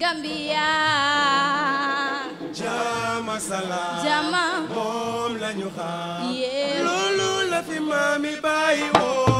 Gambia jama salaam jama moom lañu xam loolu la fi maami bàyyi woon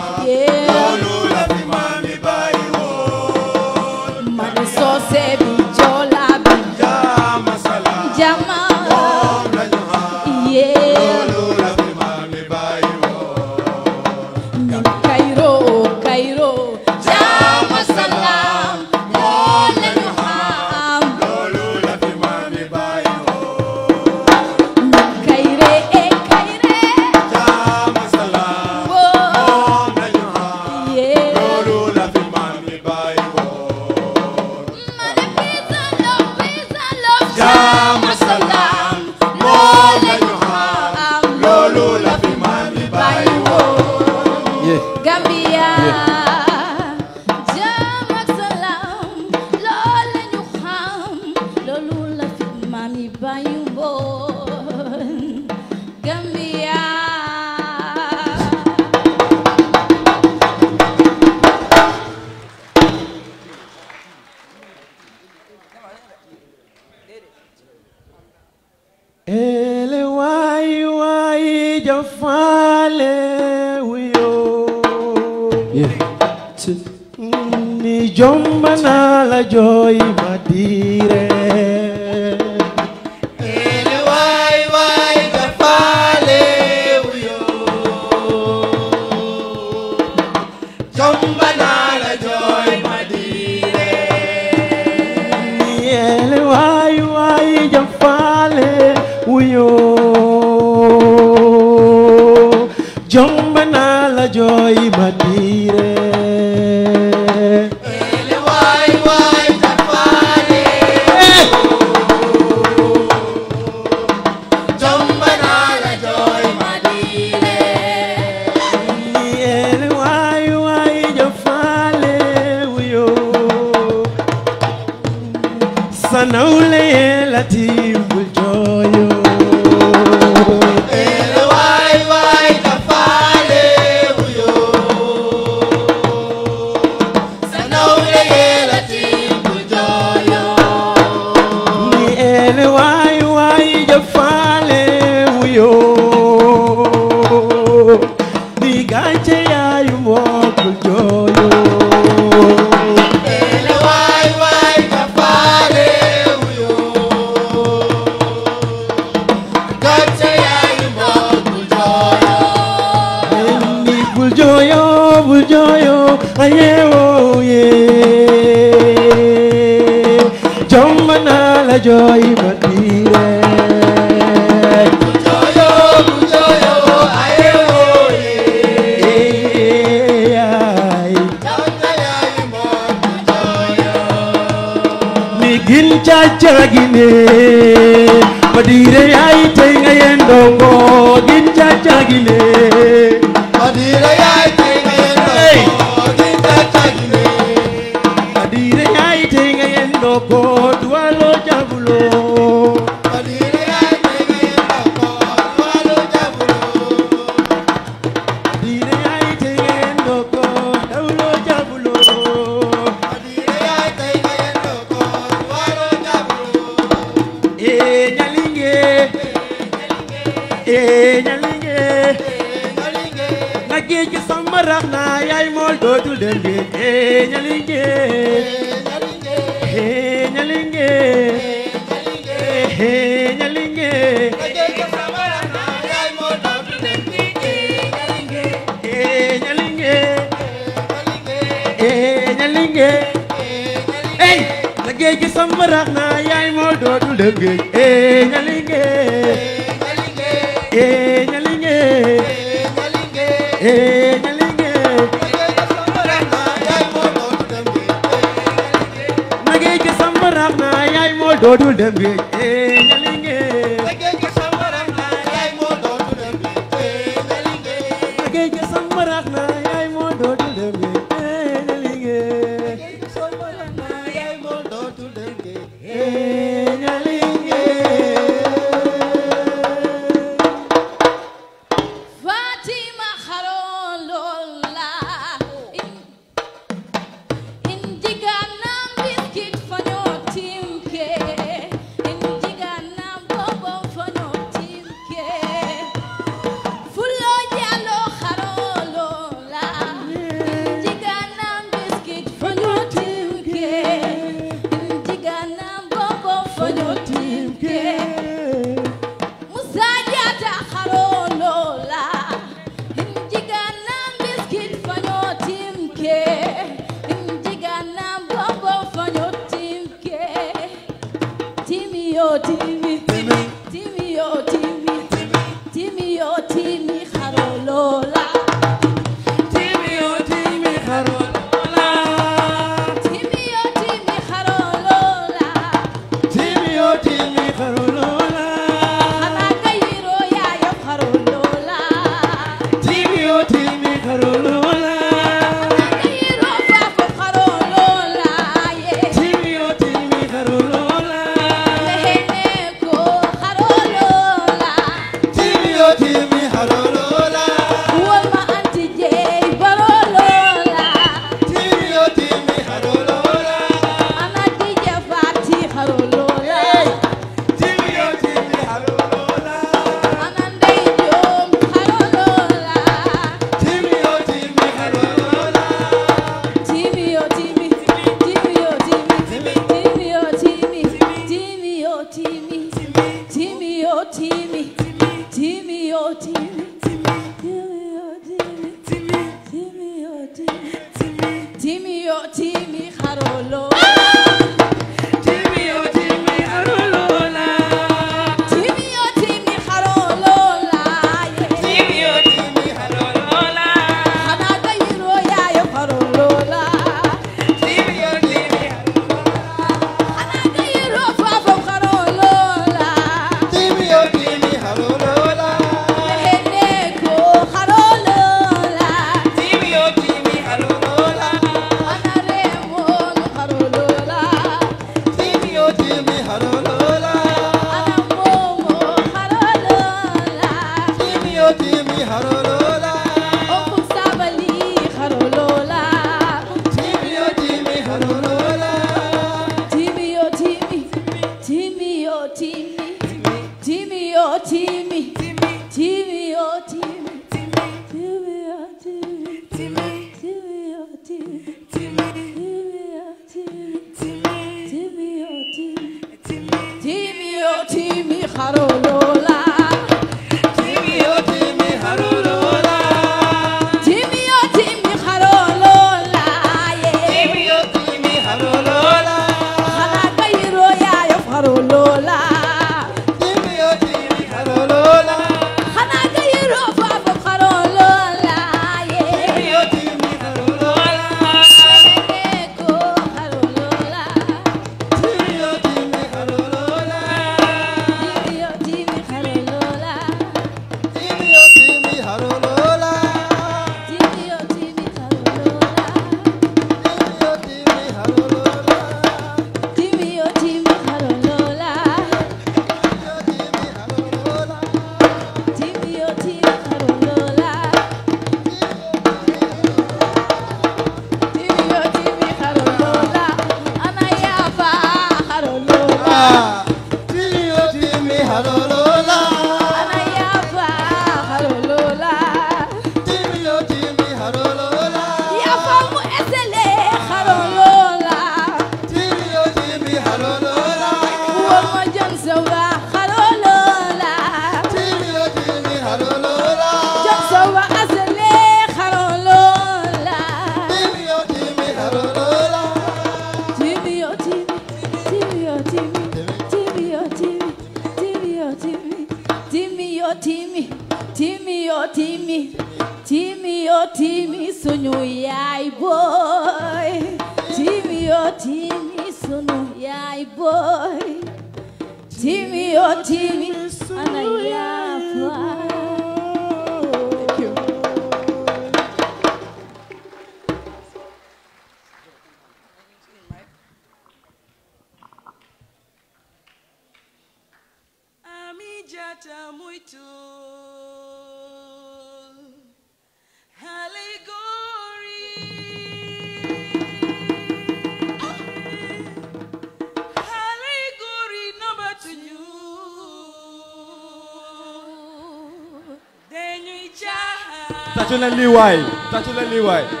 leeway. Touching the leeway.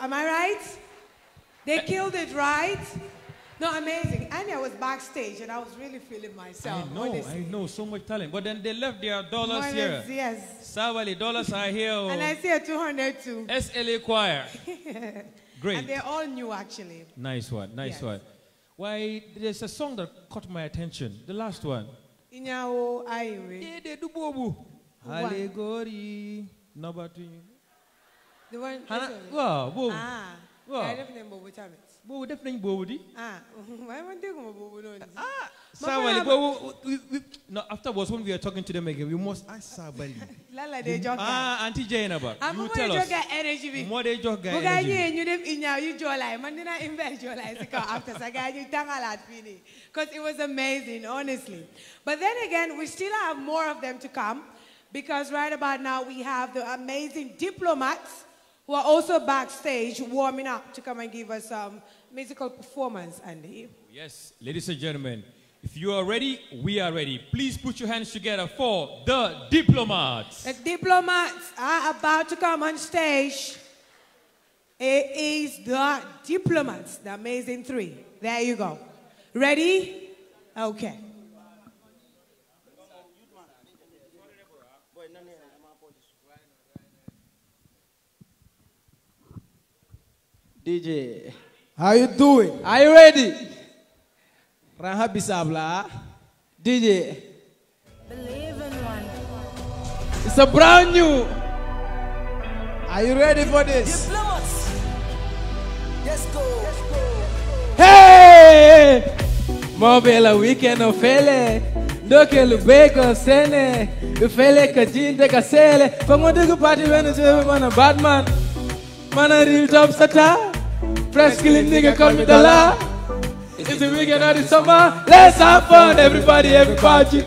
am I right? They killed it, right? No, amazing. And I was backstage and I was really feeling myself. I know, honestly. I know, so much talent. But then they left their dollars here. Yes. Sawali, dollars are here. Oh. And I see a 200 too. SLA Choir. Great. And they're all new actually. Nice one, nice yes. one. Why, there's a song that caught my attention. The last one. Inyao Aire. Alegori. Number two. The one. Hana, wow, wow. Ah. Wow. I definitely bobo chamet. Bobo definitely bobo di. Ah, why won't they come bobo ah, no? Ah, Sabali. Bobo. No, afterwards when we are talking to them again, we must ask Sabali. Lala ah, ah, they joke. Ah, Auntie Jainaba. I'm you tell us. joga energy. More de joga energy. Buga ye you dem inya you jolai. Mandina invest jolai. Sika after saga you tangalat fini. Cause it was amazing, honestly. But then again, we still have more of them to come. Because right about now we have the amazing diplomats who are also backstage warming up to come and give us some um, musical performance, Andy. Yes, ladies and gentlemen, if you are ready, we are ready. Please put your hands together for the diplomats. The diplomats are about to come on stage. It is the diplomats, the amazing three. There you go. Ready? Okay. DJ. How you doing? Are you ready? Raha Bisabla. DJ. Believe in one. It's a brand new. Are you ready for this? Diplomats. Let's go. Let's go. Hey! Mobile weekend of fele. Doke lubeko sene. Ufele kajinde kasele. Pango dugu party when it's man a bad man. Man a real top star. Fresh killing nigga call me the law. It's the weekend of the summer. Let's have fun, everybody, everybody.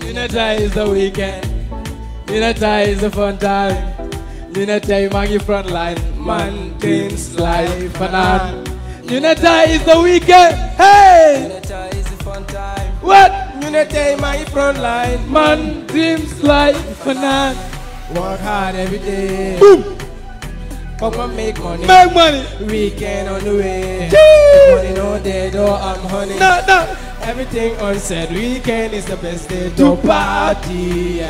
Unita is the weekend. Unita is the fun time. Unita is my front line. Man, things life for now. Unita is the weekend. Hey! What? is the fun time. is my front line. Man, dreams life for now. Work hard every day. Boom! Come on, make money. Make money. Weekend on the way. Money no dead though I'm honey. Nah, nah. Everything on said weekend is the best day to party.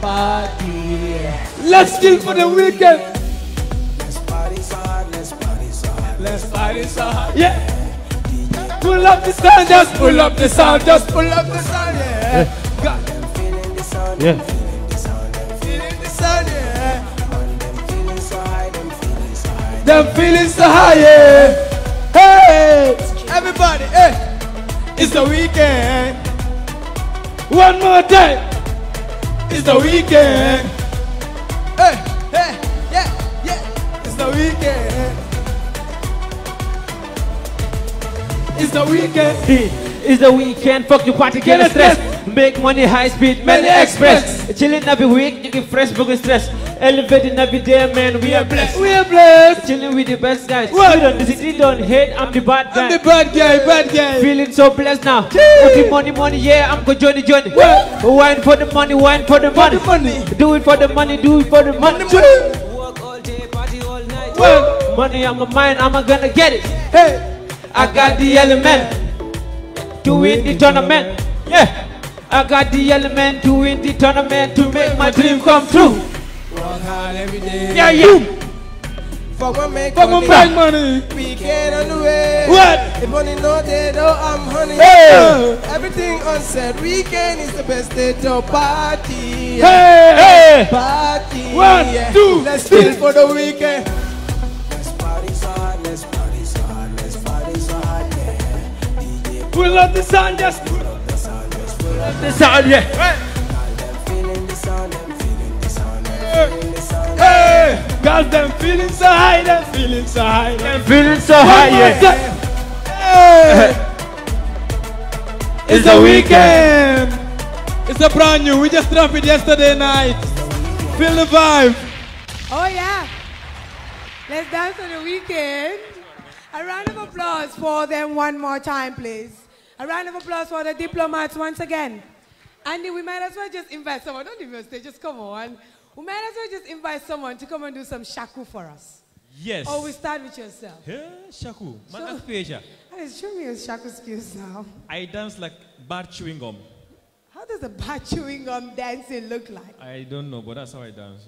Party. Let's kill for the weekend. Let's party hard, let's party hard. Let's party hard. Yeah. Pull up the sound, just pull up the sound, just pull up the sound, yeah. Got them feeling the sound, yeah. feeling the sound, feeling the sound, yeah. Them feelings so high, yeah. Hey, everybody, hey. Eh. It's the weekend. One more day. It's the weekend. Hey, eh, eh, hey, yeah, yeah. It's the weekend. It's the weekend. It's the weekend. Fuck your party, get a stress. Make money high speed, Meli Express. Chilling every week, you get fresh, broken stress. Elevating every day, man. We are blessed. We are blessed. Chilling with the best guys. What? We don't disagree, don't hate. I'm the bad guy. I'm the bad guy, bad guy. Feeling so blessed now. the money, money, yeah. I'm go Johnny Johnny. What? Wine for the money, wine for the money. the money. Do it for the money, do it for the money. money. Work all day, party all night. What? Money on my mind, I'm gonna get it. Hey, I got the element to win the tournament. Yeah. I got the element to win the tournament to make my dream come true. Work hard every day. Yeah, yeah. For what make For money. Make money. We get on the way. What? If money no day, though I'm honey. Hey. Everything on set weekend is the best day to party. Hey, hey. Party. One, yeah. two, Let's feel for the weekend. Let's party hard, let's party hard, let's party hard, yeah. We love the sun, just Love the sound, yeah. Hey, girls, them feeling so high, them feeling so high, them feeling so high, yeah. Hey, It's a weekend. It's a brand new. We just dropped it yesterday night. Feel the vibe. Oh yeah. Let's dance on the weekend. A round of applause for them one more time, please. A round of applause for the diplomats once again. Andy, we might as well just invite someone. Don't even me stage, just come on. We might as well just invite someone to come and do some shaku for us. Yes. Or we start with yourself. Yeah, shaku. Man, so, Asia. Show me your shaku skills now. I dance like bad chewing gum. How does a bad chewing gum dancing look like? I don't know, but that's how I dance.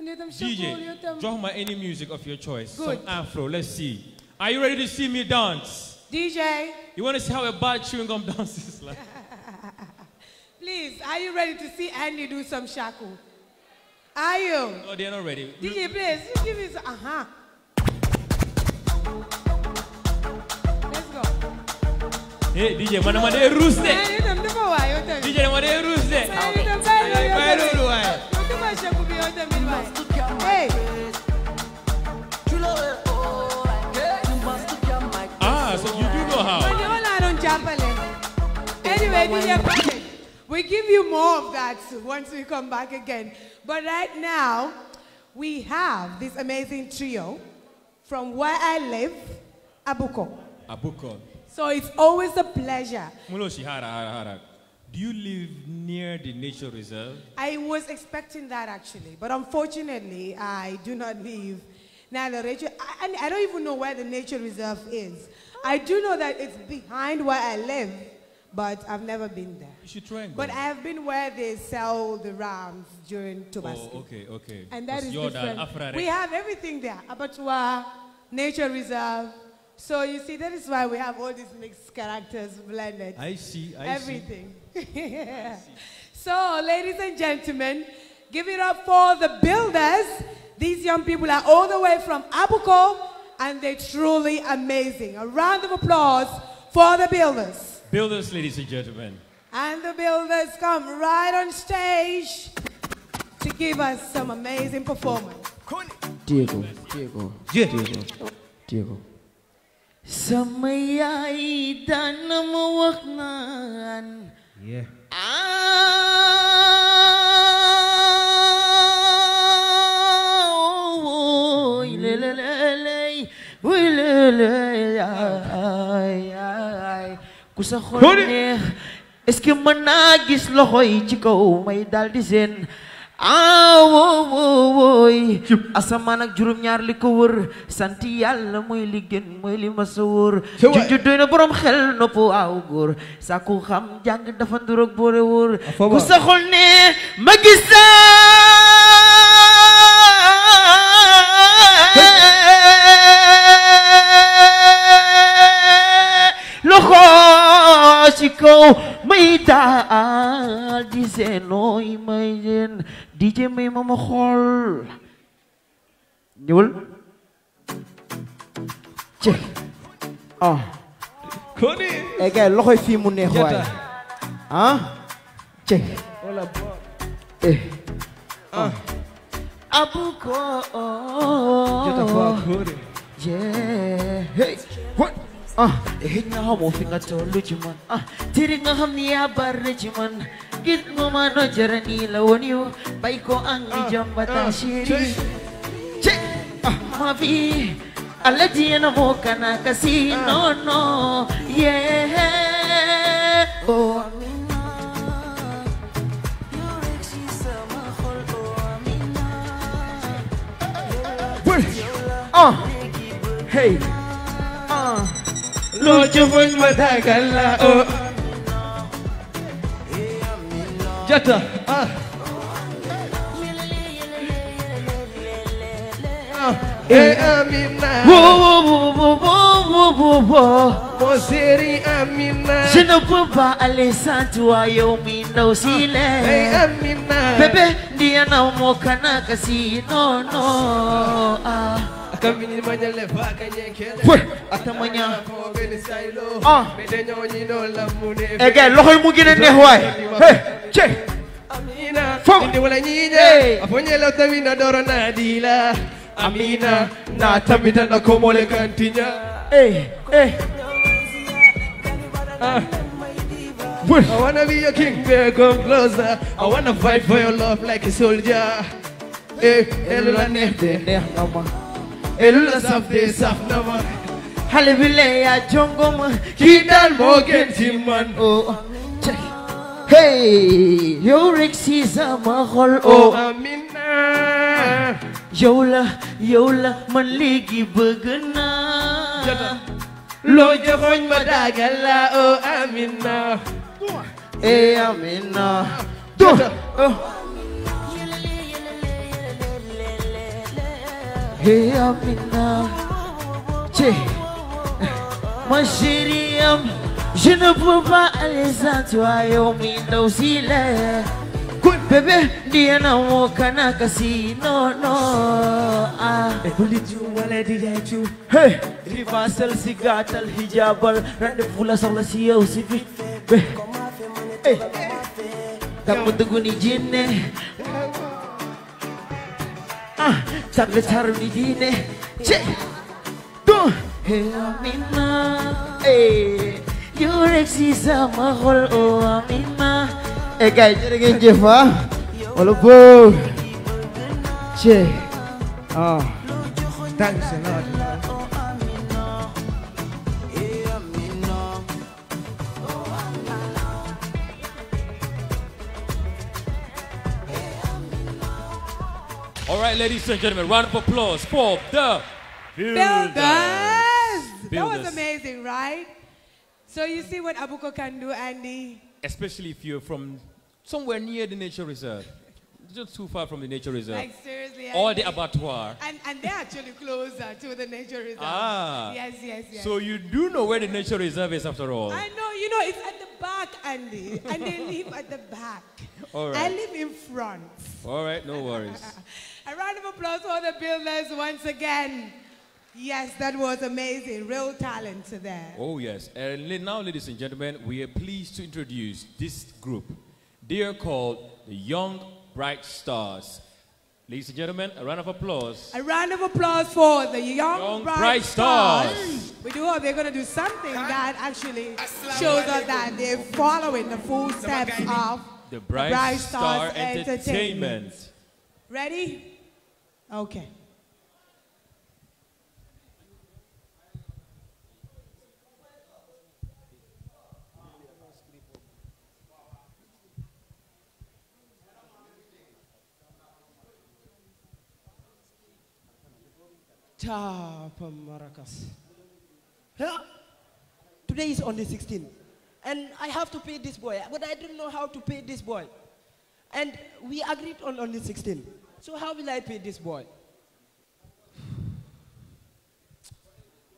DJ, drop my any music of your choice. Good. Some afro, let's see. Are you ready to see me dance? DJ. You want to see how a bad chewing gum dances? Like? Please, are you ready to see Andy do some shaku? Are you? No, oh, they're not ready. DJ, please, you give me some. Uh huh. Let's go. Hey, DJ, man, I'm mana mana de rooste. DJ, I'm mana de rooste. Hey. you know We give you more of that once we come back again. But right now, we have this amazing trio from where I live, Abuko. Abuko. So it's always a pleasure. Muloshi, hara, hara, hara. Do you live near the nature reserve? I was expecting that actually, but unfortunately, I do not live near the nature. I, I don't even know where the nature reserve is. I do know that it's behind where I live, but I've never been there. You should try and go. But I have been where they sell the rams during Tobaski. Oh, okay, okay. And that is different. Afra we have everything there. Abattoir, nature reserve. So you see, that is why we have all these mixed characters blended. I see, I everything. see. So, ladies and gentlemen, give it up for the builders. These young people are all the way from Abuko, and they're truly amazing. A round of applause for the builders. Builders, ladies and gentlemen. And the builders come right on stage to give us some amazing performance. Diego, Diego, yeah. Diego, Diego. Samayay danamawaknan. Yeah. Ah, oh, oh, oh, oh, oh, oh, oh, oh, oh, ku sa xol neex est-ce que mën naa gis loxo yi ci kaw may daldi seen awoo wooy asamaan ak juróom-ñaar li ko wër sant yàlla mooy li gën mooy li ma sa wóor junju doy na borom xel nopp aw góor saa ku xam jàng dafa nduroog boore wóor ku sa xol neex ma gis Chico may daal di seen nooy may leen di je may ma ma xool ñëwal ci ah koni e gay loxoy mu neex waay ah ci wala bo eh ah, ah. abuko jota ko akore yeah hey what Hinga ah. eh, mo hinga tolu jiman Tiringa ah, ham niya barre jiman Git mo mano jarani lawanyo Baiko ang ijam batashiri ah Mavi allah na mo kana kasi ah. no no Yeah Oh Oh, hey. loo jëfoon ma jata ah eh, Amina Whoa, Amina Je ne peux pas aller sans toi Yomino sile Hey ah. eh, Amina Bebe ndiye naomoka na kasi no no ah akabini manyale paka nyekele fwe atamanya kobeni sailo ah medenyo nyino lamune ege loho mugine ne hwai hey che amina ndi wala nyine aponye lo tabina doro na dila amina na tabita na komole kantinya eh eh ah Wait. I wanna be your king, baby, come closer. I wanna fight for your love like a soldier. Hey, hey, hey, hey, hey, hey, hey, hey, hey, elu la saf na ma xale bi le jongo ma kii daal moo gën ci man oh, oh hey yow rek si sama xol oh, oh amina yow la yow la man léegi bëgg naa loo joxoñ ma daagal la oh, amina eh amina هي منا تي مشيريم جنب بالزات ويومي دوسيله كل بيبي دي انا وكنا كاسينو نو اه بوليتو ولدي ياتو هي ريفاسل سيغات الحجاب رند فولا سولا سيو سيفي كم تقولي جنة 아, 잠들 차를 이기네 또 헤어미마 유렉시사 마홀 오아미마 에가이 저렇게 이제 봐 얼룩보 제 아, 당신 나와줘 All right, ladies and gentlemen, round of applause for the builders. builders. That was amazing, right? So you see what Abuko can do, Andy? Especially if you're from somewhere near the nature reserve. Just too far from the nature reserve. Like seriously. Or the abattoir. And, and they're actually closer to the nature reserve. Ah. Yes, yes, yes. So you do know where the nature reserve is after all. I know. You know, it's at the back, Andy. and they live at the back. All right. I live in front. All right, no worries. A round of applause for the builders once again. Yes, that was amazing. Real talent there. Oh, yes. And uh, now, ladies and gentlemen, we are pleased to introduce this group. They are called the Young Bright Stars. Ladies and gentlemen, a round of applause. A round of applause for the Young, young Bright, Bright Stars. Stars. We do hope they're going to do something that actually shows us that they're following the full steps of the Bright, Bright Stars Entertainment. Entertainment. Ready? Okay. Today is only 16. And I have to pay this boy, but I don't know how to pay this boy. And we agreed on only 16. So how will I pay this boy?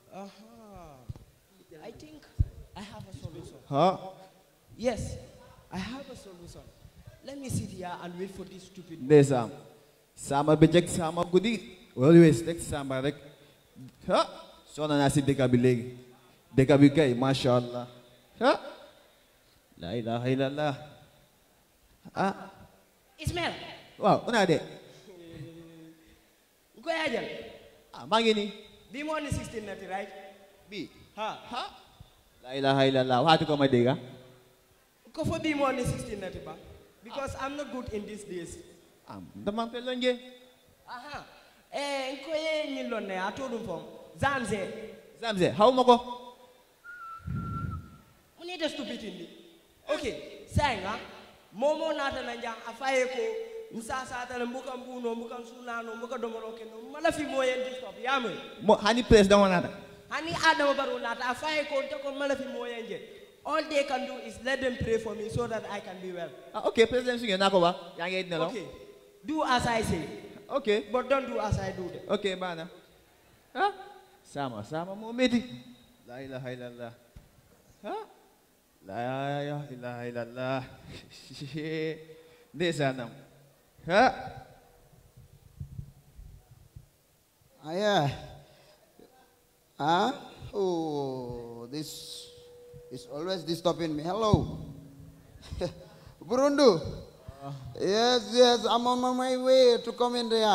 uh -huh. I think I have a solution. Huh? Yes, I have a solution. Let me sit here and wait for this stupid boy. Ndesam. Sama bejek sama gudi. Always take sama rek. Huh? So na si deka bi Deka bi kay, mashallah. Huh? La ilaha illallah. Ah. Ismail. Wow, una de koy xajal ah maa ngi nii bii moo ni sixteen nati right bii ha ha la ilaha illallah waxaatu ko ma dégga ko fo bii moo ni sixteen nati ba because I'm not good in these days am dama pe lonje aha eh ko nkoye nyi lonne atodum fom zamze zamze hawma ko munita stupid indi okay sainga momo nata nanja afaye ko msasatale please don't want mbuka hani mala all they can do is let them pray for me so that I can be well ah, okay president singe nako ba ya okay do as I say okay but don't do as I do then. okay bana Huh? Ah, sama sama mo medi la ilaha illallah ha ah. la ilaha illallah Ya. Ayah. Ah, oh, this is always disturbing me. Hello. Burundu. Yes, yes, I'm on my way to come in there.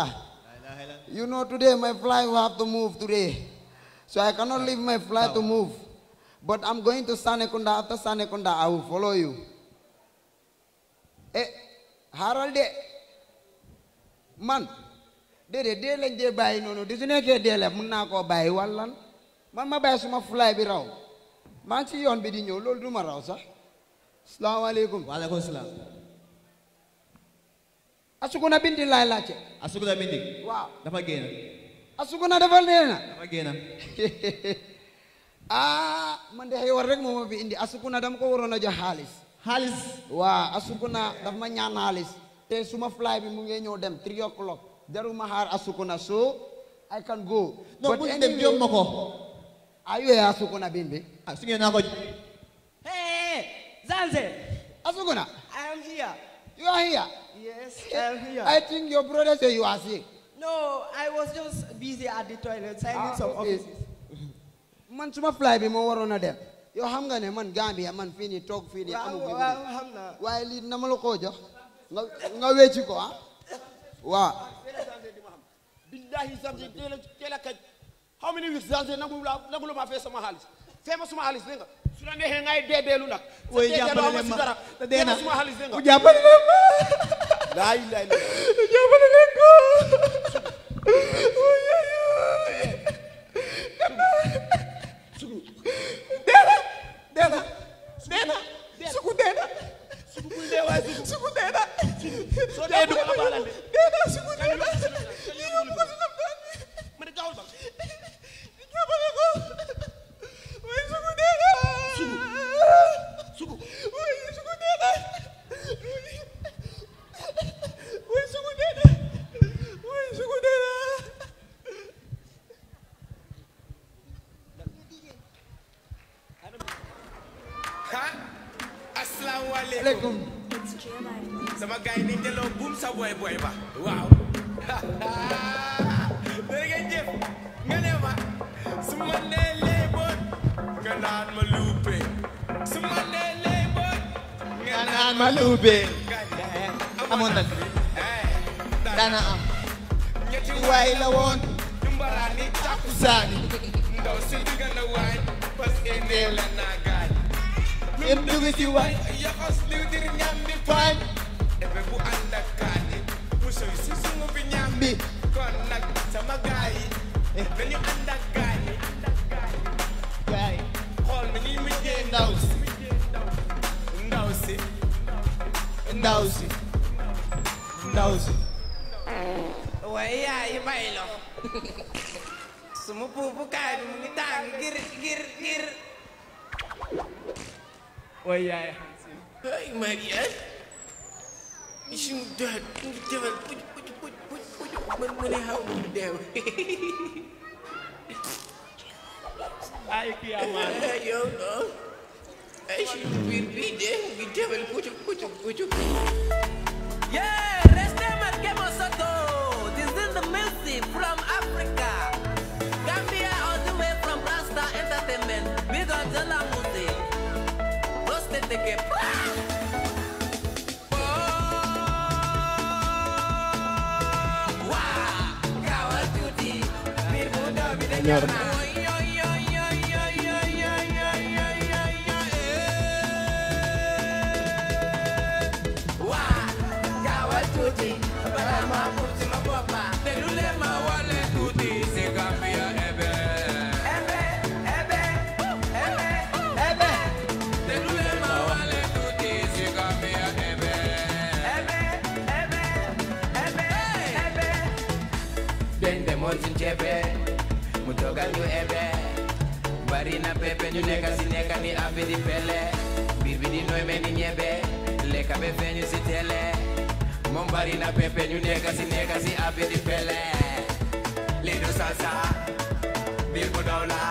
You know today my flight will have to move today. So I cannot leave my flight to move. But I'm going to Sanekunda. After Sanekunda, I will follow you. Eh, Harald, eh, man déedéet dee lañ dee bàyyi noonu di su nekkee dee la mën naa koo bàyyi wàllan man ma bàyyi suma fulaay bi raw maa ngi ci yoon bi di ñëw loolu du ma raw sax salaamaaleykum waaleykum salaam asuguna bindi laay laajte asuguna waaw dafa génn asuguna dafa neena dafa ah, man de xewar rek moo ma fi indi asuguna dama ko waroon a jox xaalis xaalis waaw asuguna dafa ma ñaan xaalis tey suma fly bi mu ngee ñëw dem three o'clock jaruma xaar asukuna so I can go. no bu ñu dem jom ma ko. aywe asukuna bimbi? bi. ah su ngeen naa hey Zanze. asukuna. I am here. You are here. Yes, I am here. I think your brother say you are sick. No, I was just busy at the toilet signing ah, some okay. offices. man suma fly bi moo waroon a dem. yow xam nga ne man Gambia man fini nii fini. fii nii. amul waaw waaw xam naa. waaye lii na ma la jox. nga nga wecci ko ah waaw billahi sanse teel a teel a kaj xaw ma ne wis sanse nagu la nagu la ma fee sama xaalis fee ma suma xaalis dégg nga su la neexee ngay deedeelu nag woy jàppale leen ma na suma xaalis dégg nga jàppale leen ma laa ilaha illa jàppale leen ko dee na dee na dee sugu dee waaye sugu dee na soo dee du ma abaalante dee na sugu dee na asalaamaaleykum sama gars yi nañ buum sa boy boy ba waaw dara jëf nga ne ma su ma nee boot nga ma luupe su ma nee boot nga ma luupe amoon na dana am ñetti waay la woon mbaraani takusaani ndaw si digg na waañ parce que néew la naa gaañ ñëpp fay ebe bu ànd ak bu soy si bi ñam bi kon sama gaay yi dañu ànd ak gaay yi gaay xool na ñuy ndaw si ndaw si ndaw si ndaw si waaye yaay may lo suma buubu kaay bi mu ngi tàng ngir ngir ngir waaye yaay xam si ay Maria Shoot that. Damn it. Put, put, put, put, put, put, put, put, damn. Ai que amado. Ai, eu não. Ai, shoot, we, we, damn. Damn it. Put, put, put, put. Yeah, Restema Kemosoto. This is the music from Africa. Gambia all the way from Rasta Entertainment. Big up the music. Roasted the game. Yeah. bari pepe ñu nekka si nekka ni abi pele biir bi di nooy mel ni ñebe lekka be feeñu si tele moom bari pepe ñu nekka si nekka si abi pele lii salsa biir dola.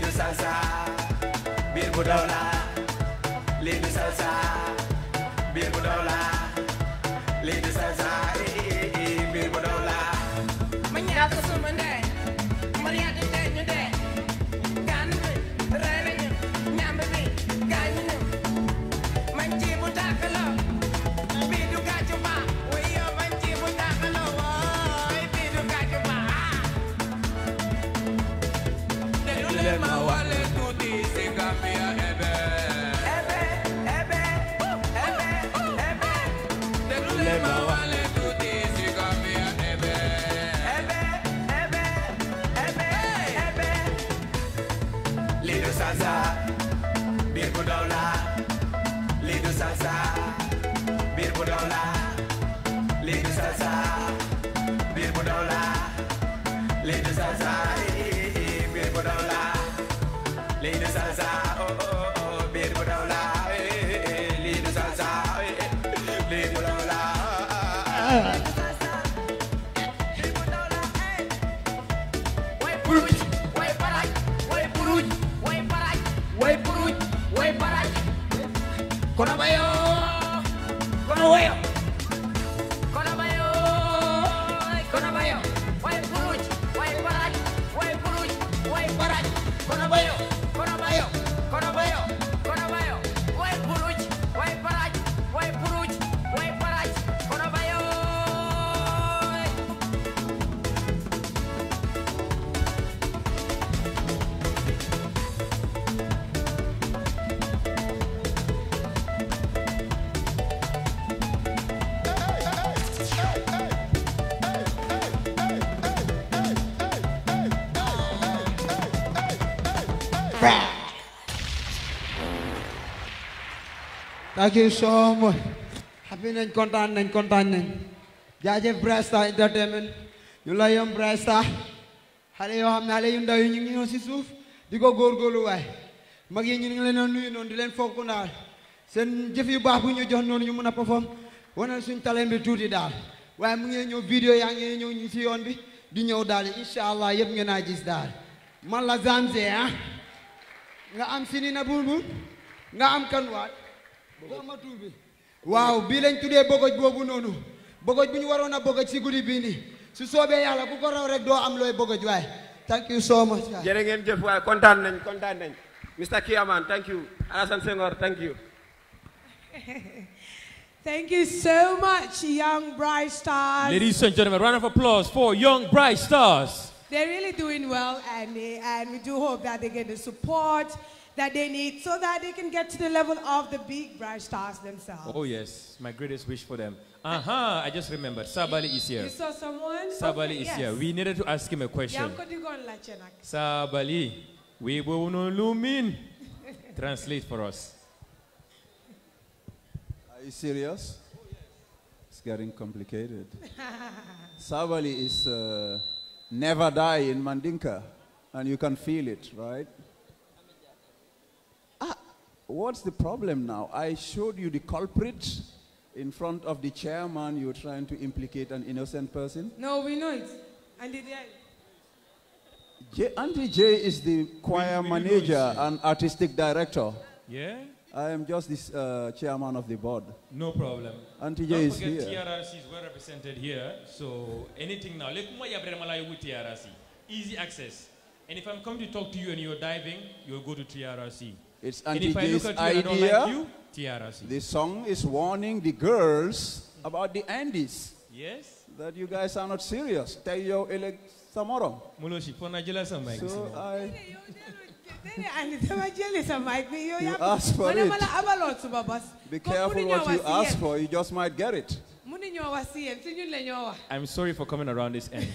daw salsa biir dola. daw salsa biir dola. daw salsa thank soo so xam happy nañ kontaan nañ kontaan nañ jaajëf Bright Star Entertainment ñu la yom Bright Star xale yoo xam ne xale yu ndaw yi ñu ngi ñëw si suuf di ko góorgóorlu waay mag yi ñu ngi leen doon nuyu noonu di leen fonk daal seen jëf yu baax bu ñu jox noonu ñu mën a perform wane suñ talent bi tuuti daal waaye mu ngi ñëw vidéo yaa ngi ñëw ñu si yoon bi di ñëw daal incha allah yëpp ngeen a gis daal man la Zamzé ah nga am Sinina Boubou nga am Kanouat waaw bii lañ tuddee bogoj boobu noonu bogoj bu ñu waroon a bogoj si guddi bii nii su soobee yàlla ku ko raw rek doo am looy bogoj waaye thank you so much jërë ngeen jëf waaye kontaan nañ kontaan nañ Mr. Kiaman thank you Alassane Senghor thank you Thank you so much, Young Bright Stars. Ladies and gentlemen, round of applause for Young Bright Stars. They're really doing well, and, and we do hope that they get the support that they need so that they can get to the level of the big bright stars themselves. Oh, yes. My greatest wish for them. Uh-huh. I just remembered. Sabali is here. You saw someone? Sabali okay, is yes. here. We needed to ask him a question. Sabali, we will Translate for us. Are you serious? It's getting complicated. Sabali is uh, never die in Mandinka, and you can feel it, right? what's the problem now? I showed you the culprit in front of the chairman. You're trying to implicate an innocent person. No, we know it. Andy J. J J is the choir we, we manager and artistic director. Yeah. I am just the uh, chairman of the board. No problem. Auntie J is here. TRRC is well represented here, so anything now. Easy access. And if I'm coming to talk to you and you're diving, you'll go to TRRC. It's anti-gay's idea. Like you, TRRC. The song is warning the girls about the Andes. Yes. That you guys are not serious. Tell your elect tomorrow. So I... you ask for it. Be careful what you ask for. You just might get it. I'm sorry for coming around this end.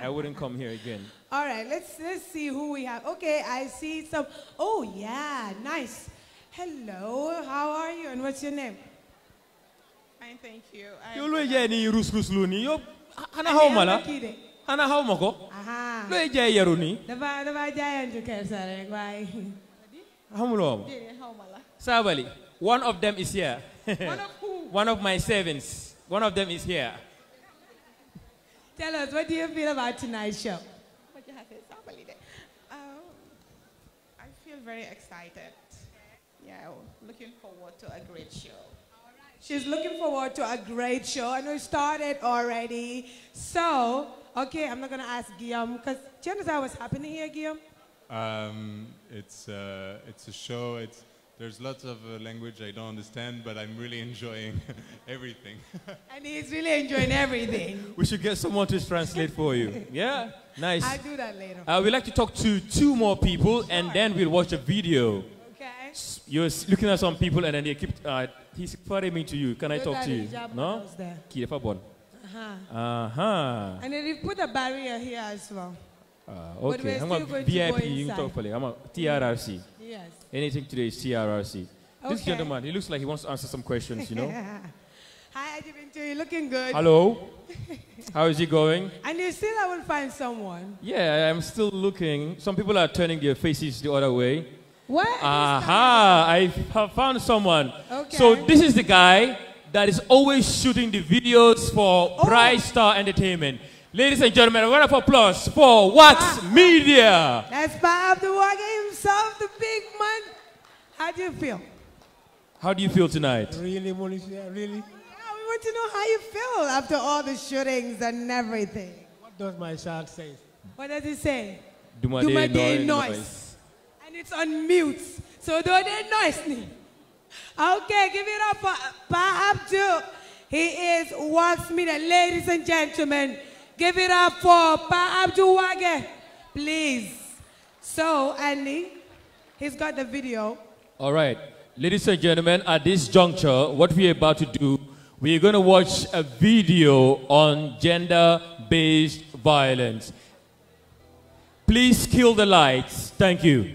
I wouldn't come here again. All right, let's let's see who we have. Okay, I see some. Oh yeah, nice. Hello, how are you and what's your name? Fine, thank you. Yo lo je ni rus rus I? ni yo I? hawma la. Hana hawma ko. Aha. Lo je yaru ni. Dafa dafa jaayantu kersa rek way. Hamulom. Sabali, one of them is here. one of who? One of my servants. One of them is here. Tell us, what do you feel about tonight's show? very excited. Yeah, looking forward to a great show. She's looking forward to a great show. and we started already. So, okay, I'm not going to ask Guillaume because do you understand what's happening here, Guillaume? Um, it's, uh, it's a show. It's, there's lots of uh, language I don't understand, but I'm really enjoying everything. and he's really enjoying everything. we should get someone to translate for you. Yeah? Nice. I'll do that later. Uh, we'd like to talk to two more people, sure. and then we'll watch a video. Okay. You're looking at some people, and then they keep, uh, he's putting me to you. Can I talk to you? No? Uh-huh. Uh-huh. And then they put a barrier here as well. Uh, okay. I'm a VIP. You can talk for I'm a TRRC. Yes. Anything today is TRRC. Okay. This gentleman, he looks like he wants to answer some questions, you know? Hi, Ajibintu, you looking good. Hello. How is it going? And you still I will find someone. Yeah, I'm still looking. Some people are turning their faces the other way. What? Aha, I have found someone. Okay. So this is the guy that is always shooting the videos for oh. Bright Star Entertainment. Ladies and gentlemen, a round of applause for Wax ah. Media. That's of the Walking solve the big man. How do you feel? How do you feel tonight? Really, really? Yeah, we want to know how you feel after all the shootings and everything. What does my shark say? What does it say? Do my, do my day, noise. noise. And it's on mute. So do they noise me. Okay, give it up for Pa Abdul. He is Wax Media. Ladies and gentlemen, give it up for Pa Abdul Wage. Please. So, Andy, he's got the video. All right. Ladies and gentlemen, at this juncture, what we're about to do, we're going to watch a video on gender-based violence. Please kill the lights. Thank you.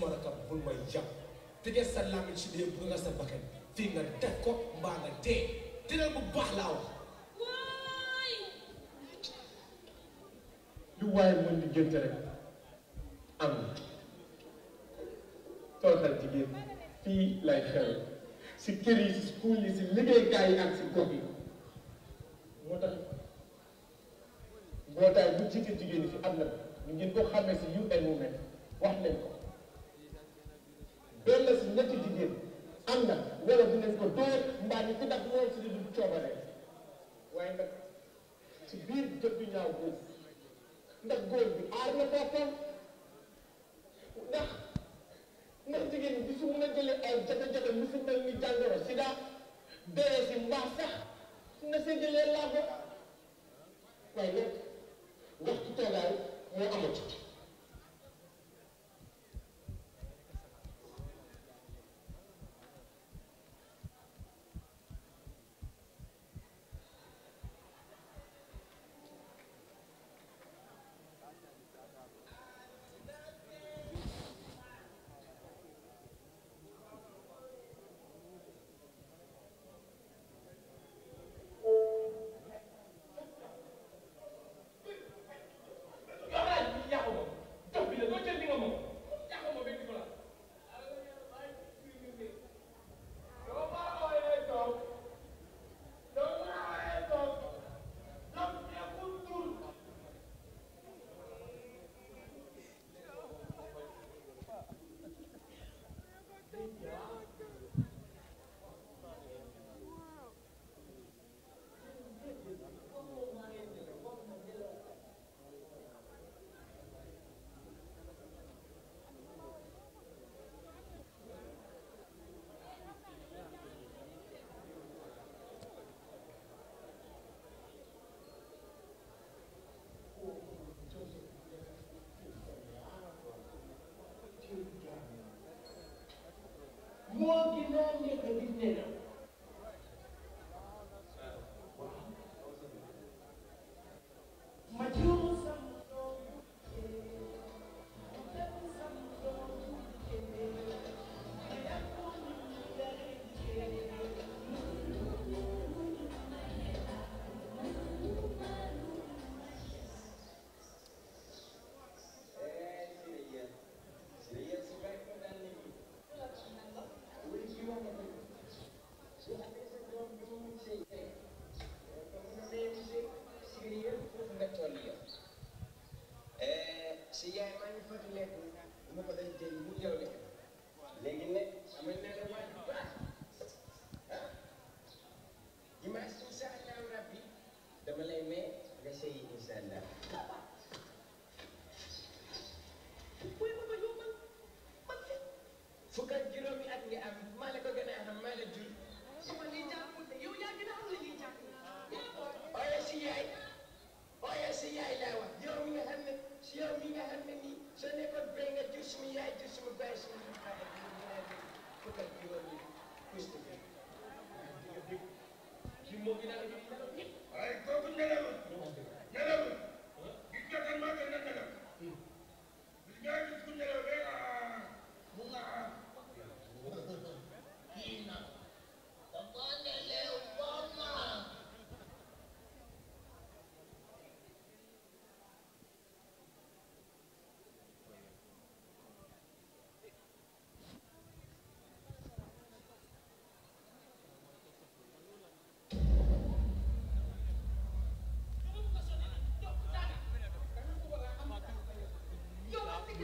suma rakab bul may jàpp tëjee sa làmmiñ si dee bu nga sa bakkan fii nga teg mbaa nga dee tëral bu baax laa wax lu waaye mën di jënt rek am na toogal jigéen fii lay xew si kër yi si school yi si liggéeykaay yi ak si gox yi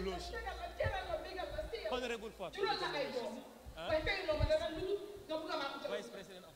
loosi honorable Fatou vice président of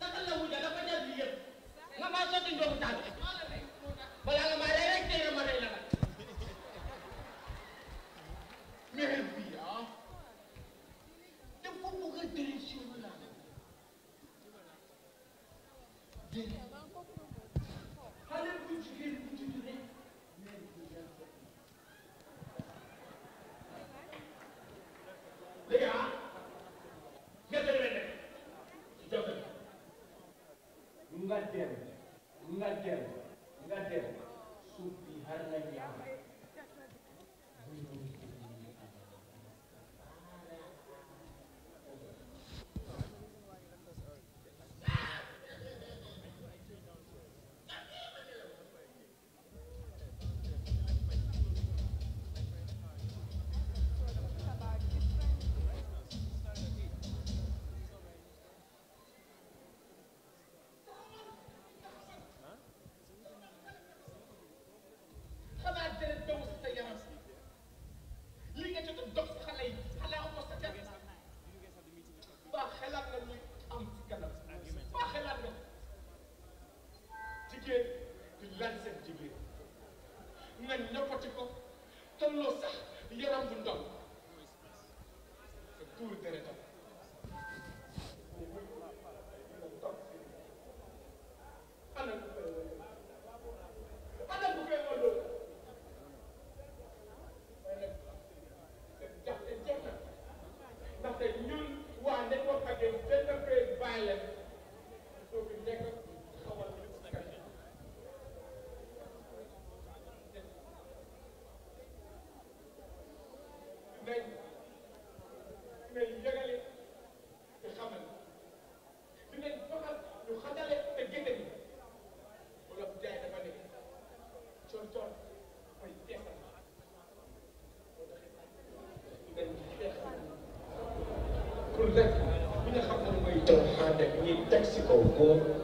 Nagel, Nagel. 없고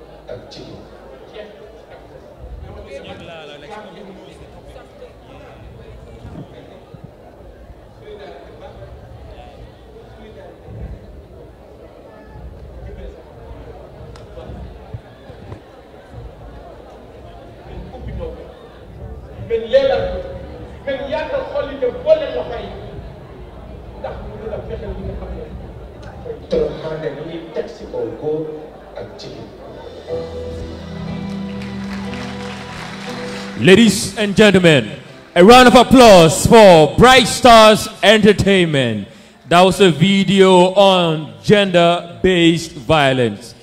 Ladies and gentlemen, a round of applause for Bright Stars Entertainment. That was a video on gender-based violence.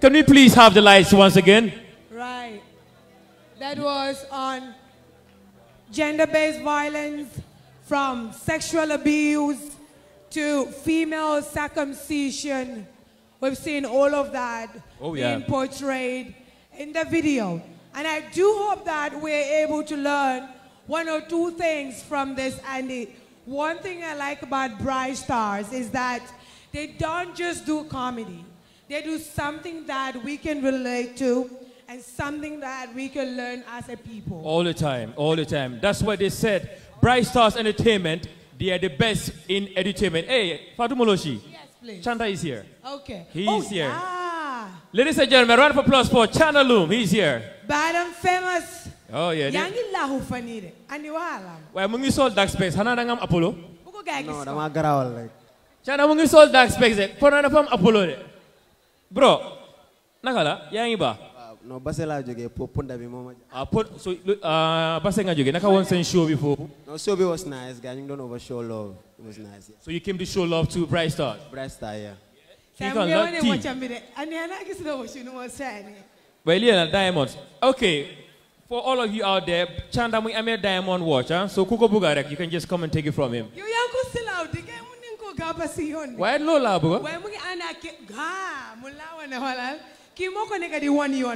Can we please have the lights once again? Right. That was on gender-based violence from sexual abuse to female circumcision. We've seen all of that oh, yeah. being portrayed in the video. And I do hope that we're able to learn one or two things from this, Andy. One thing I like about Bright Stars is that they don't just do comedy. They do something that we can relate to and something that we can learn as a people. All the time, all the time. That's what they said. Bright Stars Entertainment, they are the best in entertainment. Hey, Fatumoloshi. Yes, please. Chanda is here. Okay. He oh, is here. Yeah. Ladies and gentlemen, round of applause for Loom, He's here. Bad and famous. Oh yeah. Yangi lahu fanire. Ani wala. Why mungi sold dark space? Hana nangam Apollo? Buko gagi. No, dama garawal like. Chana mungi sold dark space. Eh? Pona na pam Apollo de. Eh? Bro, nakala yangi ba? Uh, no, base la juge po punda bi mama. Ah, put so uh base nga juge. Naka one sen show before. No, show was nice. Guy, don't over show love. It was nice. Yeah. So you came to show love to Bright Star. Bright Star, yeah. Well, diamonds. Okay, for all of you out there, Chandamui, I'm a diamond watcher, so Kuko Bugarek, you can just come and take it from him. Why Lola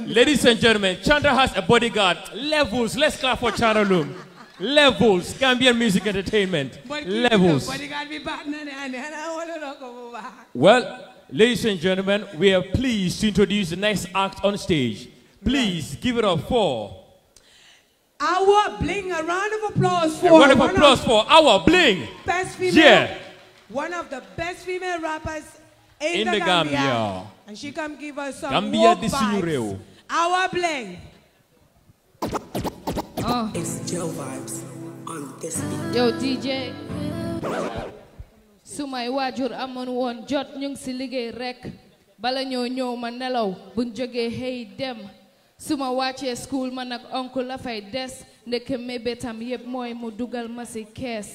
Ladies and gentlemen, Chandra has a bodyguard. Levels. Let's clap for Chandra Loom. Levels. Gambian music entertainment. Levels. Well, Ladies and gentlemen, we are pleased to introduce the next act on stage. Please right. give it up for... Our Bling. A round of applause for... A round of applause of for Our Bling. Best female. Yeah. One of the best female rappers in, in the, the Gambia. Gambia. And she come give us some Gambia de Our Bling. Oh. It's Joe vibes on this beat. Yo, DJ. su may waajur amoon woon jot ñu ngi ci liggéey rekk bala ñoo ñëw ma nelaw bu jógee xëy dem su ma wàccee school ma nag onk la fay des ndeke mébétam yépp mooy mu dugal ma ci kees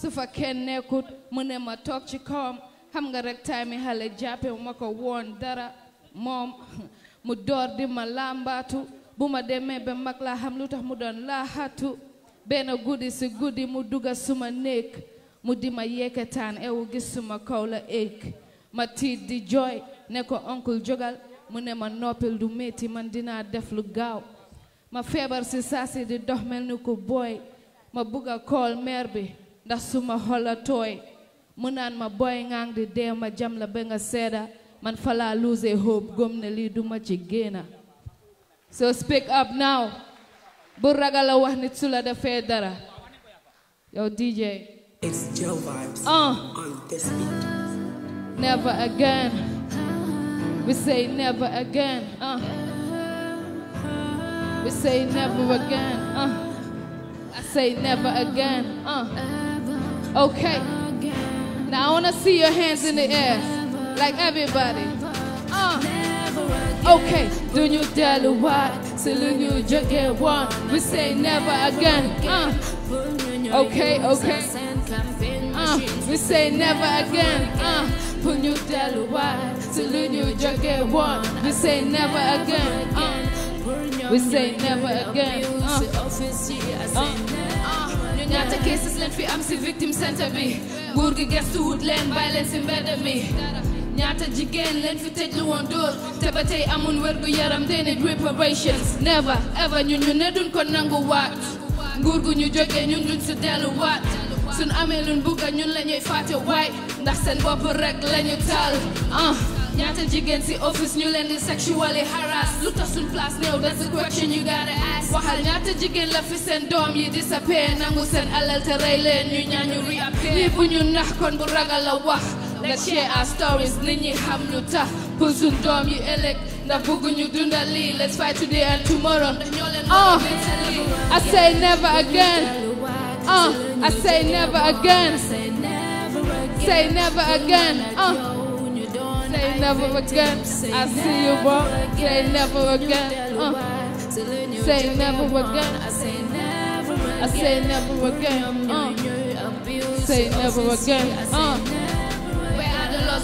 su fa kenn nekkut mu ne ma toog ci kawam xam nga rekk time xale jàppe ma ko woon dara moom mu door di ma làmbaatu bu ma demee ba mag laa xam lu tax mu doon laaxatu benn guddi ci guddi mu dugal suma néeg mudi ma yeketaan e wu gisuma suma ek. la ma tiit di jooy ne ko jógal mu ma noppil du man def lu ma feebar si saasi di dox ko boy. ma bugg a kool meer bi ndax suma xol a tooy ma boy ngang di dee ma jam la ba nga seeda man falaa lose hope gom li duma ci so speak up now bu ragal a wax nit su la defee dara yow DJ it's Joe vibes uh, on this beat. Never again. We say never again. Uh. We say never again. Uh. I say never again. Uh. Okay. Now I wanna see your hands in the air, like everybody. Uh. Okay. Do you tell what? Till you just get one. We say never again. Uh. Okay. Okay. Uh, we say never again. Uh, punyu delu wai, silunyu joge one. We say never again. Uh, we say never again. Uh, uh, uh Nyata uh, cases land fi am si victim center bi Nguur gi gestu wut leen bàyyi leen si never again. ñaata jigéen leen fi tëj lu woon dóor te ba tey amun wér gu yaram they need reparations never ever ñun ñu ne duñ ko nangu waat nguur gu ñu jógee ñun duñ si delluwaat suñ amee luñ bugg ñun la ñuy fàtte waay ndax seen bopp rek la ñu taal ah ñaata jigéen si office ñu leen di sexually harass lu tax suñ place néew that's the question you gotta ask waxal ñaata jigéen la fi seen doom yi disappear nangu seen alal te rey leen ñu ñaañu reappear lii bu ñu nax kon bu ragal la wax let's share our stories nit ñi xam lu tax pour suñ doom yi ëllëg ndax bëgguñu dundal lii let's fight today and tomorrow oh I say never again uh, I say never again. Say never again. Uh, say never again. I see you, bro. Say never again. Uh, say never again. I say never again. Uh, say never again. Uh,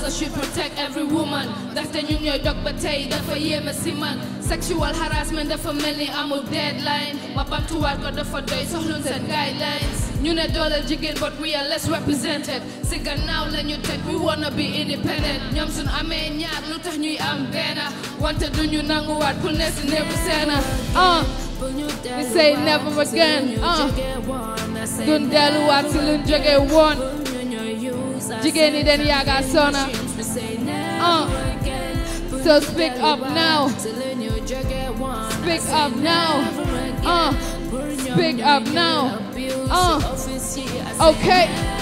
I should protect every woman ndaxte ñun ñooy dog ba tey dafa yéeme si man sexual harassment many, I'm amul deadline My to ma bamtuwaat for days. So loans and guidelines ñu ne the jigéen but we are less represented si now let you take, we wanna be independent I'm amee ñaar lu tax i am benn wante i nanguwaat pour ne si néegu seena ah we say never again ah uh, duñ delluwaat si luñ jógee one. Jigeni den yaga sona. Uh. So speak up now. Speak up now. Uh. Speak up now. Uh. Okay.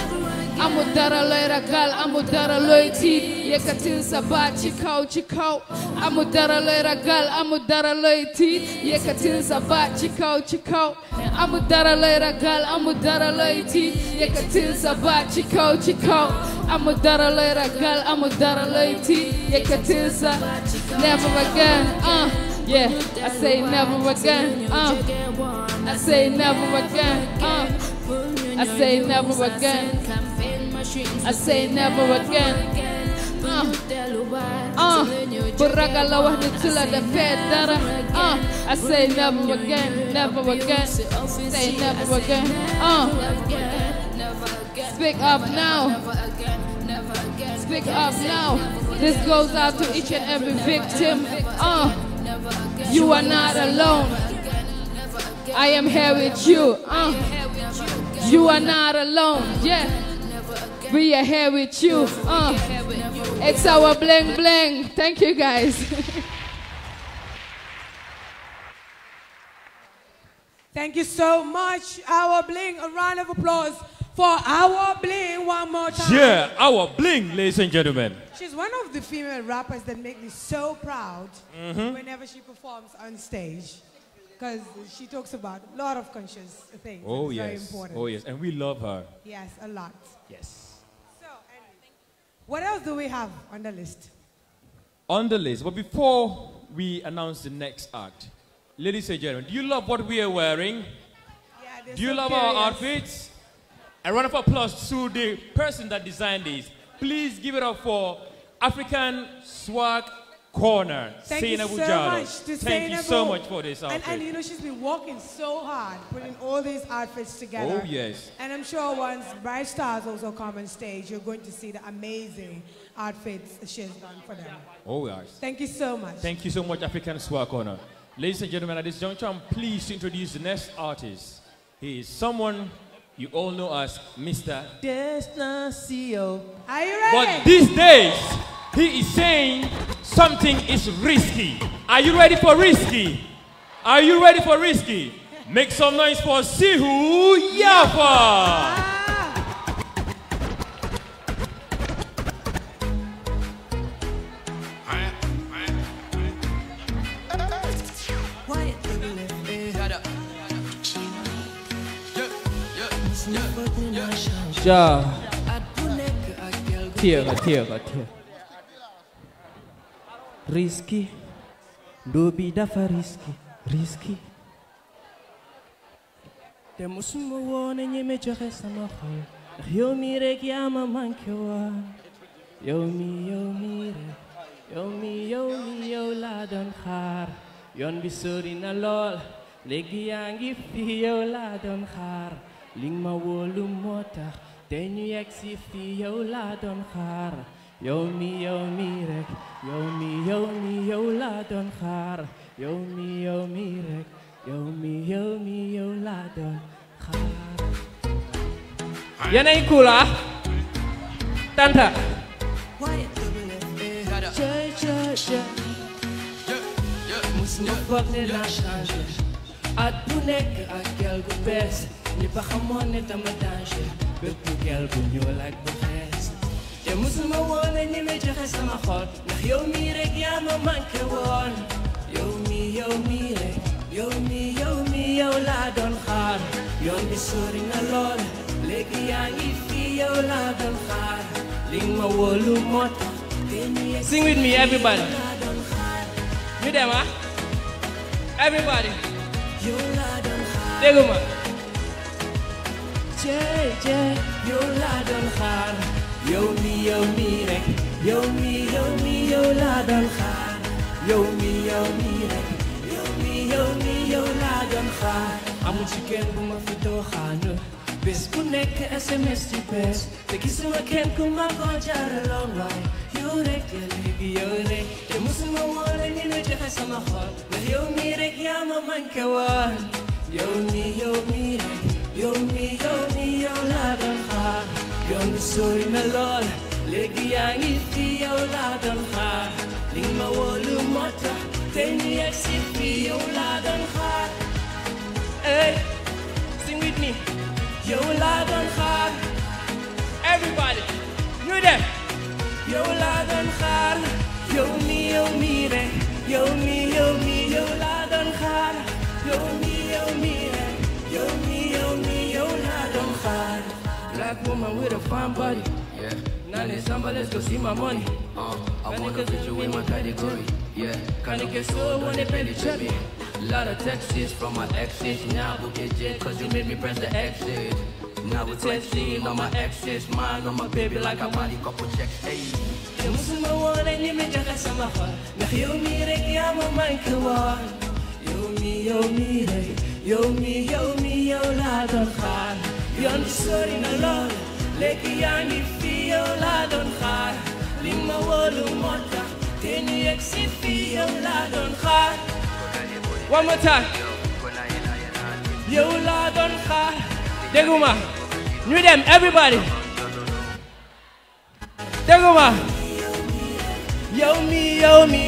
I'm amudaralera gal amudaraloiti yekatin saba chikau chikau amudaralera gal amudaraloiti yekatin saba chikau chikau amudaralera gal amudaraloiti yekatin saba chikau chikau amudaralera gal amudaraloiti yekatin saba never again uh yeah i say never again uh i say never again uh I say never again. I say never again. Uh, uh, Buraga la wahda Uh, I say never again, never again. Say never again. Uh, speak up now. Speak up now. This goes out to each and every victim. Uh, you are not alone. I am here with you. Uh, you are not alone. Yeah. We are here with you. Uh, it's our bling bling. Thank you guys. Thank you so much, our bling. A round of applause for our bling one more time. Yeah, our bling, ladies and gentlemen. She's one of the female rappers that make me so proud mm -hmm. whenever she performs on stage. Because she talks about a lot of conscious things. Oh, yes. Very important. Oh, yes. And we love her. Yes, a lot. Yes. What else do we have on the list? On the list. But before we announce the next act, ladies and gentlemen, do you love what we are wearing? Yeah, do you so love curious. our outfits? A round of applause to the person that designed these. Please give it up for African Swag corner. Thank Sina you so much to Thank Sina you so much for this outfit. And, and, you know, she's been working so hard, putting all these outfits together. Oh, yes. And I'm sure once Bright Stars also come on stage, you're going to see the amazing outfits she's done for them. Oh, yes. Thank you so much. Thank you so much, African Swag Corner. Ladies and gentlemen, at this juncture, I'm pleased to introduce the next artist. He is someone you all know as Mr. Desnacio. Are you ready? But these days... He is saying something is risky. Are you ready for risky? Are you ready for risky? Make some noise for Sihu Yafa. yeah. Tiere, Tiere, Tiere. Rizki doobi dafa riski riski te musuma woon ñeme joxe sama xol ndax yow mi rek yaa ma manqué woon yow mi yow mi rek yow mi yow mi yow laa doon xaar yoon bi sori na lool léegi yaa ngi fi yow laa doon xaar li ma wóolu moo tax te ñu yegg si fi yow laa doon xaar يومي يومي رك يومي يومي يولا دون خار يومي يومي رك يومي يومي يولا دون خار يانا يكولا تانتا At punek a kelgu bes, ni pa khamon ne tamadange, bet kelgu nyolak bes. te musuma woon a ñeme joxe sama xol ndax yow mii rek yaa ma manqué woon yow mii yow mii rek yow mii yow mii yow laa doon xaar yoon bi sori na lool léegi yaa ngi fii yow laa doon xaar li ma wóolu moo tax sing with me everybody ñu dem ah everybody dégg ma doon xaar يومي يومينك يومي يومي يولاد الخان يومي يومينك يومي يومي يولاد الخان amul ci kenn bu ma fi doxaan bés bu nekk sms ci bés te gisuma kenn ku ma ko jaaraloon waay yow rek la léegi yow rek te musuma woone ni la joxe sama xol ndax yow mii rek yaa ma manqué woon yow mii yow mii rek yow mii yow mii yow laa Gönlü suymelor Legiang iti awladan ha Ling mawalu mata Teni aksipi awladan ha Hey, sing with me Yo ladan ha Everybody, you there Yo ladan ha Yo mi, yo mi re Yo mi, yo mi, yo ladan ha Yo mi, yo mi re Yo mi, yo mi, yo ladan ha black woman with a fine body. Yeah. Now need somebody let's go see my money. Uh, I wanna get you in my category. Yeah. Kinda get so when they pay the A Lot of texts from my exes. Now we get jet cause you made me press the exit. Now it's texting on my exes. Mine on my baby like a want couple checks. Hey. المسلم وراني من جهة سمحة يومي رك يا ماما كوار يومي يومي هي يومي يومي يا ولاد الخال Yon sorin alon, legian i fio la don char. Lima wolu mota, tenu ex i fio la don char. One more time. Yo la don char. Deguma. New dem. everybody. Deguma. Yo mi yo mi.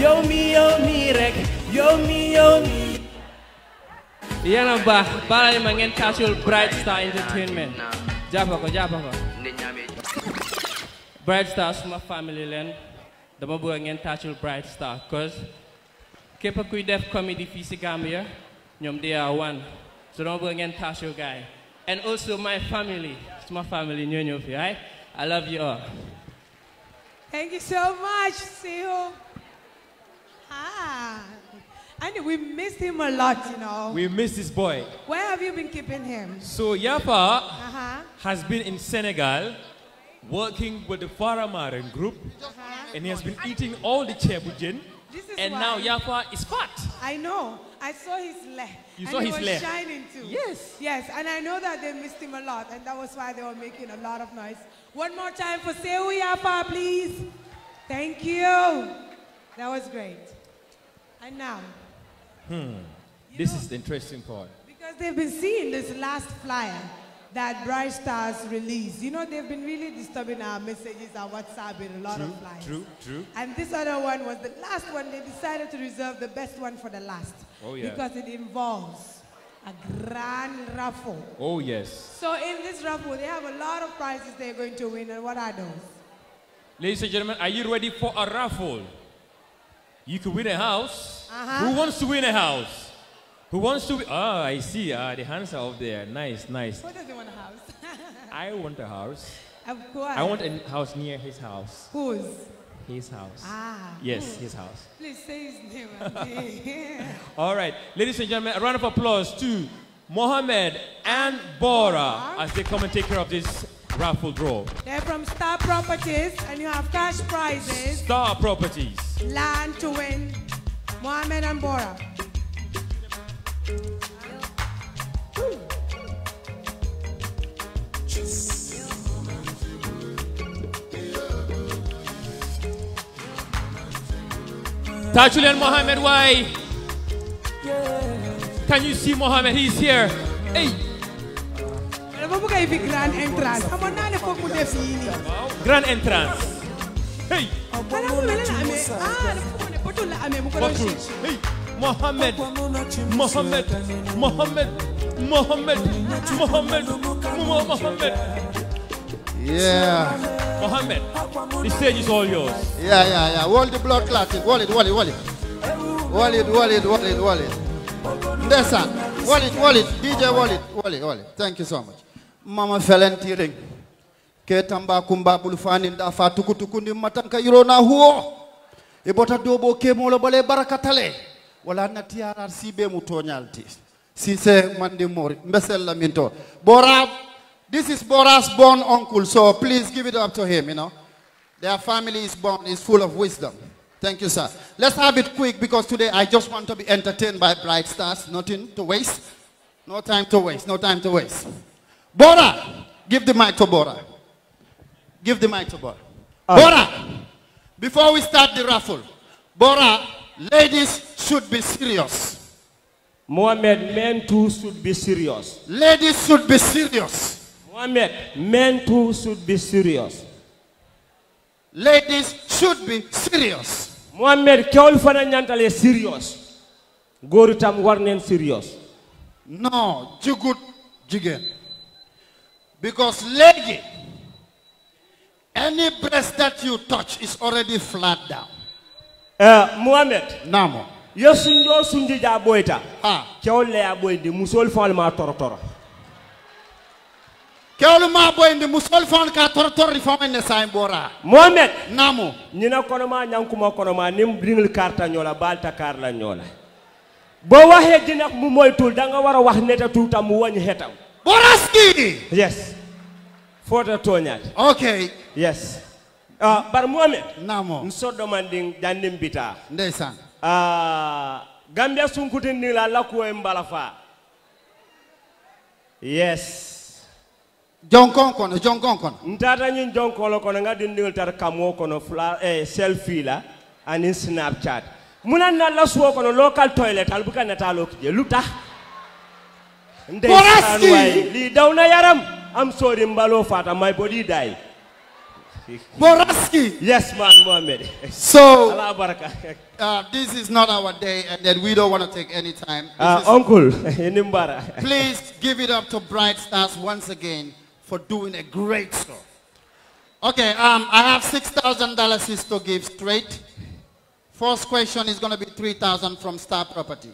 Yo mi yo mi rek. Yo mi yo mi. Yan ang ba? Para yung mga casual Bright Star Entertainment. Japa ko, japa ko. Bright Star suma family len. Dama buang ngeen tàccul Bright Star cause képp kuy def comedy fii si Gambia Nyom they are one. So dama bëgg ngeen tàccul gaay. And also my family, suma family ñoo ñëw fi, right? I love you all. Thank you so much, Siho. Ah. And we miss him a lot, you know. We miss this boy. Where have you been keeping him? So Yapa uh -huh. has been in Senegal working with the Maran group uh -huh. and he has been eating all the chebujin. And why. now Yapa is fat. I know. I saw his leg. You and saw his leg. shining too. Yes. Yes, and I know that they missed him a lot and that was why they were making a lot of noise. One more time for Sewu Yapa, please. Thank you. That was great. And now Hmm. This know, is the interesting part. Because they've been seeing this last flyer that Bright Stars released. You know, they've been really disturbing our messages, our WhatsApp, in a lot true, of flyers. True, true. And this other one was the last one. They decided to reserve the best one for the last. Oh, yeah. Because it involves a grand raffle. Oh, yes. So in this raffle, they have a lot of prizes they're going to win. And what are those? Ladies and gentlemen, are you ready for a raffle? You could win a house. Uh-huh. Who wants to win a house? Who wants to? Ah, I see. Ah, the hands are up there. Nice, nice. Who doesn't want a house? I want a house. Of course. I want a house near his house. Whose? His house. Ah. Yes, his house. Please say his name. All right, ladies and gentlemen, a round of applause to Mohammed and Bora uh-huh. as they come and take care of this raffle draw. They're from Star Properties and you have cash prizes. Star Properties. Land to win. Mohammed and Bora. Tajul and why? Can you see Mohammed? He's here. Hey grand entrance grand entrance. hey. xanaa mu mel la amee ah, hey Mohamed Mohamed Mohamed Mohamed Mohamed Momo yeah. Mohammed, the stage is all yours. Yeah, yeah, yeah. Wall the blood clotting. Wall it, wall it, wall it. Wall it, wall it, wall it, wall it. Ndesan. Wall it, wall it. DJ, wall it, wall it, wall it. Thank you so much mama felentiring ke tamba kumba bulu da matanka yurona huo Ebota dobo ke molo bale barakatale wala na TRRC be mu tonyalti si se mandi mori mbesel laminto bora this is bora's born uncle so please give it up to him you know their family is born is full of wisdom Thank you, sir. Let's have it quick because today I just want to be entertained by bright stars. Nothing to waste. No time to waste. No time to waste. Bora! Give the mic to Bora. Give the mic to Bora. Bora! Before we start the raffle, Bora, ladies should be serious. Mohammed, men too should be serious. Ladies should be serious. Mohammed, men too should be serious. Ladies should be serious. Mohammed, kewol fana ñantale serious. Góor warnen war serious. No, jugut jigen. Because leggy, any breast that you touch is already flat down. Uh, eh, Muhammad. Namo. ndo sundi ja boita. Ha. Keole le boindi musol fal ma torotoro. Keole ma boindi musol fal ka torotoro rifame ne sain bora. Muhammad. Namo. Nina kono ma nyankuma kono ma nim bringil karta nyola balta karla nyola. Bo wahe jinak mu moytul da nga wara wax neta tutam wañ hetaw. oraski yes fota toñade Okay. yes uh, ah, bar mohamed namo m soɗɗoman ɗin janndin bita ndeysan uh, ah, gambia sunkutinndila lakkuwo e mbala fa yes jonkon kono jonkon kono ntata ñin jonkolo kono nga dindiŋol tata kamo kono fla eh, selfie la in snapchat Muna na suwa kono local toilet al buka natalo kije lu Boraski. Li yaram. I'm sorry mbalo fata my body died. Boraski. Yes, man, Mohammed. So, uh, this is not our day, and then we don't want to take any time. Uh, uncle, please give it up to Bright Stars once again for doing a great show. Okay, um, I have $6,000 to give straight. First question is going to be 3000 from Star Property.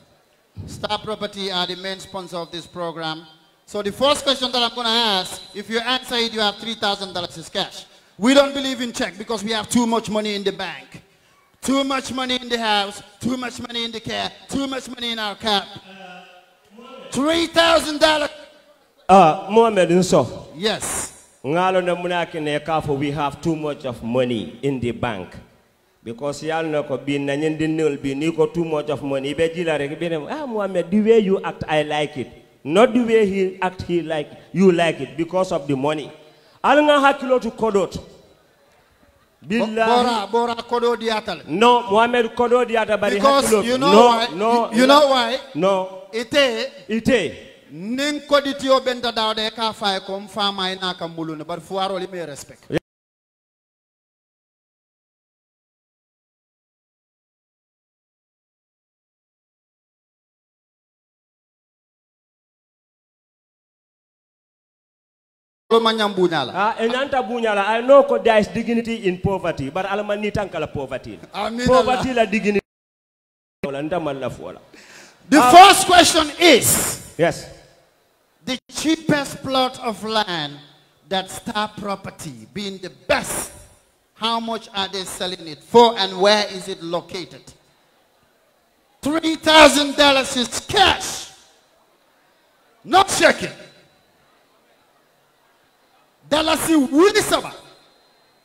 Star Property are the main sponsor of this program. So the first question that I'm going to ask, if you answer it, you have $3,000 is cash. We don't believe in check because we have too much money in the bank. Too much money in the house, too much money in the car, too much money in our cap. $3,000. Uh, Mohammed so. Yes. We have too much of money in the bank because yal na ko bi nañu di nil bi ni ko too much of money be jila rek bi ne ah Mohammed the way you act I like it not the way he act he like you like it because of the money al nga to kodot Billahi. Bora, Bora Kodo Diatal. No, Mohammed Kodo Diatal, but because you know no, why. No, you, you know why. No. Ite. Ite. Koditi o benda dawde ka fay kom fa may na kam bulun bar fuaro li me respect. Uh, ah, enanta bunyala, I know there is dignity in poverty, but alama nitankala poverty. Poverty la dignity. The ah. first question is Yes. The cheapest plot of land that star property being the best, how much are they selling it for and where is it located? $3,000 is cash. Not checking. Dalasi Wulisaba.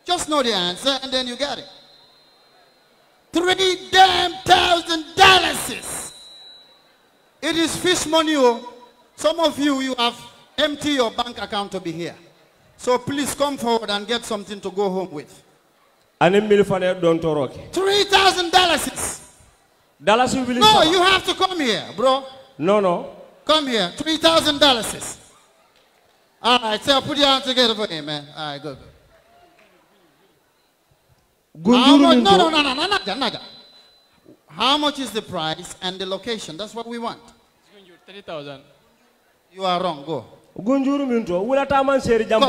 Just know the answer and then you get it. Three damn thousand dollars. It is fish money. Oh. Some of you, you have empty your bank account to be here. So please come forward and get something to go home with. Ani milifane don toroke. Three thousand dollars. No, you have to come here, bro. No, no. Come here. Three thousand dollars. All right, so put your hands together for him, man. All right, good. good. How much, no, no, no, no, no, How much is the price and the location? That's what we want. 3,000. You are wrong. Go. Gunjuru minto, wala taman seri we don't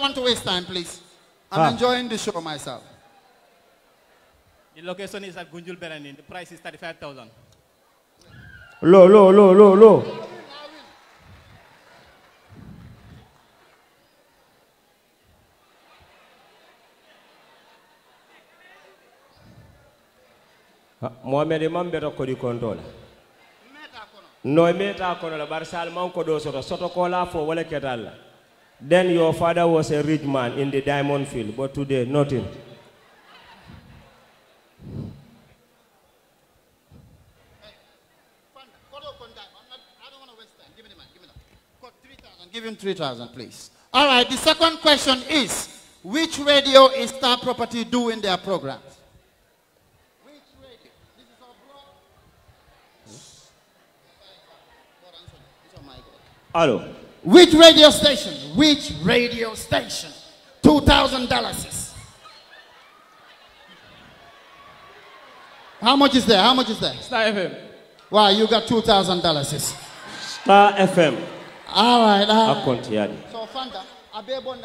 want to waste time, please. I'm ah. enjoying the show myself. The location is at Gunjul Berenin. The price is 35,000. Low, low, low, low, low. mohamed mam ɓe tokkoɗi kontola no meta kono la bar salman ko do soto soto ko la fo wala ketal then your father was a rich man in the diamond field but today nothing Give him 3,000, please. All right, the second question is, which radio is Star Property doing their programs? Alors. Which radio station? Which radio station? $2,000. How much is there? How much is there? Star FM. Wow, you got $2,000. Star FM. All right. All right. So, Fanta, Abebo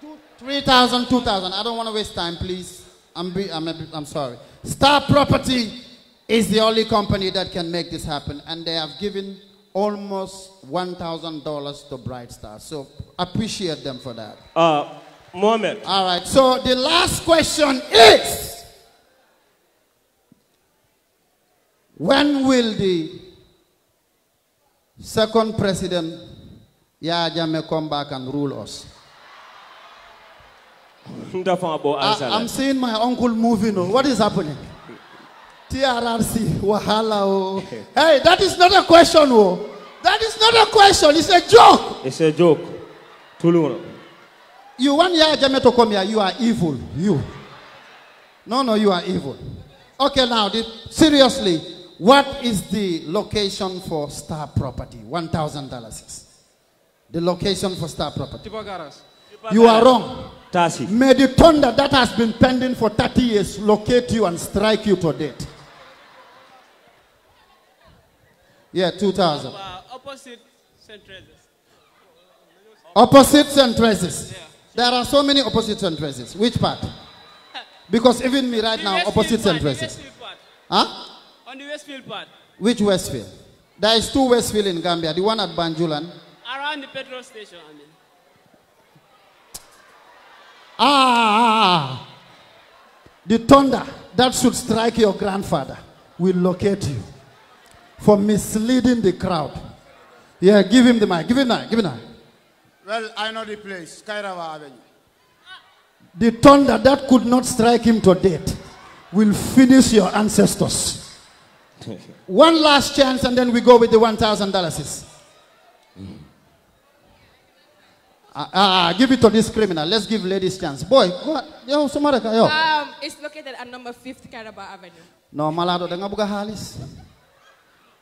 two. Three thousand, two thousand. I don't want to waste time, please. I'm, be, I'm, I'm sorry. Star Property is the only company that can make this happen, and they have given almost $1,000 to Bright Star. So appreciate them for that. Uh, Mohammed. All right. So the last question is When will the second president, Yahya may come back and rule us? I, ah, I'm seeing my uncle moving on. What is happening? TRRC, wahala oh. hey, that is not a question oh. That is not a question, it's a joke. It's a joke. Tulu. You one year Jame to come here, you are evil. You. No, no, you are evil. Okay, now, the, seriously, what is the location for star property? $1,000. The location for star property. You are wrong. Tasi. May the thunder that has been pending for 30 years locate you and strike you to death. Yeah, 2000. Uh, opposite St. Opposite St. Yeah. There are so many opposite St. Teresa's. Which part? Because even me right the now, Westfield opposite St. Teresa's. Huh? On the Westfield part. Which Westfield? There is two Westfield in Gambia. The one at Banjulan. Around the petrol station, I mean. Ah! The thunder that should strike your grandfather will locate you for misleading the crowd. Yeah, give him the mic. Give him now. Give him now. Well, I know the place, Kairawa Avenue. The thunder that could not strike him to death will finish your ancestors. one last chance and then we go with the $1,000. Ah, ah, ah, give it to this criminal. Let's give ladies chance. Boy, go yo, some other, yo. Um, it's located at number 5th Caraba Avenue. No, malado, denga buga halis.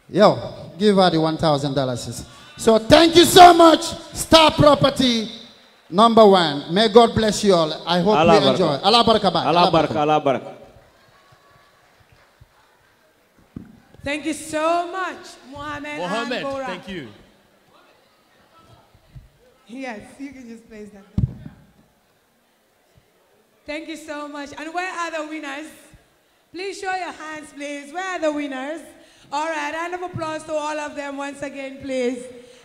Yo, give her the $1,000. So thank you so much, Star Property number one. May God bless you all. I hope Allah you enjoy. Allah barakah. Allah barakah. Allah baraka. Thank you so much, Mohammed. Mohammed, thank you. Yes, you can just place that. Thank you so much. And where are the winners? Please show your hands, please. Where are the winners? All right, round of applause to all of them once again, please.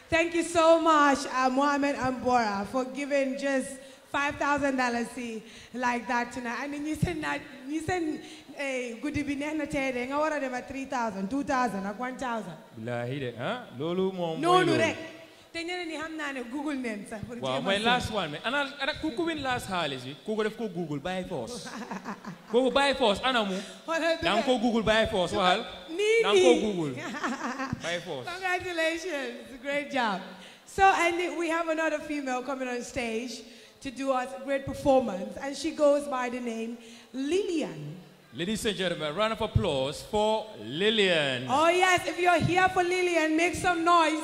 Thank you so much, uh, Mohamed Ambora, for giving just $5,000 like that tonight. I mean, you said that, you said, hey, eh, good chairing. I ordered about 3,000, 2,000, or 1,000. No, no, te my last one man. And I, ku ku win last xaalis bi ku ko def google bàyyi force Google bàyyi force Anamu. mu. da nga ko google bàyyi force Well. nii nii da google bàyyi force. congratulations great job. So, and we have another female coming on stage to do a great performance, and she goes by the name Lillian. Ladies and gentlemen, round of applause for Lillian. Oh, yes, if you're here for Lillian, make some noise.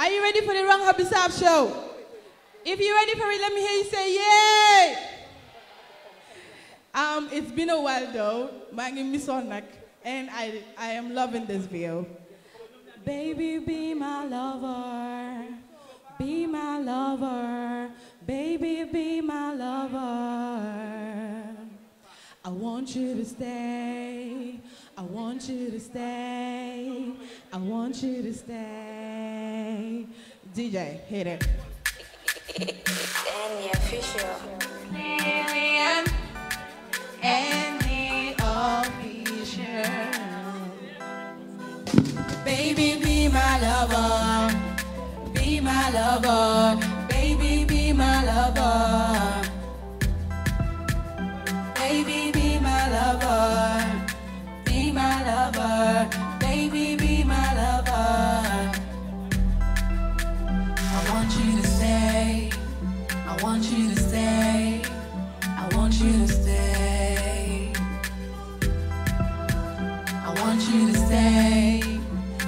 Are you ready for the Wrong Hub Sap show? If you're ready for it, let me hear you say yay! Um, it's been a while though. My name is Sonak, and I, I am loving this video. Baby, be my lover. Be my lover. Baby, be my lover. I want you to stay. I want you to stay. I want you to stay. DJ, hit it. Danny official. Lillian. Andy official. Baby, be my lover. Be my lover. Baby, be my lover. Baby, be my lover lover. Baby, be my lover. I want you to stay. I want you to stay. I want you to stay. I want you to stay.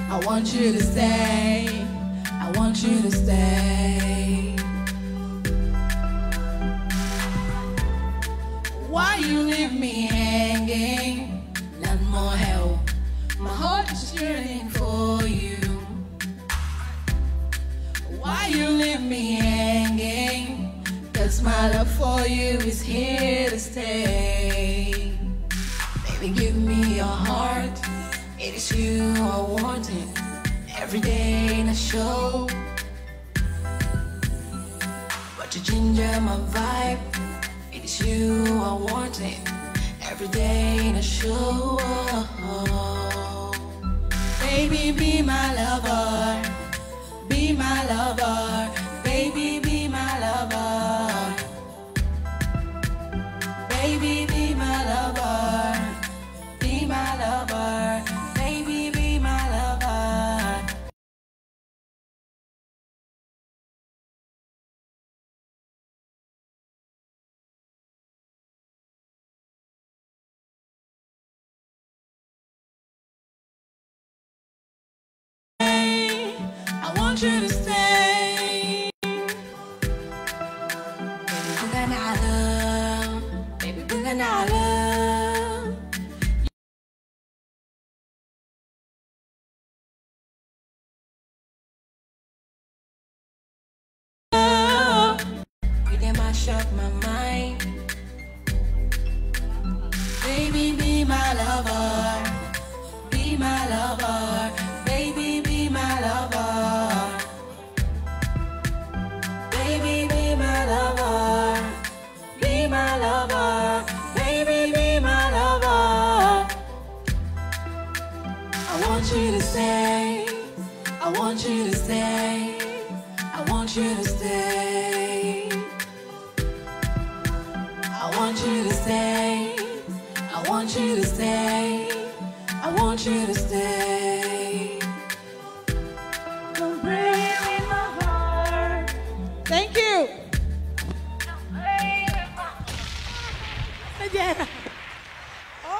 I want you to stay. I want you to stay. Why you leave me hanging? heart is yearning for you. Why you leave me hanging? Cause my love for you is here to stay. Baby, give me your heart. It is you I wanted. Every day in a show. But you ginger my vibe. It is you I wanted. Every day in a show. Baby, be my lover. Be my lover. Baby, be my lover. Be my lover. shut my mind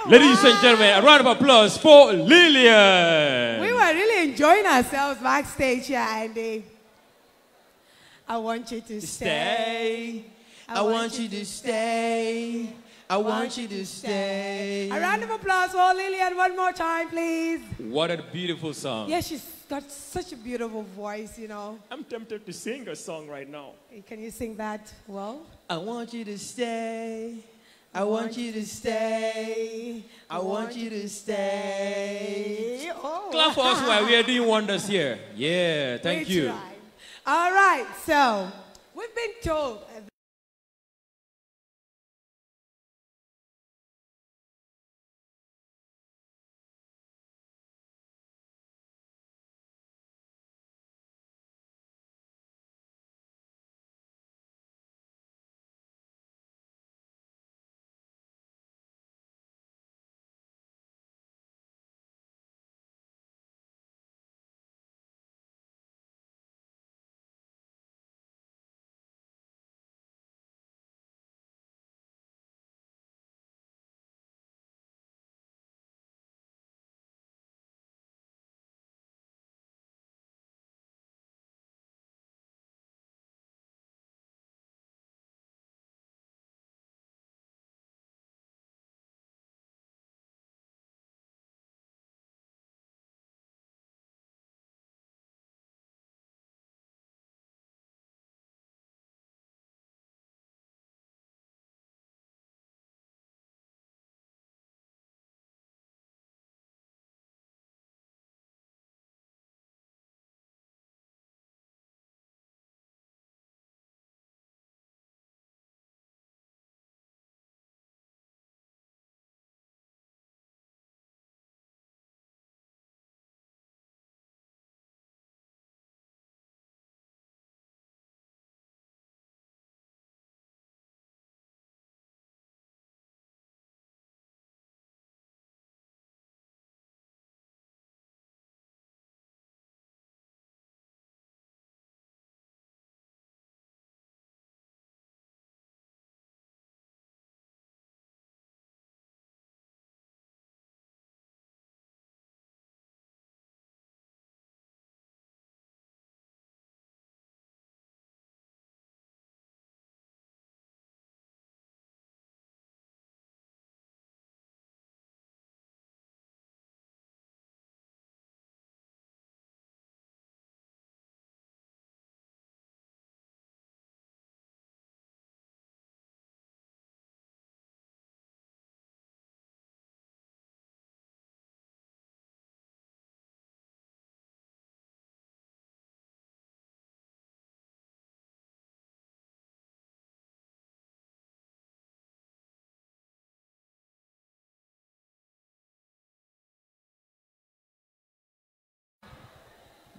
Ladies and gentlemen, a round of applause for Lillian. We were really enjoying ourselves backstage here, Andy. I want you to stay. I want you to stay. I want you to stay. A round of applause for Lillian one more time, please. What a beautiful song. Yeah, she's got such a beautiful voice, you know. I'm tempted to sing a song right now. Can you sing that well? I want you to stay. I want you to stay. I want you to stay. Oh. Clap for us while we are doing wonders here. Yeah, thank we you. Try. All right, so we've been told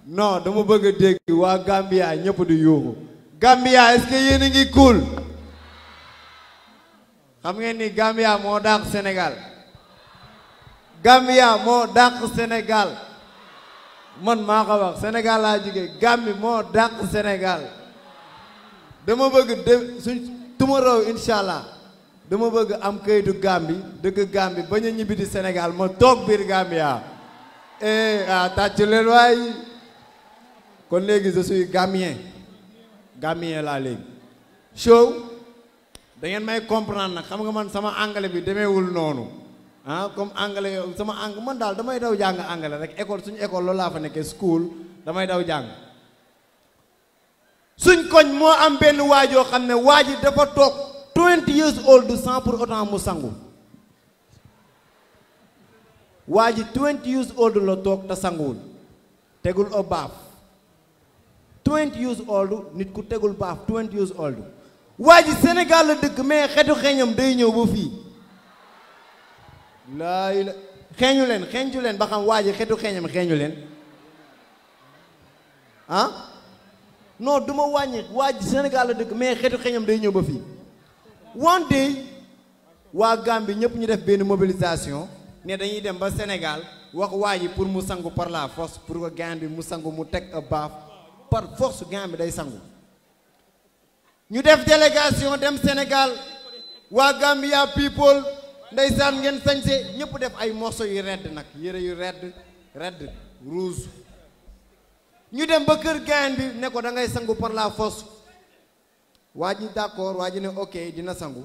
non dama bëgg a dégg waa Gambia ñëpp di yuuxu Gambia est-ce que a ngi cool xam ngeen ni Gambia moo dàq Sénégal Gambia moo dàq Sénégal man maa ko wax Sénégal laa jóge Gambi moo dàq Sénégal dama bëgg de suñ tumaraw incha dama bëgg am kayitu Gambi dëkk Gambi bañ a ñibbi di ma toog biir Gambia eh ah, leen waay kon léegi sa suis gamien gamien laa léegi show da ngeen may comprendre nag xam nga man sama anglais bi demeewul noonu ah comme anglais sama ang man daal damay daw jàng anglais rek école suñu école loolu laa fa nekkee school damay daw jàng suñ koñ moo am benn waajoo xam ne waa ji dafa toog 20 years old sans pour autant mu sangu waa ji 20 years old la toog te sanguwul tegul au baaf 20 years old nit ku tegul baaf years old Sénégal la mais xetu day ñëw ba fi la ba xam waji xetu ah non mais xetu day ñëw one day wa Gambie ñëpp ñu def mobilisation ne dañuy dem ba Sénégal wax pour mu sangu par la force pour que Gambie mu sangu mu par force gain bi day sangu ñu def délégation dem Sénégal waa Gambia people ndeysaan ngeen sañse ñëpp def ay morso yu redd nag yére yu redd redd rouge ñu dem ba kër gain bi ne ko da sangu par la force waa ji d'accord waa ji ne ok dina sangu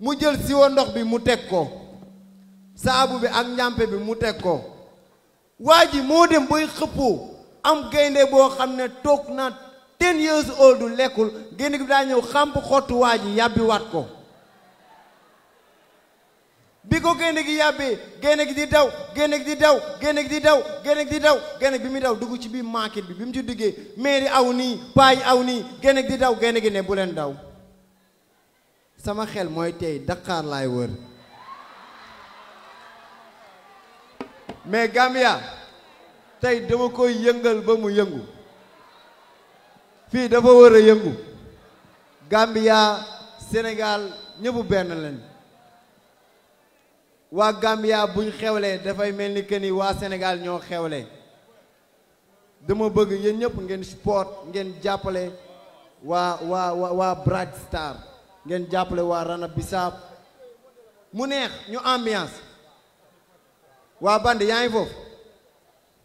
mu jël siwo ndox bi mu teg ko saabu bi ak njàmpe bi mu teg ko waa ji moo dem bay xëppoo am gaynde boo xam ne toog na ten years old du lekkul gaynde gi daa ñëw xàmp xottu waa ji ko bi ko gaynde gi yàbbee gaynde gi di daw gaynde gi di daw gaynde gi di daw gaynde gi di daw bi muy daw dugg ci biir market bi bi mu ci duggee mairie aw nii paa yi aw nii gaynde gi di daw gaynde gi ne bu leen daw sama xel mooy tey Dakar laay wër mais Gambia tey dama koy yëngal ba mu yëngu fii dafa wër a yëngu Gambia senegaal ñëpp benn lañ waa Gambia buñ xewlee dafay mel ni que waa senegaal ñoo xewlee dama bëgg yéen ñëpp ngeen sport ngeen jàppale waa waa waa waa Star ngeen jàppale waa Rana Bissap mu neex ñu ambiance waa band yaa ngi foofu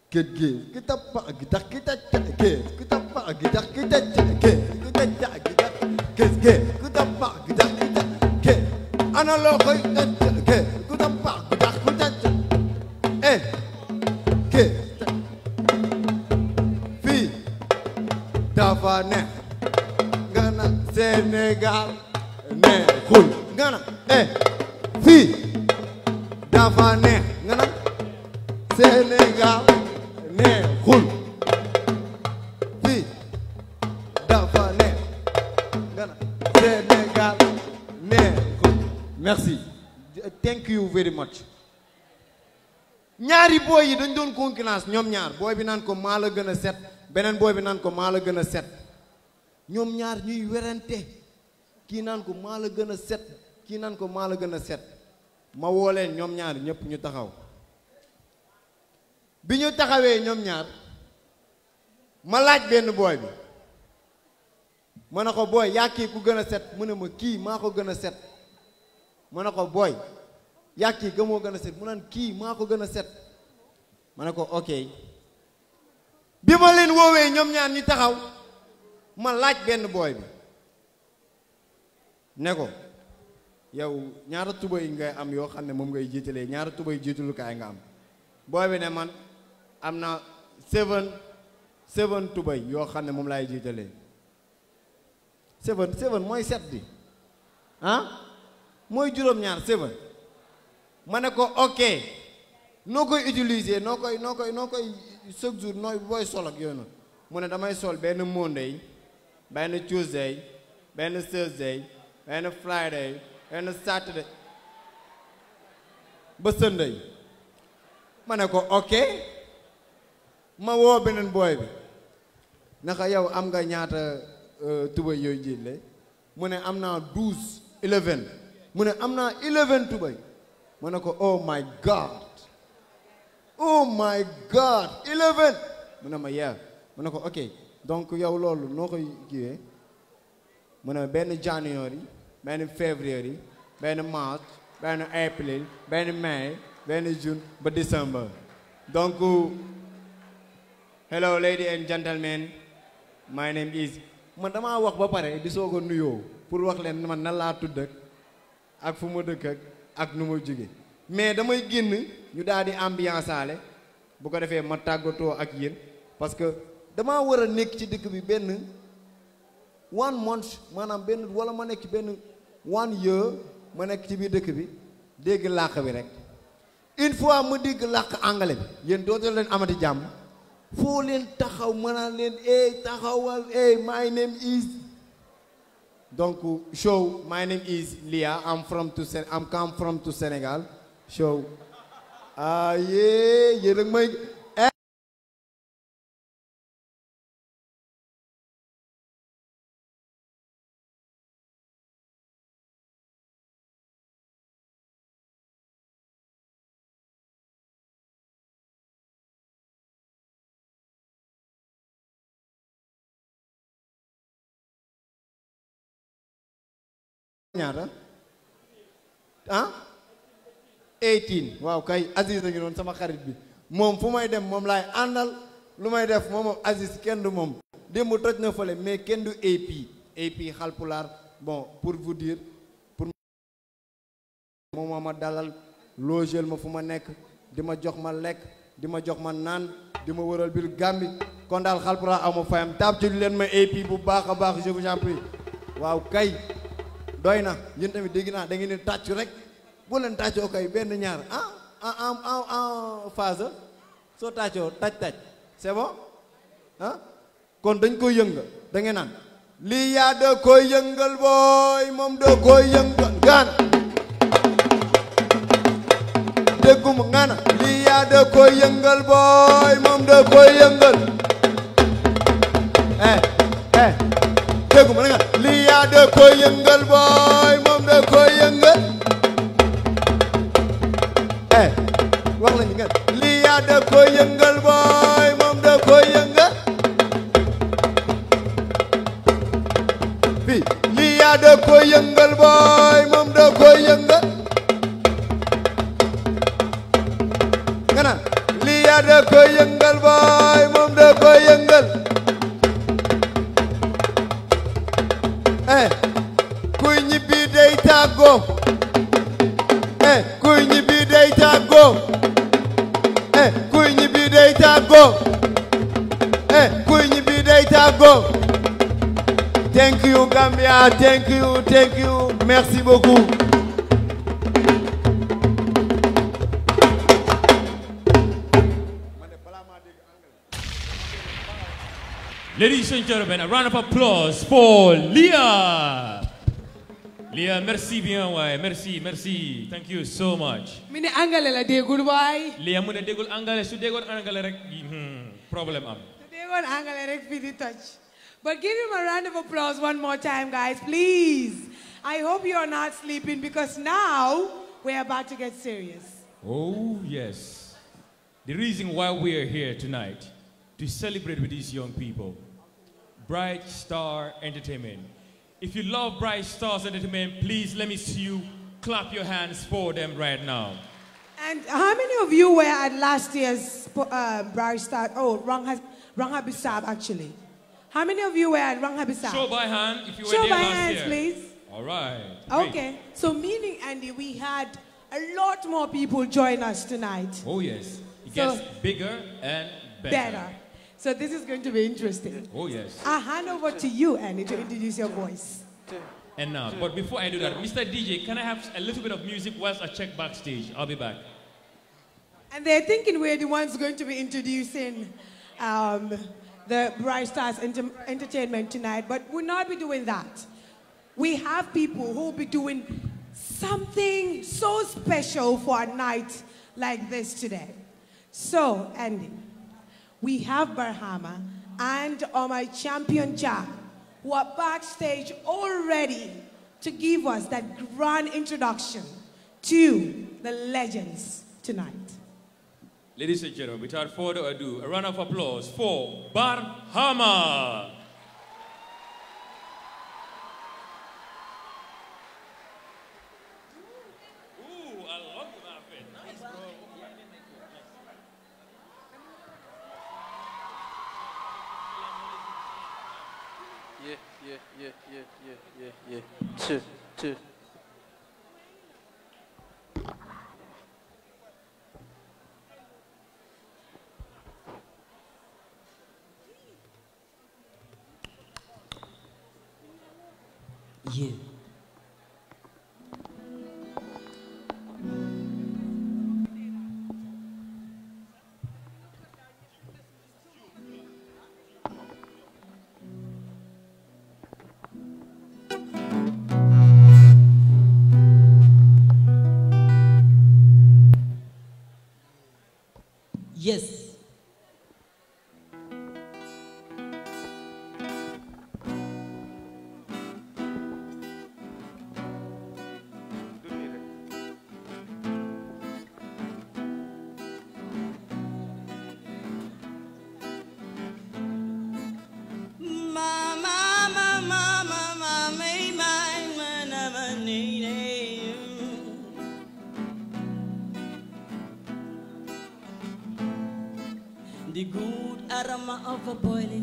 Get get get up, get up, get up, get get up, get up, get up, get get up, get up, get get get up, get up, get up, get. Ana loo koy get get get up, get up, get up, eh get. Fii dafa neex nga na Sénégal neexul nga na eh fii dafa neex nga na Sénégal. neexul fii merci thank you very much ñaari booy yi dañ doon concurrence ñoom ñaar booy bi naan ko maa la gën a set beneen booy bi naan ko maa la gën a set ñoom ñaar ñuy werante kii naan ko maa la gën a set kii naan ko maa la gën a set ma woo ñoom ñaar ñëpp ñu taxaw bi ñu taxawee ñoom ñaar ma laaj benn booy bi ma ne ko booy yaa kii ku gën a set mu ne ma kii maa ko gën a set ma ne ko booy yaa kii gëmoo gën a set mu kii maa ko gën a set ma ne ko ok bi ma leen woowee ñoom ñaar ñu taxaw ma laaj benn booy bi ne ko yow ñaar ñaara tubay ngay am yoo xam ne moom ngay jiitalee ñaar ñaara tubay jiitulukaay nga am booy bi ne man am na seven seven tubay yoo xam ne moom laay jiitalee seven seven mooy set bi ah mooy juróom-ñaar seven ma ne ko ok noo koy utiliser noo koy noo koy noo koy chaque jour nooy booy sol ak yooyu noonu mu ne damay sol benn Monday benn Tuesday benn Thursday benn Friday benn Saturday ba Sunday ma ne ko ok ma woo beneen booy bi naka yow am nga ñaata euh, tubay yooyu jille mu amna am eleven mu amna eleven tubay ma ko oh my god oh my god eleven mu ne ma ko ok donc yow loolu noo koy kiiwee ben january ben February, ben March, ben april ben May, ben June, ba December. donc hello ladies and gentlemen my name is ma damaa wax ba pare di soog a nuyoo pour wax leen man nan laa tudd ak fu ma dëkk ak ak nu mu jóge mais damay génn ñu daal di ambiance bu ko defee ma tàggatoo ak yéen parce que damaa war a nekk ci dëkk bi benn one month maanaam benn wala ma nekk benn one year ma nekk ci biir dëkk bi dégg làkk bi rek une fois ma dégg làkk anglais bi yéen dootul leen amati jàmm foo leen taxaw mën naa leen eh taxawal eh my name is. donc show my name is Lia I'm from to Sen I'm come from to Sénégal show. ah yeah, yéen a may. ñaata ah 18 waaw kay Aziz ngi non sama xarit bi mom fu may dem mom lay andal lu may def mom Aziz kenn du moom toj na mais kendo du AP AP bon pour vous dire pour moom ma dalal logel ma fuma nek dima jox ma lekk dima jox ma nan dima ma wëral biir gambi kon dal xalpulaar aw ma fayam taab ci ma AP bu baax je vous en prie waaw kay doy na ñun tamit dégg naa da ngeen di tàccu rek boo leen tàccoo kay benn ñaar ah en en en phase soo tàccoo tàcc tàcc c'est bon ah kon dañ koy yënga da ngeen naan lii yaa da koy yëngal booy moom da koy yëngal gaana dégguma gaana lii yaa da koy yëngal booy moom da koy yëngal eh eh dégguma na nga da koy yëngal booy moom da koy yëngal eh wax lañu lii yaa da koy booy moom da koy yëngal lii yaa da koy booy moom da koy yëngal lii yaa da koy booy moom da koy tàggoo eh kuy ñibbi day tàggoo eh kuy ñibbi day tàggoo eh kuy ñibbi day thank you Gambia thank you thank you merci beaucoup Lia, merci bien, way, Merci, merci. Thank you so much. Mine angale la degul way. Lia mune degul angale su degul angale rek hmm, problem am. Degul angale rek fi touch. But give him a round of applause one more time, guys, please. I hope you are not sleeping because now we're about to get serious. Oh, yes. The reason why we are here tonight to celebrate with these young people, Bright Star Entertainment. If you love Bright Stars Entertainment, please let me see you clap your hands for them right now. And how many of you were at last year's uh, Bright Stars? Oh, wrong, wrong Habisab, actually. How many of you were at Wrong Habisab? Show by hand if you were Show there by last hands, year. please. All right. Great. Okay. So, meaning, Andy, we had a lot more people join us tonight. Oh, yes. It so gets bigger and better. better. So this is going to be interesting. Oh, yes. I hand over to you, Annie, to introduce your voice. And now, uh, but before I do that, Mr. DJ, can I have a little bit of music whilst I check backstage? I'll be back. And they're thinking we're the ones going to be introducing um, the Bright Stars Entertainment tonight, but we'll not be doing that. We have people who'll be doing something so special for a night like this today. So, Andy we have Barhama and our oh, my champion Jack, who are backstage already to give us that grand introduction to the legends tonight. Ladies and gentlemen, without further ado, a round of applause for Barhama.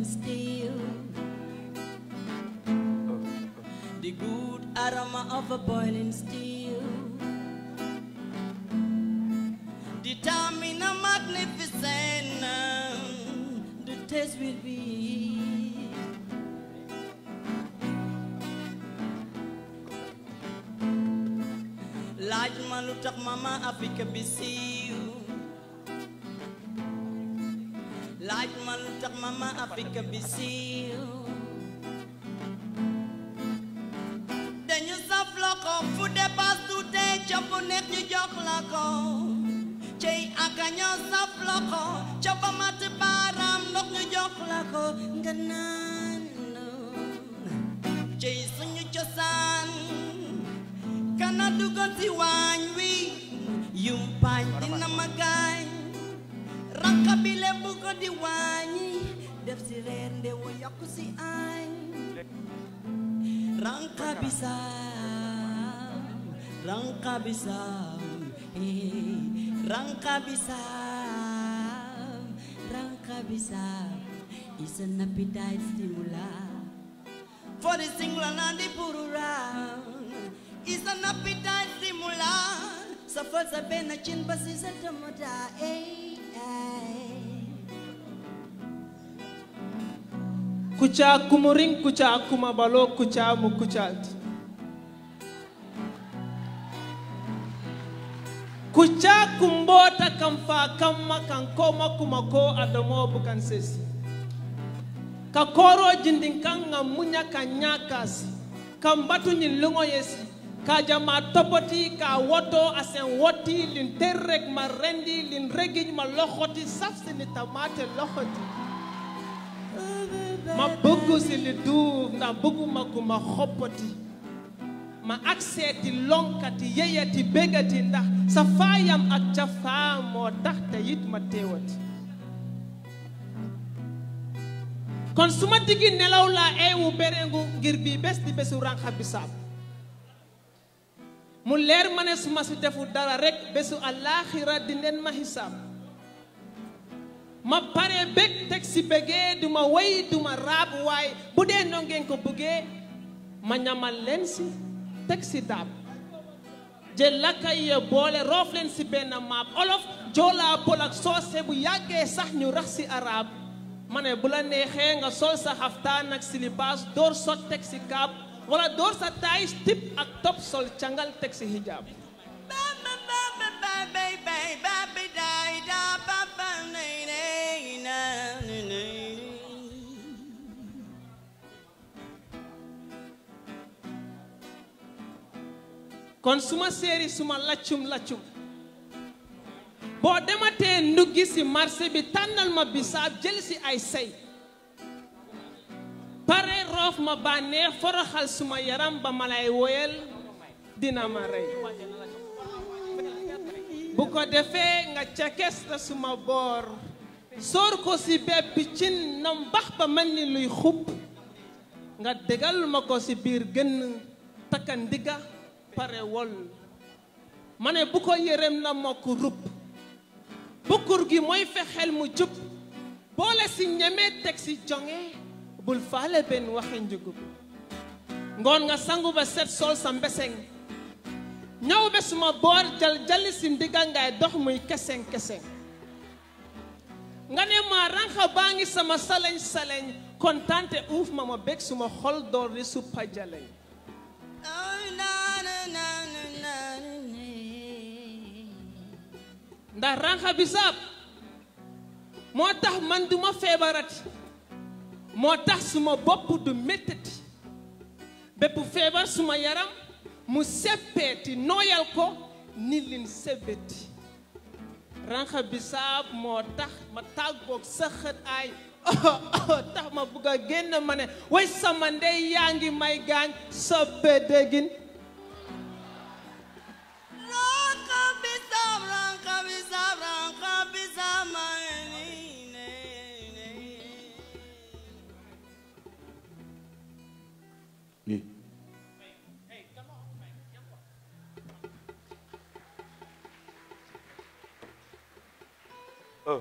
still. The good aroma of a boiling steel. The timing a magnificent, the taste will be. Large man who took mama Africa BCU. Africa be sealed. Then you soft lock off, food the pass to day, jump on it, you jock lock off. Jay Akanyo soft lock off, chop a matty baram, lock you jock lock off. Jason, you just son. Cannot do good to one. Rangkabisam, Rangkabisam, eh, Rangkabisam, Rangkabisam is an appetite stimulant for the single and the pururam. Is an appetite stimulant. So for the benachin, but is a tomoda, eh, eh. kucha kumuring kucha kumabalo kucha baloo kucha mukkuchaati. Kuchaa kun booda kan faakamma kan kooma kuma koo adamoo bukan seesi. Ka kooroo jindin kan ŋammunya kan nyaakaasi kan batu nyilluŋo Ka topoti ka woto asen woti lin terrek ma rendi lin regij ma lohoti safsini tamaate lohoti. ma bëgg si li duuf ndax bëgguma ku ma xoppati ma akseeti lonkati yeyati bégati ndax sa faayam ak cafaa moo tax te ma teewati kon su ma diggi nelaw laa eewu berengu ngir bii bés di bésu ranxa bisaab mu leer ma ne su ma si defu dara rekk bésu alaaxira di ma xisaab ma pare bég teg si bégee du ma way du ma raab waaye bu dee noo ngeen ko bëggee ma ñamal leen si teg si daab jël lakka ye boole roof leen ci benn maam olof joolaa pël ak soose bu yàggee sax ñu rax ci arab ma ne bu la neexee nga sol sa xaftaan ak silibaas door sot teg si kaab wala door sa taayis tip ak top sol cangal teg si hijaab kon suma seri suma lachum lachum bo demate ndu si marché bi tanal ma bisa jël si ay say pare rof ma bané foroxal suma yaram ba malay woyel dina ma rey bu ko defé nga cakesta suma bor sor ko si bépp cin nam bax ba mel luy xup nga degal ma ko si biir gënn parewol ma ne bu ko yërem na mokk rupp bukkur gi mooy fexeel mu jub boole si ñemee teg ci jonge bul faale benn waxe njugub ngoon nga sangu ba set sol sa mbeseng ñëw be suma boor jal jali si ndigangaay dox muy keseng-keseng nga ne ma ranxa baa ngi sama saleñ-saleñ kontaante uuf ma ma bég suma xol door di suppa jaleñ oh ndax ranxa bisaab moo tax man duma feebarati moo tax suma bopp du méttati bépp feebar suma yaram mu seppeeti nooyal ko ni lin sebeti ranxa bisaab moo tax ma tàggoog saxat aay oh, tax ma bugg a génn ma ne way sama ndey yaa ngi may gaañ soppe dëggin Oh.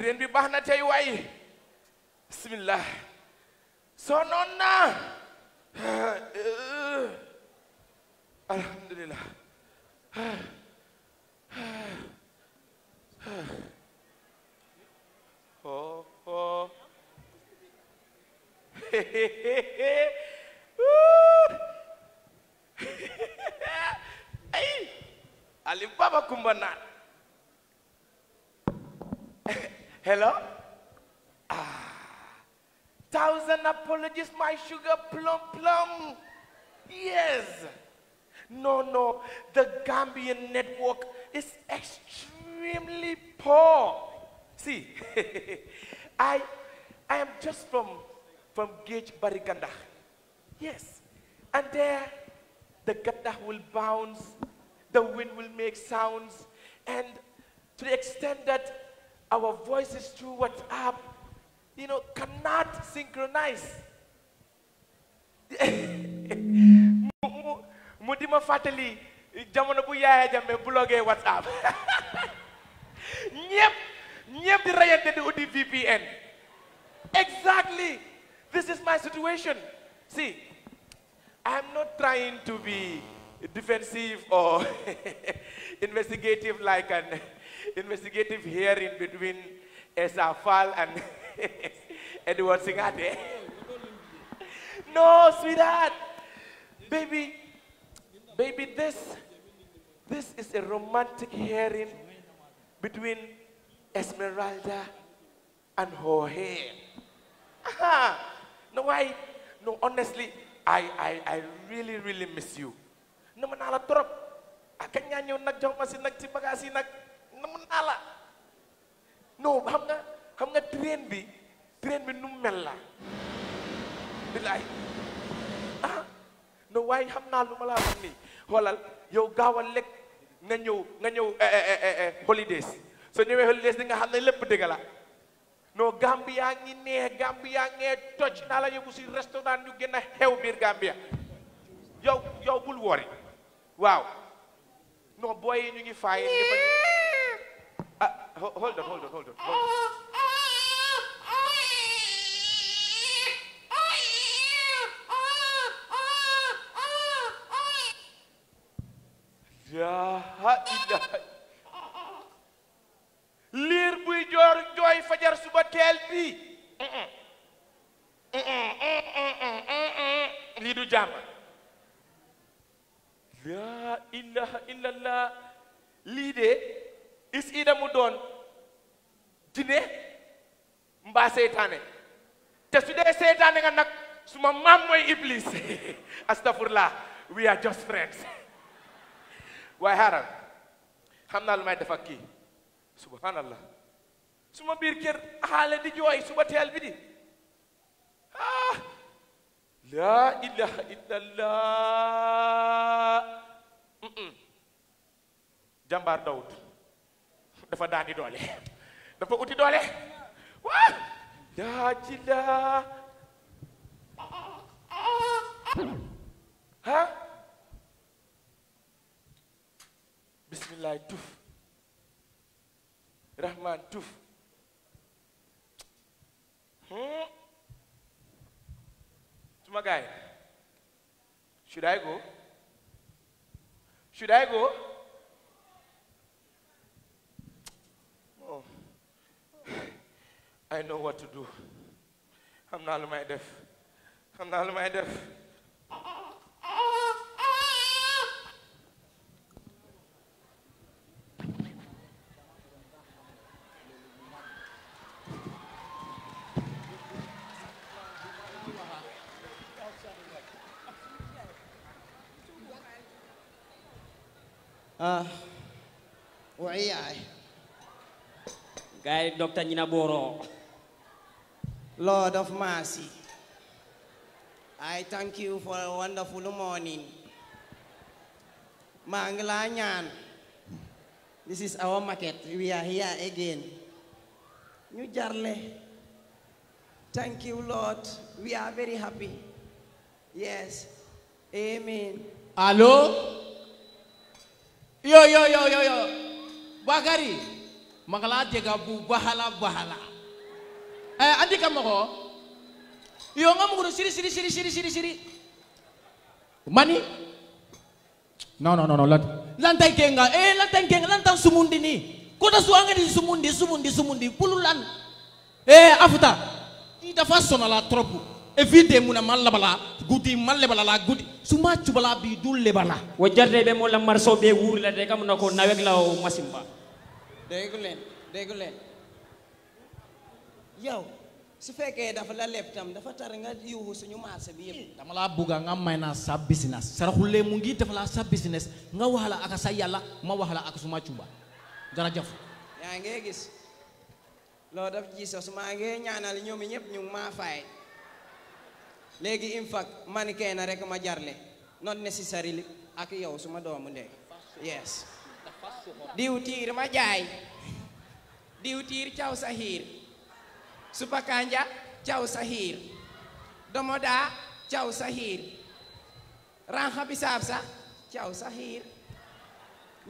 reen bi baax na tey way bismillah soo naa Barigandah. Yes. And there, the Gandah will bounce, the wind will make sounds, and to the extent that our voices through WhatsApp, you know, cannot synchronize. mu di ma fàttali jamono Yaya Jammeh bloqué WhatsApp ñëpp ñëpp the rayante the uddi VPN exactly this is my situation. See, I'm not trying to be defensive or investigative like an investigative hearing between Esafal and Edward Singate. no, sweetheart. Baby, baby, this, this is a romantic hearing between Esmeralda and Jorge. Aha. No, why? no, honestly, I, I, I really, really miss you. Naman ala trop. Akan nga nyo nagjaw pa si nagtibagasi nag, naman ala. No, xam nga, xam nga train bi, train bi num la. Bilaay. Ah, no, why xam naa lu ma laa wax nii. Xoolal, nganyo. gaawal eh, eh, eh, eh, holidays. So ñëwee holidays di nga xam ne lépp no gambia ngi ne gambia nge toj na la yobbu ci restaurant ñu gëna xew bir gambia yow yow bul wori waaw no boy ñu ngi fay ah hold on hold on hold on, hold on. Ya ilaha Lir buy jor joy fajar suba tel bi li du jam la ilaha illallah li de is ida mu don jine mba setané te su dé setané nga semua suma mam moy iblis astaghfirullah we are just friends way haram xamna lu may def ak ki su ma biir kër xaale di jooy suba teel bi di ah. laa ilaha illallah jàmbaar dawut dafa daani doole dafa uti doole waa laa ji laa tuf Rahman Tuf. To my guy, should I go? Should I go? Oh, I know what to do. I'm not my deaf. I'm not my deaf. Dr. Ninaboro. Lord of mercy, I thank you for a wonderful morning. Manglanyan, this is our market. We are here again. New Jarle, thank you, Lord. We are very happy. Yes, amen. Hello? Yo, yo, yo, yo, yo. Bagari. mangala jega bu bahala bahala eh andi kamoko yo ngam kudu siri siri siri siri siri siri mani no no no no lat lantai kenga eh lantai kenga lantai sumundi ni kota suanga di sumundi sumundi sumundi pululan eh afuta kita fasona la tropu evite muna mal guti bala la guti suma cubala bi dul bala wajarde be mo lamar so be la de kam nako la o masimba déggu leen yow su fekkee dafa la leb tam dafa tar nga yuuxu suñu marché bi yëpp dama bugga nga sa business saraxulee mu ngi dafa sa business nga wax ak sa yàlla ma wax ak suma cuba jërëjëf yaa ngee gis loolu daf Jesus maa ngi ñaanal ñoom ñëpp ñu ngi fay man rek ma jarle not necessarily ak yow suma doomu ndey yes diwtiir ma jaay diwtiir caw sahiir supa kanja caw sahiir domoda caw sahiir ranxa bisaab sa caw sahiir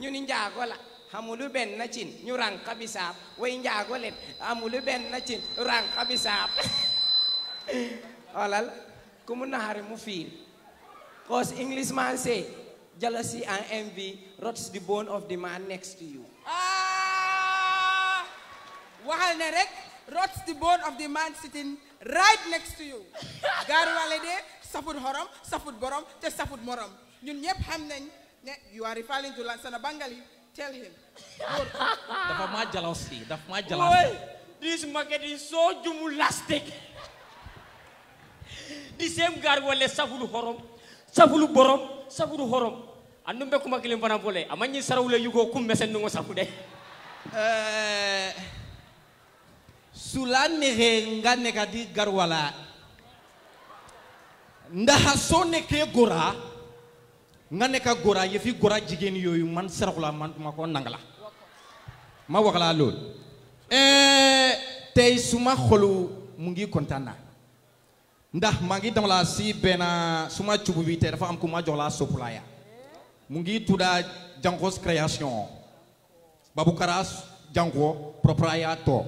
ñu ni njaago la amulu benn cin ñu ranxa bisaab way njaago leen amulu benn cin ranxa bisaab olal ku mu naxari mu fiir cause englishman say jealousy and envy rots the bone of the man next to you. Ah! Wahal nerek rots the bone of the man sitting right next to you. Garwalede walede, safud horom, safud borom, te safud morom. Ñun ñep xam ne you are referring to Lansana Bangali. Tell him. Dafa ma jealousy, dafa ma jealousy. This market is so jumulastic. The same garwale will safud horom, safud borom, safud horom andum be kuma kilim boleh, fole amanyi sarawle yugo kum mesen nungo safude eh sulan mehe ngane kadi garwala ndaha sonne ke gora ngane ka gora yefi gora jigen yoyu man sarawla man mako nangala ma wakala lol eh tay suma xolu mungi kontana contana ndax ma dama la si bena suma cubu bi te dafa am kuma jox mu ngi tuda jankos kreasi babu karas janko propriato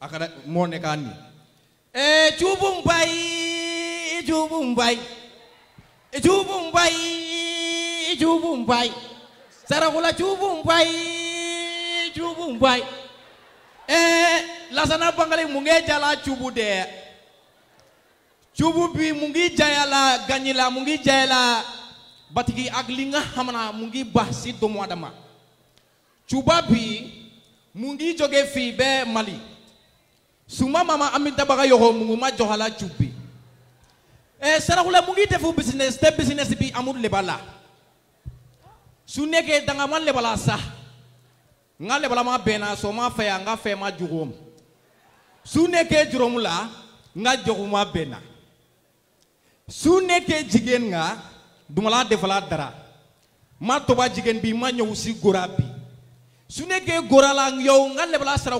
akada mo ne kani e eh, jubum bay jubum bay eh, jubum bay jubum bay sarakula jubum bay jubum bay e eh, lasana bangale mu nge jala cubu de cubu bi mu ngi jayala ganyila mu ngi jayala batigi aglinga hamana mungi bahsi domo adama cuba bi mungi joge fi be mali suma mama aminta baga yoho mungu ma johala cubi eh sarakula mungi tefu business te business bi amur lebala suneke dangaman lebala sa nga lebala ma bena so ma fe nga fe ma jugum jurom la nga joguma bena suneke jigen nga dumala defala dara ma toba jigen bi ma ci gora bi sune ke gora la ngal nga lebala sara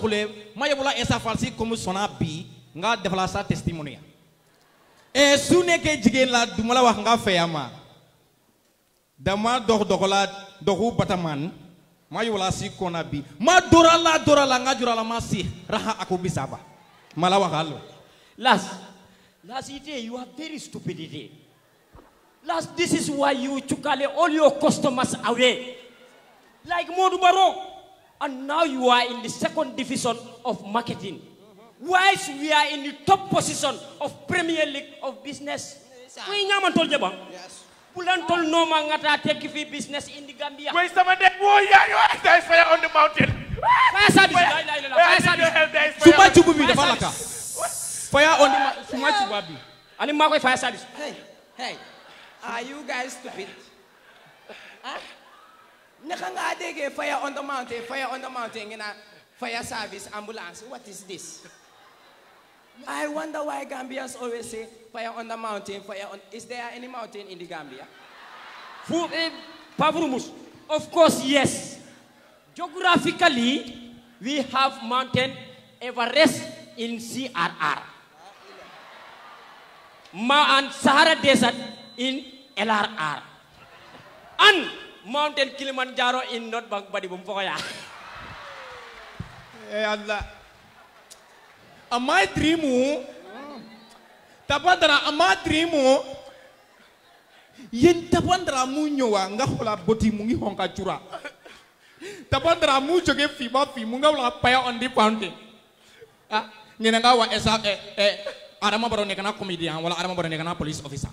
ma yebula esa falsi comme sona bi nga defala sa testimony e jigen la dumala wax nga feyama dama dox doxala doxu bataman ma yewula ci kona bi ma dora la nga la ma si raha ako bisaba mala waxal las las idée you are very stupid idée Last, this is why you took all your customers away. Like Modu Baro. And now you are in the second division of marketing. Whilst we are in the top position of Premier League of business. We nyaman tol jabang. Yes. Bulan tol no mangata take fi business in the Gambia. Wait some day warrior you are there fire on the mountain. Fire service. Fire service. Suma chubu bi dafa laka. Fire on the suma chubu bi. Ani ma fire service. Hey. Hey. Are you guys stupid? ah? Naka nga dege, fire on the mountain, fire on the mountain, nga fire service, ambulance. What is this? I wonder why Gambians always say, fire on the mountain, fire on... Is there any mountain in the Gambia? Eh, of course, yes. Geographically, we have mountain Everest in CRR. Ma and Sahara Desert in LRR. an mountain Kilimanjaro in not bang badi bum Ya Eh Allah. Amai trimu. Tapandra amai trimu. yin tapandra nyowa nga ngahola boti mungi honka cura. Tapandra mu joge fiba fimu wala paya on di fountain. Ah, nga wa esa eh eh. Arama baru nekana komedian wala arama baru nekana police officer.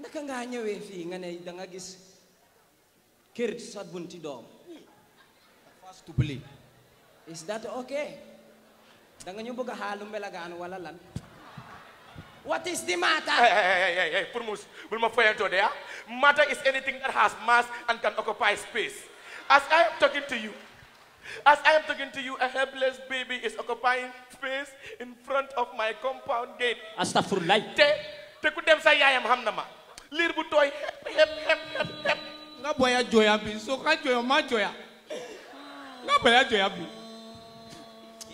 naka ngaa ñëwee fii nga ne da nga gis kër sa bunti doom fast bli is that okay da nga ñu bëgg a xaalu wala lan What is the matter? Hey, hey, hey, hey, Purmus, will ma fire today? Ah? ya Matter is anything that has mass and can occupy space. As I am talking to you, as I am talking to you, a helpless baby is occupying space in front of my compound gate. astaghfirullah Te, te ku dem sa yaayam xam ma lir bu toy hep hep xep nga bàyyi ya jooya bi so ka joya ma joya nga bàyyi ya joya bi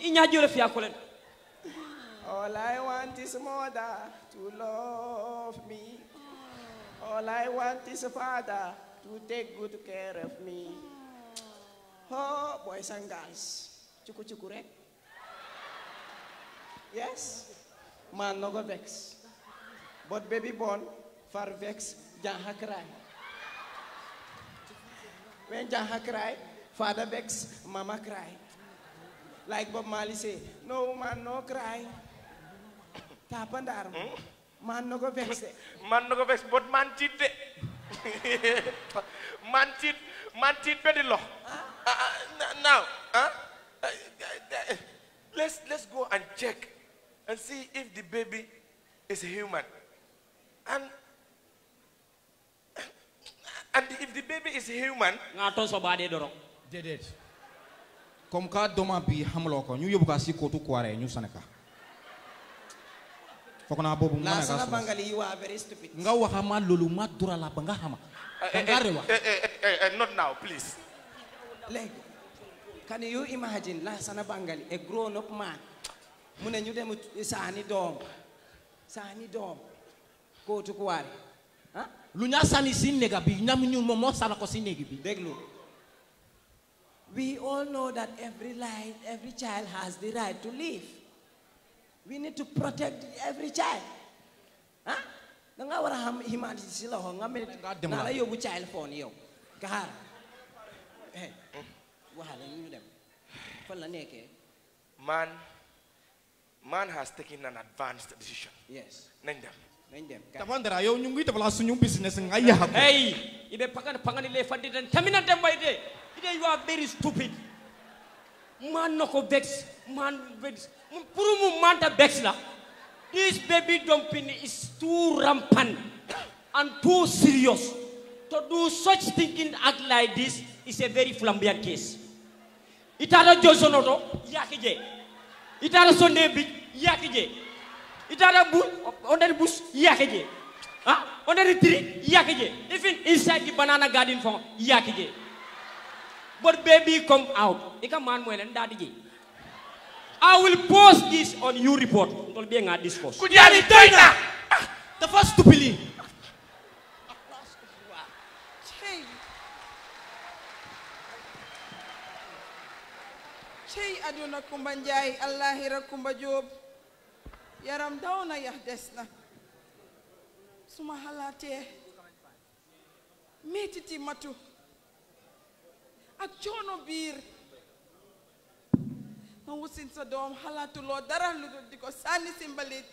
inya ñaa fi fiya len All I want is mother to love me. All I want is a father to take good care of me. Oh, boys and girls, cuku cuku rek. Eh? Yes, man no go vex. But baby born, Farvex cry. When Janha cry, father vex, mama cry. Like Bob Marley say, no man no cry. Tap on the arm. Hmm? Man no go vex. Man no go vex, but man cheat. man chit man cheat very low. Ah. Ah, ah, now, huh? let's, let's go and check and see if the baby is human. And And if the baby is human, ngaton so bade doro. Dedet. Comme ka doma bi hamlo ko ñu yobu ka si ko tu kware ñu saneka. Fokona bobu mana ka. La bangali you are very stupid. Nga waxa ma lolu ma dura la xama. Eh, eh, nga re wa. Eh, not now, please. Leg. can you imagine la sana bangali a grown up man Mune ne ñu dem saani doom saani doom ko tu kware. lu we all know that every life, every child has the right to live. We need to protect every child. Huh? Nga wara ham humanity sila ho nga mene na la yobu child phone yo. Kahar. Eh. Wahala ñu dem. Fan la nekké? Man man has taken an advanced decision. Yes. Nañ dem. nañ dem tafan dara yow ñu ngi tabala suñu business nga ya hako hey ibe pagan pagan ile fadi den tamina dem bay de ide you are very stupid man nako vex man vex pour mu manta vex la this baby dumping is too rampant and too serious to do such thinking act like this is a very flamboyant case itara josonoto yakije itara sonde bi yakije itara bu bus iya keje, ah under the iya keje. even inside the banana garden iya keje, but baby come out ika man mo len dadije I will post this on your report. Don't be a discourse. Could you The first to believe. Chey aduna kumba Allahira kumba job yaram daw na yax des na matu ak coono biir nga wusin sa doom xalaatuloo dara lu dul di ko sànni si mbalit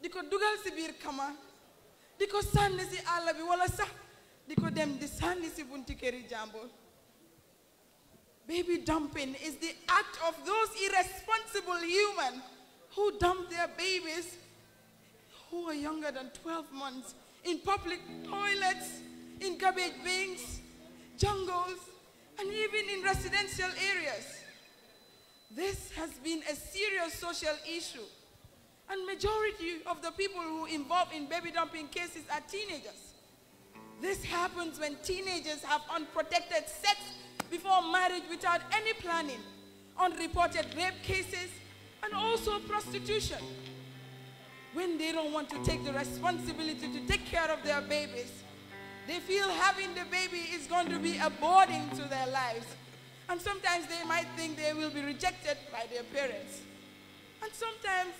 di ko dugal si biir kama di sànni si àll bi wala sax di dem di sànni si bunti këri jàmbur baby dumping is the act of those irresponsible human who dump their babies who are younger than 12 months in public toilets, in garbage bins, jungles, and even in residential areas. This has been a serious social issue. And majority of the people who involved in baby dumping cases are teenagers. This happens when teenagers have unprotected sex before marriage without any planning, unreported rape cases, and also prostitution. When they don't want to take the responsibility to take care of their babies, they feel having the baby is going to be a burden to their lives. And sometimes they might think they will be rejected by their parents. And sometimes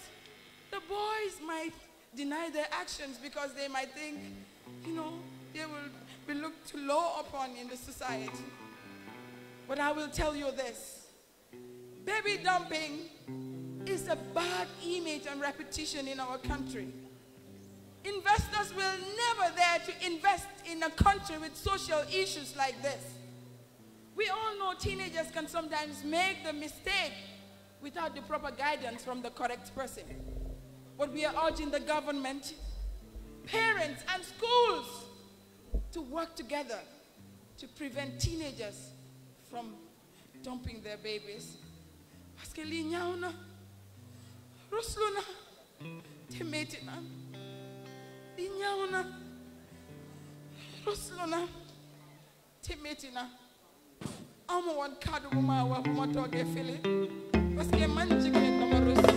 the boys might deny their actions because they might think, you know, they will be looked too low upon in the society. But I will tell you this. Baby dumping is a bad image and repetition in our country. Investors will never dare to invest in a country with social issues like this. We all know teenagers can sometimes make the mistake without the proper guidance from the correct person. But we are urging the government, parents, and schools to work together to prevent teenagers from dumping their babies. Parce que li rosilona themeti nami inyawo nami rosilona themeti nami amo wan khadu ma wa mo toge fili parce que man jigene dama rosilona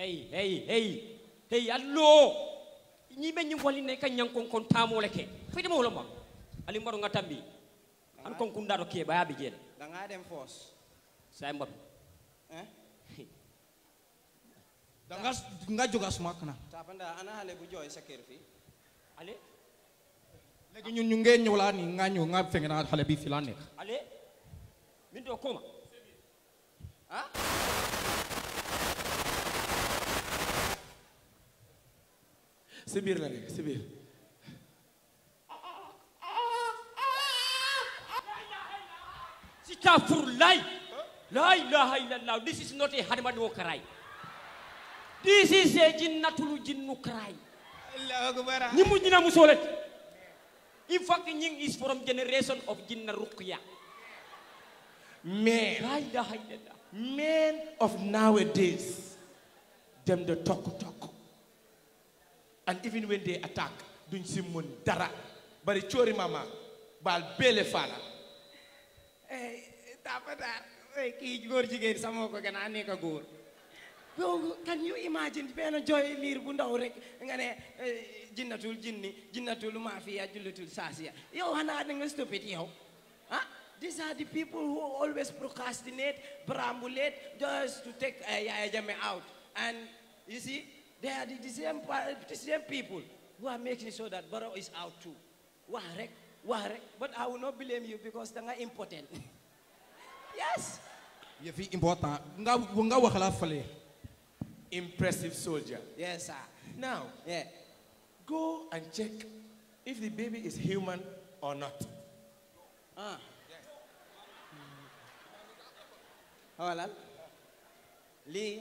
hey hey hey hey allo Ini men wali waline kan yang kon tamo leke fidi mo lomba baru mbaro ngatambi an kon kun daro ke bayabi gele da nga dem fos say mbab hein eh? da nga nga joga smak na tapanda ana hale bu joy saker fi ale legi ñun ñu ngeen ñew la ni nga ñew nga fengena hale bi fi la nek ale min do koma ah Sibir, biir la nekk si biir Astaghfirullah. La ilaha illallah. This is not a Hanamadu Karai. This is a Allah Jinnatul Jinnu Karai. Nimujina Musolet. In fact, Ning is from generation of Jinna Rukia. Men. La ilaha illallah. Men of nowadays. Them the talk talk. And even when they attack, duñ si mun dara bari coori mama Eh, béele faala tapataar kii góor jigéen samoo ko gën a nekk góor yow can you imagine benn jooy liir bu ndaw rek nga ne eh, jinnatul jinni jinnatul mafia, jullatul saasiya yow xanaa da nga stupid yo. ah these are the people who always procrastinate brambulate just to take eh, Yaya Jammeh out and you see they are the, same, the same people who are making sure that Barrow is out too. Warek, warek. But I will not blame you because they are important. yes. You feel important. Impressive soldier. Yes, sir. Now, yeah. go and check if the baby is human or not. Ah. Yes. Mm.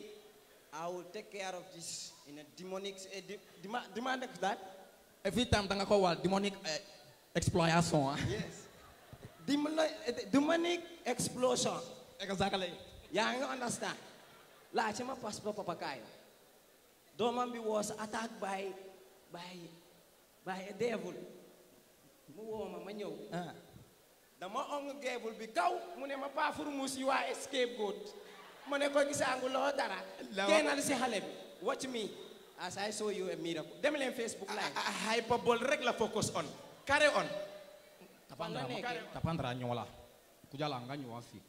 I will take care of this in a demonic, a de, dema, demonic that. Every time tanga ko wal demonic uh, exploitation. Ah. Yes. Demonic, eh, demonic explosion. Exactly. Yeah, you understand. Like my pastor Papa Kai. Domambi was attacked by by by a devil. Mu wo ma ma ñew. Ah. devil bi kaw mu ne ma you are a scapegoat. mane ne ko gis dara. génnal si xale bi watch me as I show you a miracle dem len Facebook live. hyperbole rek la focus on carry on. tapantara tapantara ku jala nga wax fi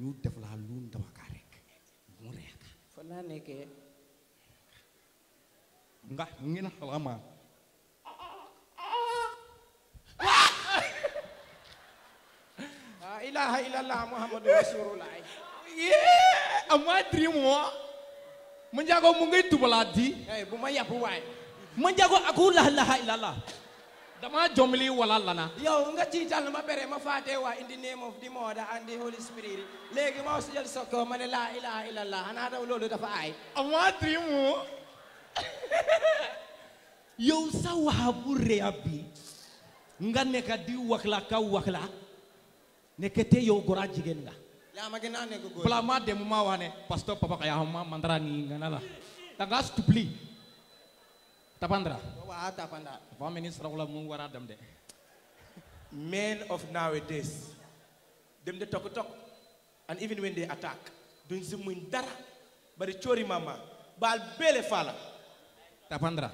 ñu def la lu dama ka rek mu reek fa la neke nga ngina xalama ah, ilaha illallah muhammadur rasulullah amma dream wa menjago jago mun ga tubaladi eh bu ma yafu wai mun jago aku la ilaha illallah dama jomli wala lana yo nga tiital ma bere ma faate wa in the name of the mother and the holy spirit legi ma sujal sokko ma ne la ilaha illallah ana daw loolu dafa ay amma dream wo yow sa wahabu reabi nga nekka di wakla ka wakla nekkete yow gora jigéen nga Ya, Plama de mumawane, pasto papa kaya hama mantra ni ganala. tangas tupli. Tapandra. Wa tapandra. Wa ministra kula mu wara dem de. Men of nowadays, dem de talk talk, and even when they attack, dun si dara, bari chori mama, bal bele fala. Tapandra.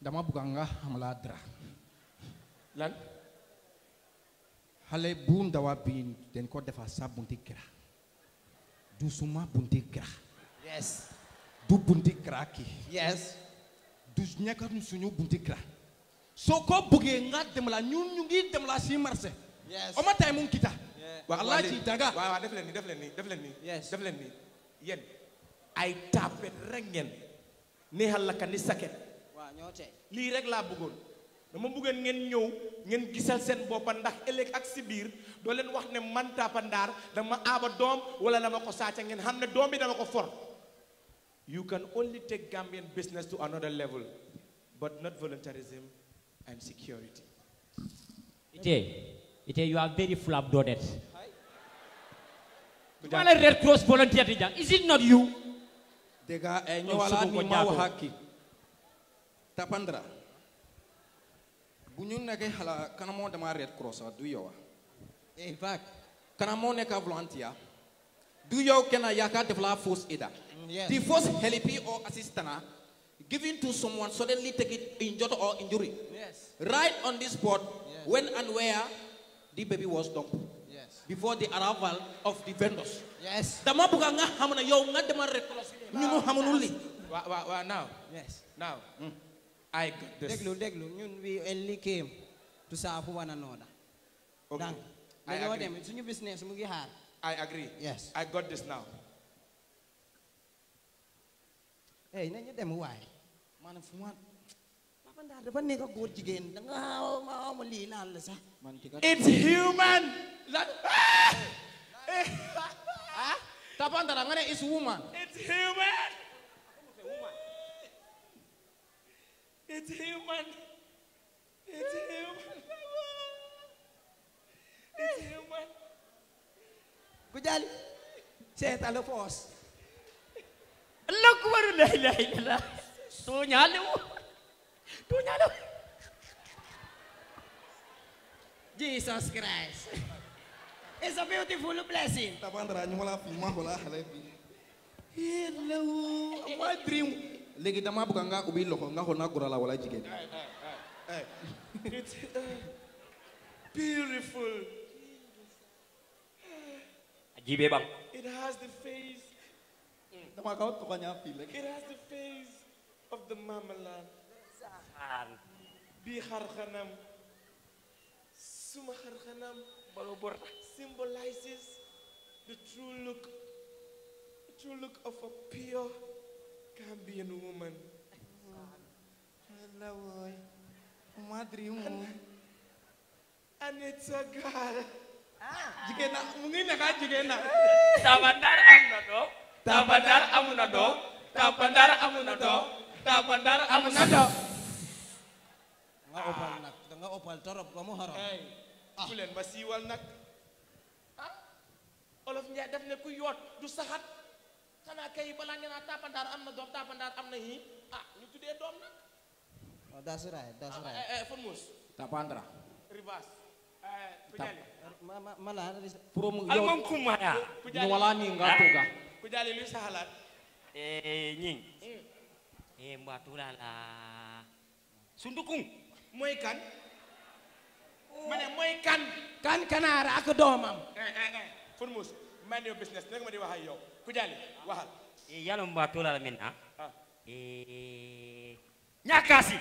Dama buganga hamaladra. Lan? hale bunda ndaw bin den ko defa sabun bunti du suma bunti kira yes du bunti kira ki yes du ñakatu suñu bun kira soo ko buge nga dem la ñun ñu ngi dem la si marché yes ma tay mu kita allah ci daga wa wa def len ni def len ni def len ni yes def len ni yen ay tapet rek ngeen neexal halaka ni saket wa ñoo tey rek la bëggoon dama bëggoon ngeen ñëw ngeen gisal seen boppa ndax ëllëg ak si biir doo leen wax ne man tàppandaar dama aaba doom wala dama ko saaca ngeen xam ne doom bi dama ko for you can only take Gambian business to another level but not volunteerism and security Ite Ite you are very flabdooded wala Red Cross volunteer di jang is it not you dega nga eh, ñëwalaat ni ma wax ak ki tapandra In fact, kanamo ne ka volunteer Do you kena yaka develop force ida mm, yes. the force help or assistance ah, given to someone suddenly take it injured or injury yes right on this spot yes. when and where the baby was dumped yes before the arrival of the vendors yes The buga nga hamna yow nga wa wa now yes now mm. I got this. Deglu, deglu. we only came to serve one another. Okay. Dang. I agree. business I agree. Yes. I got this now. Hey, nañu dem waay. Manam fu ma it's human. Ah! it's woman. It's human. It's human. It's human. It's human. Kujali. Setan lo pos. Look what la la la. Tunyalo. Tunyalo. Jesus Christ. It's a beautiful blessing. Tapan ranyong wala pumah halebi. Hello. My dream. legi dama buka nga ubi loko nga hona gura la wala jige it's uh, beautiful ajibe bang it has the face Dama kau tukanya pilek it has the face of the mamalan bi khanam. suma khanam. balobor symbolizes the true look the true look of a pure Gambian woman. Hello, boy. Madri it's a girl. Jika enak, mungkin nak kan jika enak. Tabandar amunado, tabandar amunado, tabandar amunado, tabandar amunado. Tengah opal nak, Tengah opal torop kamu haram. Hey, ah. masih wal nak. Ah. Olaf nyadap nak kuyot, dusahat xanaa kay balaa ngeen a taa pandaar am na doom taa pandaar am na hii ah ñu tuddee doom nag oh, that's right that's right eh, eh, fonmus tapandra ribas eh, pujali ma, ma, ma, puro mong yaw alman kumaya niwala ni nga tuga pujali lu sahalat eh nying mm. eh mbatula la sundukung moy kan oh. mané moy kan kan kanara ak doomam eh eh eh fonmus man yo business nak ma di wax ak yow ku jali waxal yalum ba tulal min ah. nyakasi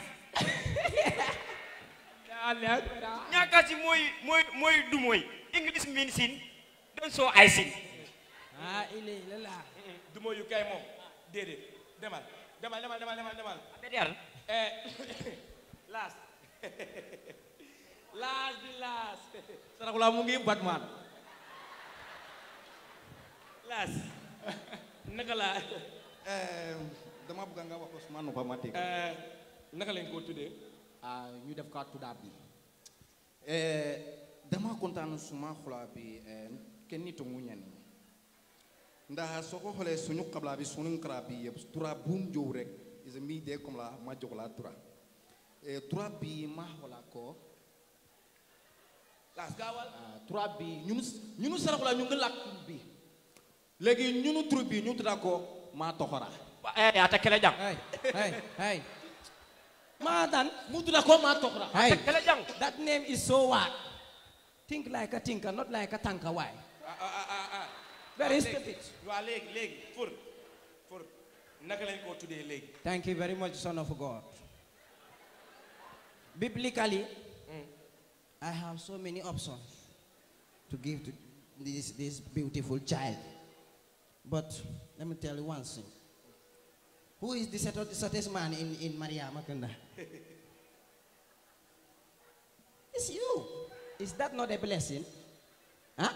ñakasi ñakasi moy moy moy du moy english min sin don so ay sin ah ile lala du moy kay mom dede demal demal demal demal demal demal abedial eh last last last sarakula mu batman last naka Eh, dama bëgg nga wax Ousmane Obamate. naka lañ koo tuddee. ah new def kaa tuddaa Eh, dama kontaan suma xulaa bi kenn nit mu ñani. ndax soo ko xoolee bi suñu kara bi yëpp tura buum jow rek isa mii dee comme la tura. bi ko. las gaawal. tura bi ñun ñun sarakula ñu bi. Legi ñunu troupe ñu tudda ko maa toxora eh, eh ate kele jang hey hey maa dan mu tudda ko maa toxora ate kele jang that name is so what think like a thinker not like a tanker why ah, ah, ah, very stupid waa léegi leg, pour pour naka lañ ko tuddee leg. thank you very much son of God biblically hmm. I have so many options to give to this, this beautiful child. But let me tell you one thing. Who is the saddest man in, in Maria Makanda? it's you. Is that not a blessing? Huh?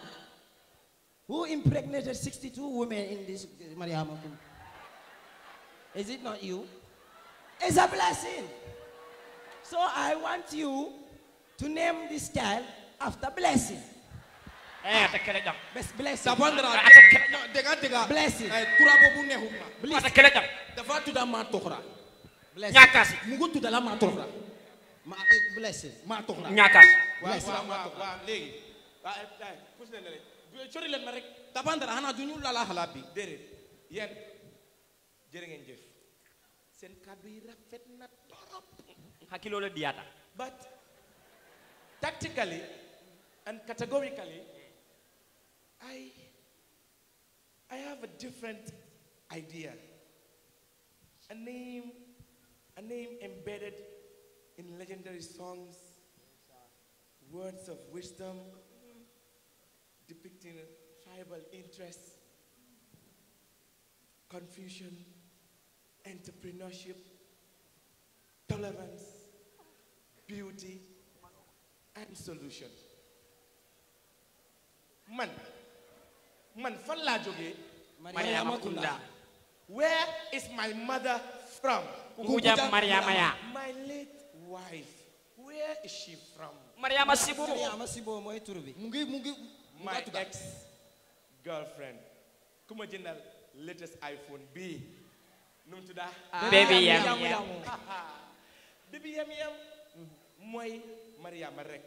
Who impregnated 62 women in this Maria Makanda? Is it not you? It's a blessing. So I want you to name this child after blessing. Eh, atakele jam. Dega dega. Bless. Eh, bobu nehu ma. Bless. Atakele jam. Dafa tuda ma tokra. Mugu tuda la ma tokra. Ma eh, bless. Ma tokra. Nyakasi. Bless la eh, eh, hana duñu la la hala Dere. Jere ngeen jëf. Sen kaddu yi rafet na torop. Hakilo tactically I, I have a different idea. A name, a name embedded in legendary songs, words of wisdom, depicting tribal interests, confusion, entrepreneurship, tolerance, beauty, and solution. Man. man fan laa jógee. Mariama Kunda. where is my mother from. Kukuja Mariama ya. my late wife. where is she from. Mariama Sibo. Mariama mooy tur mu ngi mu girlfriend. ku ma jëndal latest iPhone bii. nu mu tudda. mooy Mariama rek.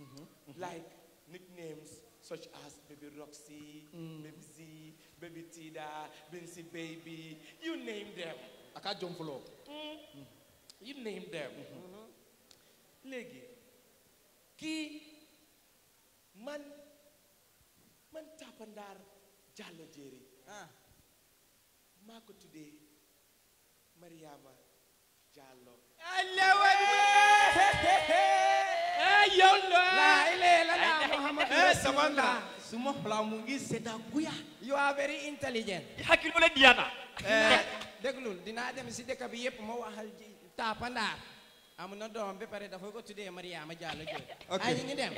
Mm-hmm. like nicknames. such as Baby Roxy, mm. Baby Z, Baby Tida, Bincy Baby. You name them. I can't jump floor. Mm. Mm. You name them. Mm-hmm. mm-hmm. Legi, ki man man tapandar jalo jeri. Ah. Mako today, Mariama Jalo. Allah Hey, yo, seconda sumo lamungi kuya you are very intelligent hakil oleh diana eh deglul dina dem si de kabiye mo wahal tapanda panda amuna dom be pare da fogo tude mariama jallo jo ay ngi dem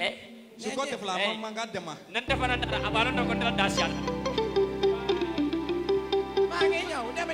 su ko te dema Nanti pada fana dara abalo no ko dara dasian ma ngi ñew dem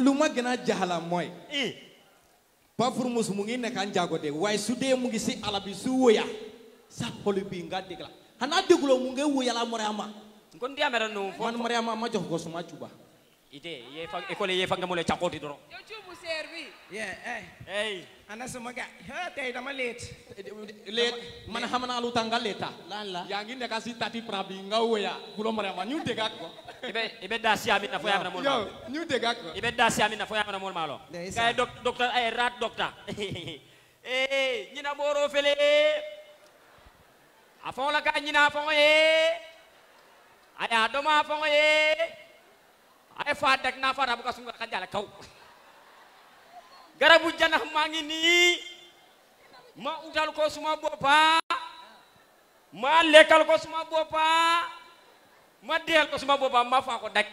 luma gena jahala moy i bafur musmungi ne kan jago de way sude mu ngi si alabi suya sa holu bi ngadde kala hana degulo mu nge la mariama ngon dia meran no man mariama ma jox ko suma cuba ide ye fa école ye fa ngamule doro Yeah, hey. Hey. Ana semua gak, ha, nama late. Eh, late, mana hama na alu tanggal late Lala. Yang ini kasih tadi prabi ya, gulom mereka nyu degak kok. Ibe ibe dasi amin malo. Nyu degak kok. Ibe dasi amin malo. Kayak dok dokter eh rat dokter. Eh, eh, nyina boro fele. Afong la ka nyina afong eh. Aya doma afong eh. Ay buka sungguh kan jala kau garabu janax maa ngi ma udal ko suma bopa ma lekal ko suma bopa ma del ko suma bopa ma fa ko ma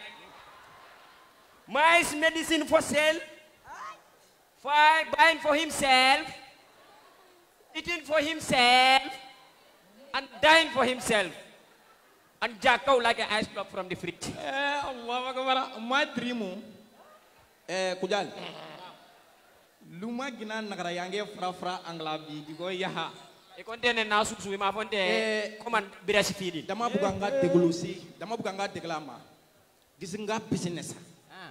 my medicine for self for buying for himself eating for himself and dying for himself and out like an ice block from the fridge eh, Allahu Akbar ma dreamu eh, kujal luma gina nagara yange frafra anglabi digo yaha e kontene na suksu e ma fonte e koman birasi fidi dama buga nga deglusi dama buga nga deglama nga business ah.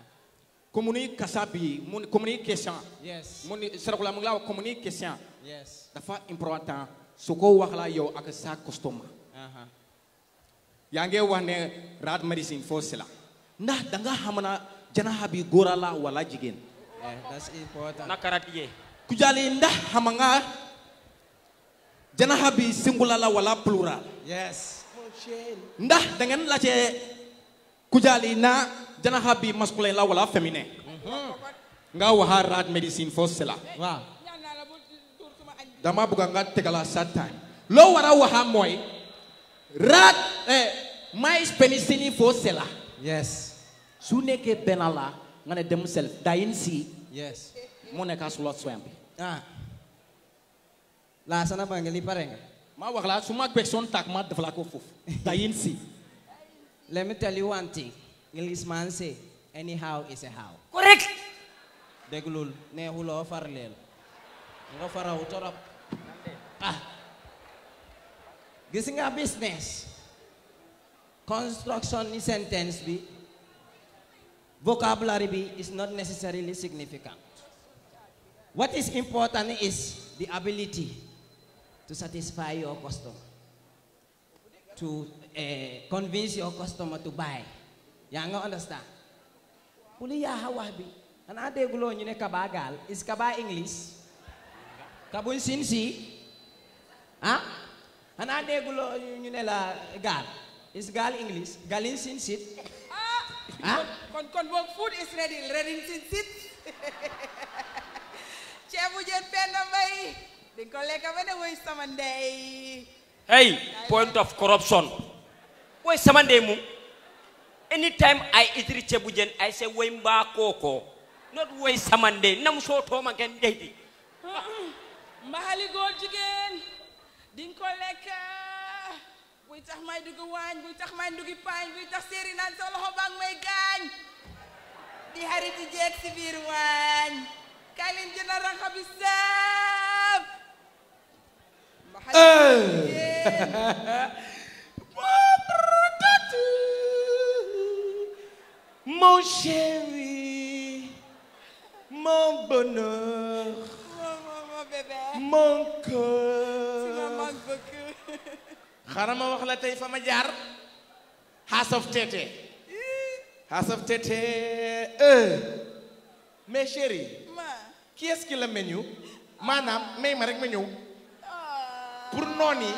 komuni kasabi mun communication yes mun sarakula mungla communication yes dafa important soko waxla yow ak sa customer aha yange wane rad medicine fo sila ndax danga xamna jana habi gorala wala jigen Yeah, that's important. Nakaratije. Kujali indah hamanga jana habi singulala wala plural. Yes. Ndah dengan lace kujali na jana habi maskulin la wala feminin. Mm-hmm. Nga waharat medicine fosela. Wow. Dama bukan ngat tegala satan. Lo wara wahamoy rat eh mais penicillin fosela. Yes. Suneke penala ngane demsel dainsi Yes. Mune lot swembe. Ah. La sana bangeli pareng. Ya, ma mak bek son tak ma la ko fof. si. Let me tell you one thing. English man say anyhow is a how. Correct. Deglul ne hulo farlel. Nga faraw torop. Ah. Gisi nga business. Construction ni sentence bi vocabulary is not necessarily significant. What is important is the ability to satisfy your customer, to uh, convince your customer to buy. Y'all understand? Puliya hawabi. Ana de gulo nyune kabagal. Is kaba English? Kabun sinsi? Huh? Ana de gulo nyune la gal. Is gal English? Galin sinsit? Huh? Kon food is ready. Ready sin sit. Cebu jen penda bay. Din ko leka ba na way samanday. Hey, point of corruption. Way samanday mu. Anytime I eat cebu chebujen, I say way mba koko. Not way samanday. Namu so to man ken deyti. Mahali gold jigen. Din ko buy tax may dugg waañ buy tax may dugg paañ buy tax séeri naan sa loxo baa may gaañ di xariti jeeg si biir waañ kaay leen jënd ranqa bi eh. sëf Mon chéri, mon bonheur, mon, mon, mon bébé, mon cœur. xaaral wax la tey fa ma jaar House of Tété House of Tété eh. mais chérie qui est-ce la menu maanaam may ma rek ma ñëw ah. pour noon yi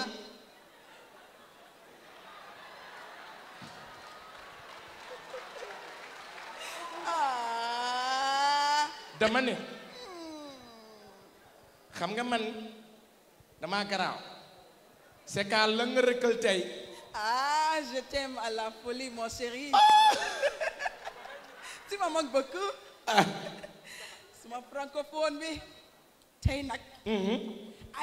ah. dama ne hmm. xam nga man damaa garaaw C'est qu'à l'engreculté. Ah, je t'aime à la folie, mon chéri. Ah! tu me manques beaucoup. Ah. C'est mon francophone, mais. t'es Mm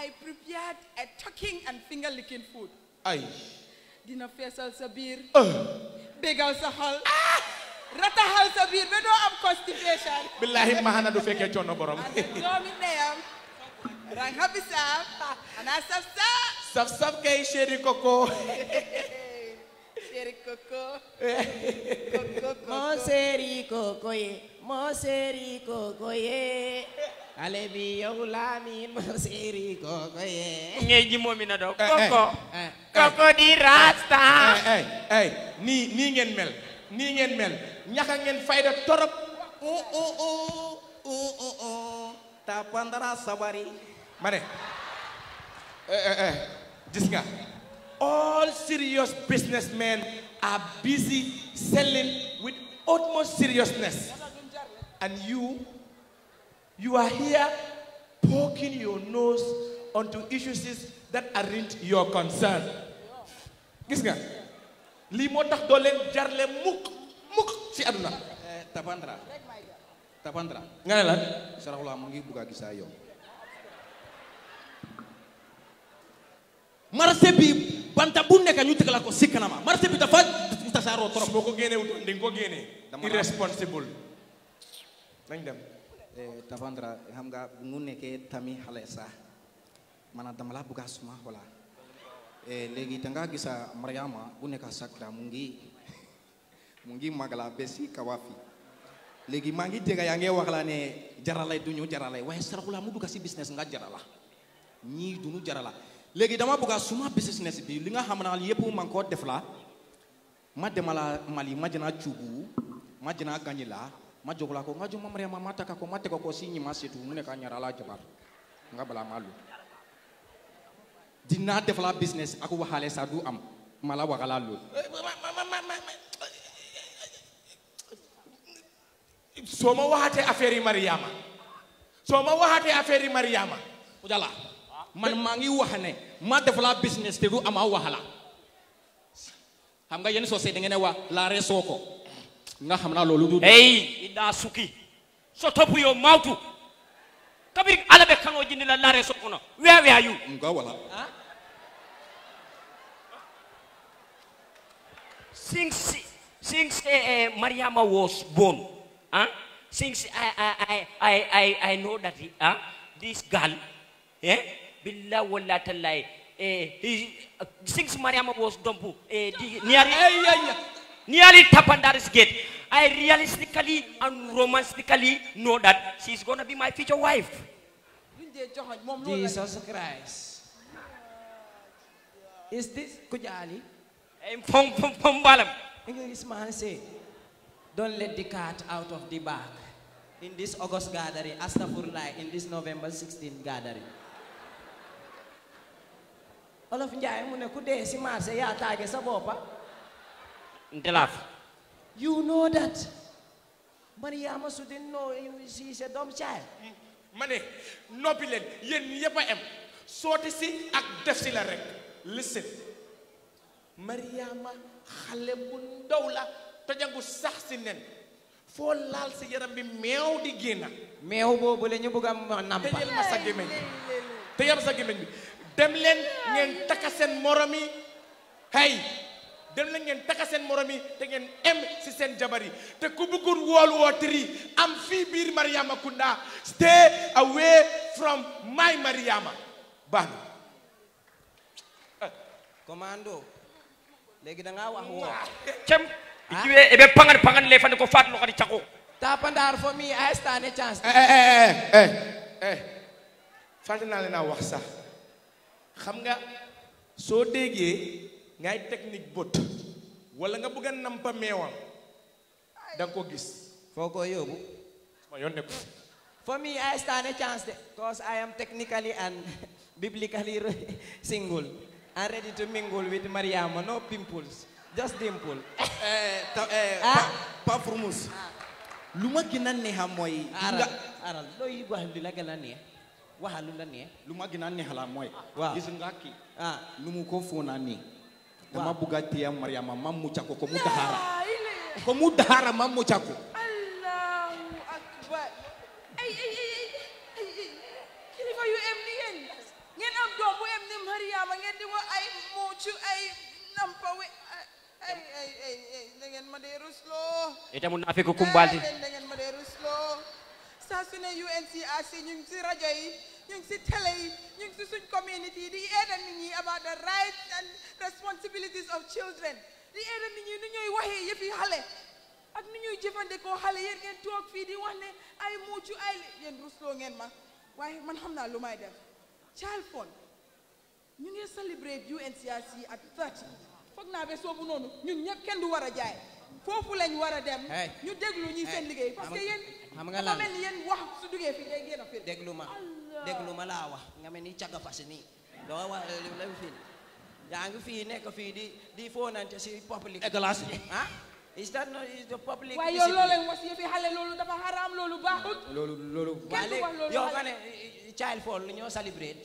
I prepared a talking and finger licking food. Aïe. Dina fesal sa biir. Ah! Bégal sa xol. Ah! Rataxal sa biir ba doo am constipation. Billahi mahana du fekkee coono borom. And ndeyam. Rang habisaam. Ana saf saa. saf-saf kay chéri coco. chéri coco. coco ye mon chéri ye. xale bi yow laa mi mon ye. ngeen ji moom mi na doon. Eh, eh, coco. Eh, coco di rasta. nii ngeen mel. nii ngeen mel ñaxa ngeen fayda torop. oh oh sabari. ma gis all serious businessmen are busy selling with utmost seriousness and you you are here poking your nose onto issues that aren't your concern gis nga lii moo tax doo leen jarle mukk mukk ci àdduna eh, tapandra tapandra nga ne la buka mu marse bi banta bu nek ñu tegal ko sikkanama marse bi dafa tasaaroo torop boko gene wut ndi ko gene irresponsible nañ dem eh, tafandra xam nga ñu nekké tammi xalé sax man dama la bëgg a suma wala léegi da ngaa gisa maryama bu nekk sakra mu ngi mu ngi magala besi kawafi Legi ma ngi dégg yaa ngi wax la ne jaralay duñu jaralay waaye sarakula mu dugg si business nga jarala ñi duñu jaralay legi dama buka semua suma business bi li nga pun naa yëpp man def la ma demala mali ma jëna chugu ma jëna gañi ma jogola ko nga juma mariama mata ka ko mate ko ko si ñima setu mu ne ka ñara la jabar nga bala malu dina def la business ak waxale sa du am mala waxala lu soo eh, ma waxate affaire yi mariama soo ma waxate affaire mariama udala man maa ngi ma def business te du ama wahala. la xam nga wa soo see da ko nga xam naa du. hey ida suki so topp yo mawtu kabiri ala be kaŋo jindi la laaree soo kono where were you. nga wala. since since eh eh, Mariama was born, huh? since I I I I I know that huh this girl, yeah, billa walla tallahi eh, six mariama was dumbu eh, nearly nearly tapandaris gate i realistically and romantically know that she's going to be my future wife jesus christ is this kujali from from say don't let the cat out of the bag in this August gathering, Astafurlai, in this November 16 gathering. olof njaay mu ne ku dee si marché yaa taage sa boppa ndelaaf you know that Mariama su di know si sa doom caay ma ne noppi leen yéen yépp a em sooti si ak def si la rek listen Mariama xale bu ndaw la tojangu sax si nen foo laal si yaram bi meew di génna meew boobu la ñu nampa tëjal ma sa gémmiñ tëjal bi dem len ngeen takasen morami, morom hey dem len ngeen takka seen morom te ngeen em ci sen jabar te ku bëggul wol wotri am fi bir Mariama Kunda stay away from my Mariama ba Komando, eh, commando legi da nga wax wo cem ah? ijiwe ebe pangan pangan le fane ko fat lo kadi chako tapandar fo mi a ne chance eh eh eh eh fatina le na wax sax xam nga soo déggee ngay technique bot wala nga bëgg a nampa meewam da nga ko gis. foo ko yóbbu. ma yónnee ko. For me, I stand a chance cause I am technically and biblically single and ready to mingle with Mariama. No pimples, just dimple. Eh, ta, eh, ah? pa, pa, pa, pa, pa, pa, pa, pa, pa, pa, pa, pa, pa, pa, waxal lu la neex lu ma gën a neex la mooy ah. ko foona nii dama bëgg a téye Mariama ma mucca ko mu daxaara ko mu daxaara ma mucca ko allahu akbar ay em ni yéen ngeen am doom em ni Mariama ngeen di ko ay muucu ay nampa wi ay ay ay saa su ne UNCRC ñu ngi si rajo yi ñu ngi si télé yi ñu ngi si suñ community di eeda nit ñi about the rights and responsibilities of children di eeda nit ñi nu ñuy waxee yëf yi xale ak nu ñuy jëfandikoo xale yéen ngeen toog fii di wax ne ay muucu ay yéen rusloo ngeen ma waaye man xam naa lu may def child phone ñu ngi celebrate UNCRC at 30 foog naa be soobu noonu ñun ñëpp kenn du war a jaay foofu lañ war a dem ñu déglu ñi seen liggéey parce que yéen xam nga lan mel yéen wax su duggee fii ngay génn fii déglu ma déglu ma laa wax nga mel ni caga fas nii doo wax la fi yaa ngi fii nekk di di fóonante si public glace bi ah is that not is the public waaye yow loolu was yëfi xale loolu dafa haram loolu baaxut loolu loolu waaye léegi yow nga ne child fall lu ñoo celebrate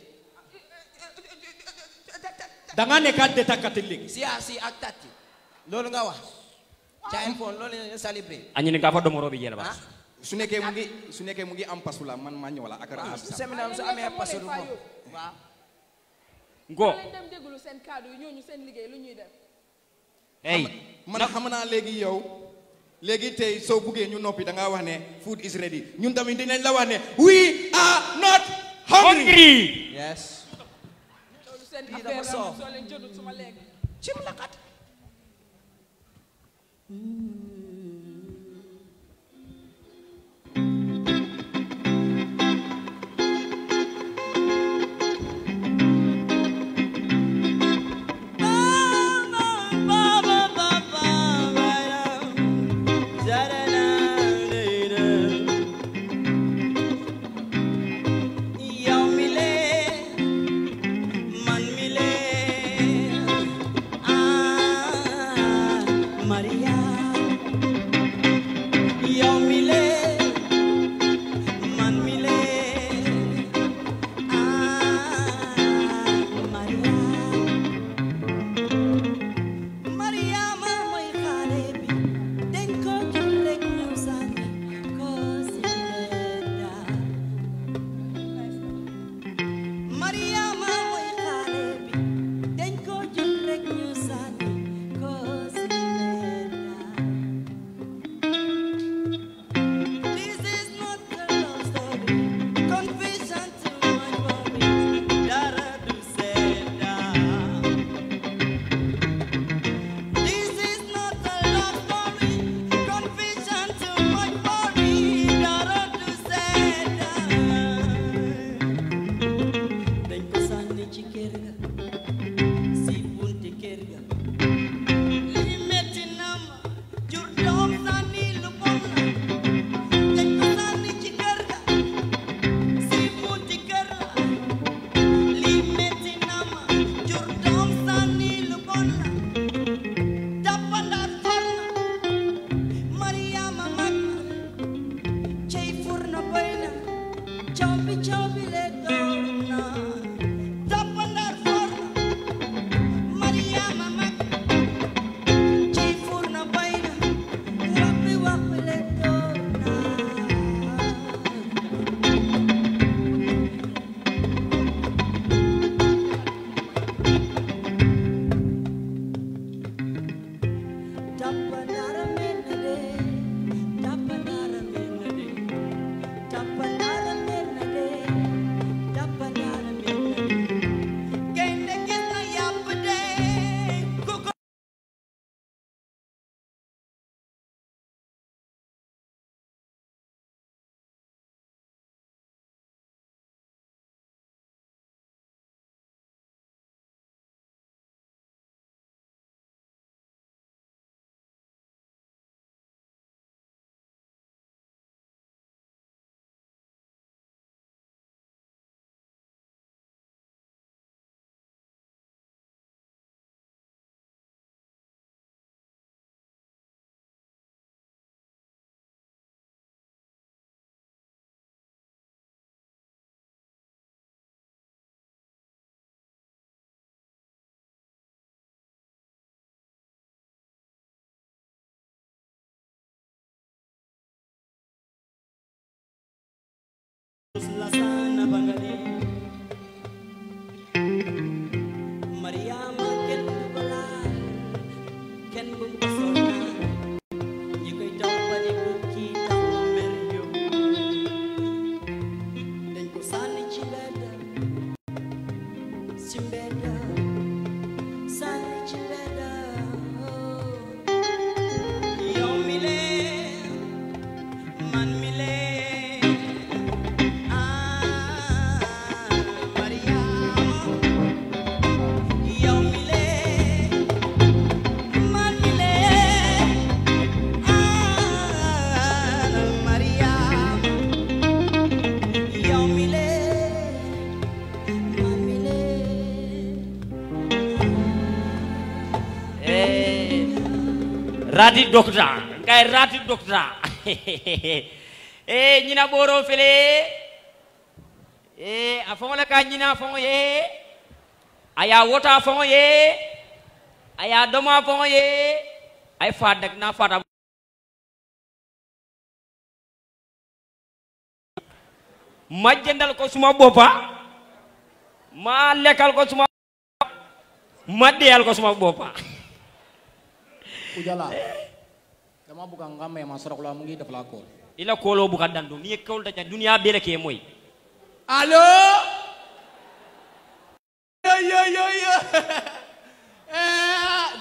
da nga nekkaat de takkati léegi siyaasi ak tatti loolu nga wax child fall loolu ñoo celebrate añu ne nga fa domoro bi jël baax su nekkee mu ngi su nekkee mu ngi am pasu la man ma ñëw la ak rajo bi. séminaire su amee pasu du ko waaw. Ngo. dem déglu seen kàddu liggéey lu ñuy def. xam naa léegi yow. léegi tey soo buggee ñu noppi da ngaa wax ne food is ready ñun tamit dinañ la wax ne we are not hungry. rati docta ngay rati docta e eh, ñina ɓoro fele e eh, a foŋole ka ñina foŋo ye a ye wota foŋo ye Aya doma foŋo ye ay fadak na fata ma jëndal ko suma boppa ma lekkal ko suma ma deyal ko suma boppa ujala dama bukan ngamme ma soro la mu def la ko ila kolo bukan dandu ni kol ta dunia bele ke moy allo yo yo yo yo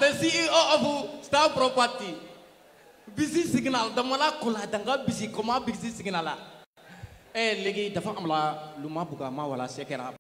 the CEO of Star Property busy signal dama la kula danga busy comment busy signal la eh lagi, dafa am la luma buka ma wala sekera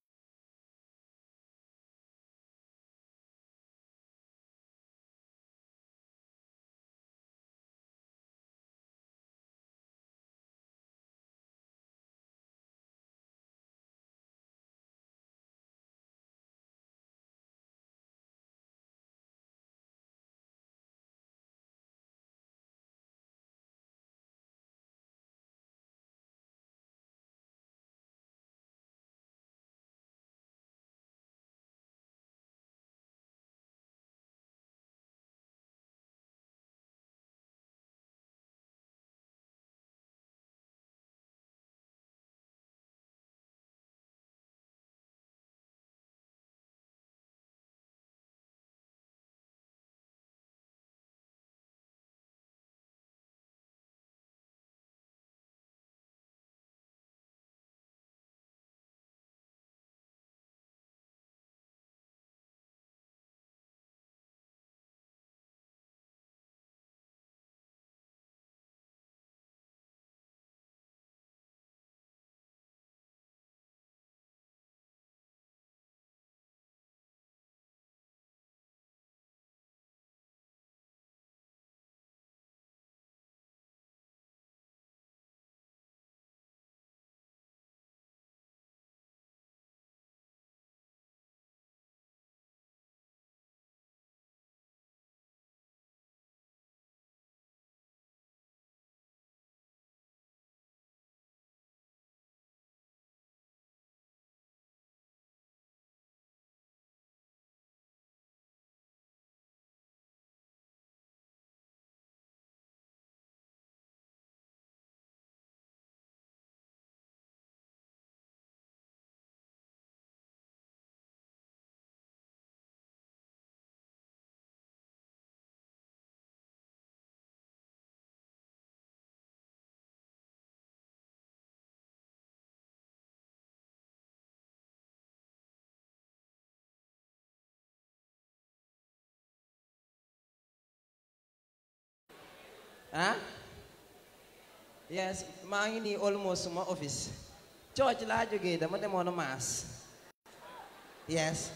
Huh? Yes, ma ngi almost suma office. Church la joge dama na mass. Yes.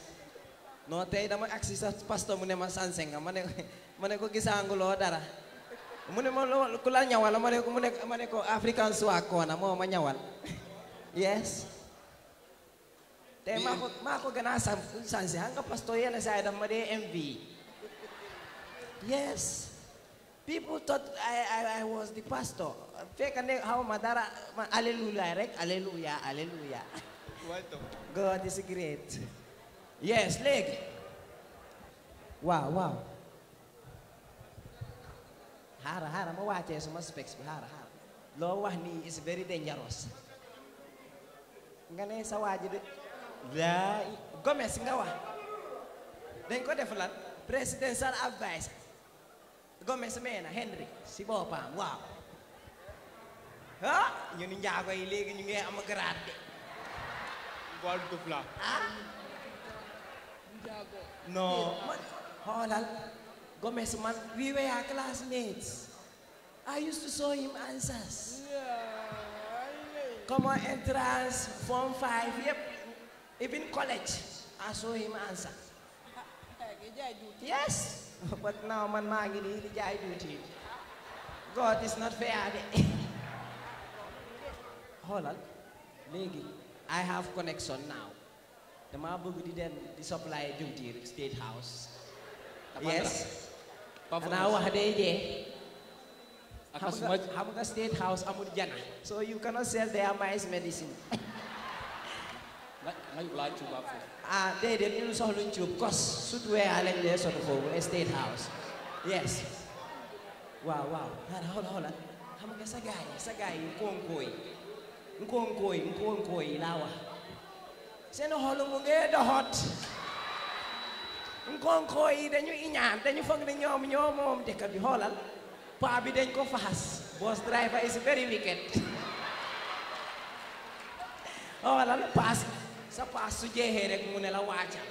No tay dama access sa pastor mu ne ma iya. sanseng nga ma ne ko gisa angulo dara. mu ne ma loo la ñawal ma ko mu ne ma ko African ko na mo ma ñawal. Yes. Tay ma ko ma ko gana sa sanse nga pastor yenn sa dama de MV. Yes. People thought I, I, I was the pastor. Fekane how madara Alleluia, right? Alleluia. hallelujah. God is great. Yes, leg. Wow, wow. Hara, hara, ma wate suma specs, hara, hara. Lo ni is very dangerous. Nga sa waji de. La, go nga wa. Then go def lan? Presidential advice. Gomez Mena, Henry, si bopam, wow. Ha? Yun yung jago ilig, yun yung ang magarate. Gold to black. Ha? Jago. No. holal. Gomez man, we were our classmates. I used to show him answers. come on entrance, form five, yep. Even college, I saw him answer. Yes. but now man maa ngi nii di jaay duuti God is not fair de xoolal léegi I have connection now The bëgg di dem di supply diwtiir State House yes And now, wax day jee xam nga State House amul jana so you cannot sell their mice medicine ah déedéet ñun soxluñ cuub kos sut weeyaa lañ dee sotu foofu state house yes waaw waaw xanaa xool xoola xam nga sa gaay sa gaay nkoonkooy nkoonkooy nkoonkooy wax seen xol mu ngee doxot nkoonkooy dañu iñaan dañu foog ne ñoom ñoo moom dëkk bi xoolal bi dañ ko faxas boss driver is very wicked xoolal paas sa pasu su jeexee rek mu ne la waacal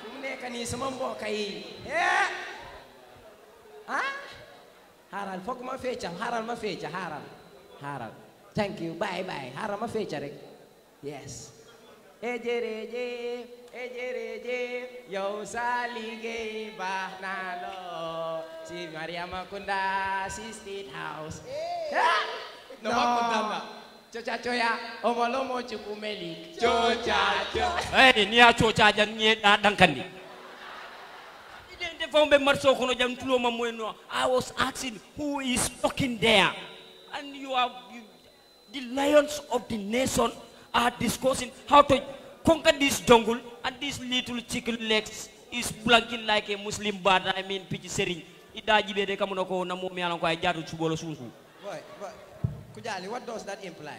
fu mu nekk nii sama mbokk yi eh ah ma fecca xaaral ma fecca xaaral xaaral thank you bye bye xaaral ma fecca rek yes Ejereje, ejereje, yo jërëjëf yow sa si Mariama Kunda si State House eh! Eh! no Chochachoya omolomo chukumeli. Chochacho. Hey, ini a chochaja ni na dankani. I was asking who is talking there, and you are you, the lions of the nation are discussing how to conquer this jungle, and this little chicken legs is blanking like a Muslim bad. I mean, pichi sering. Ida jibe de noko namu mumi alanko ajatu chubolo susu. Right, right. Kujali, what does that imply?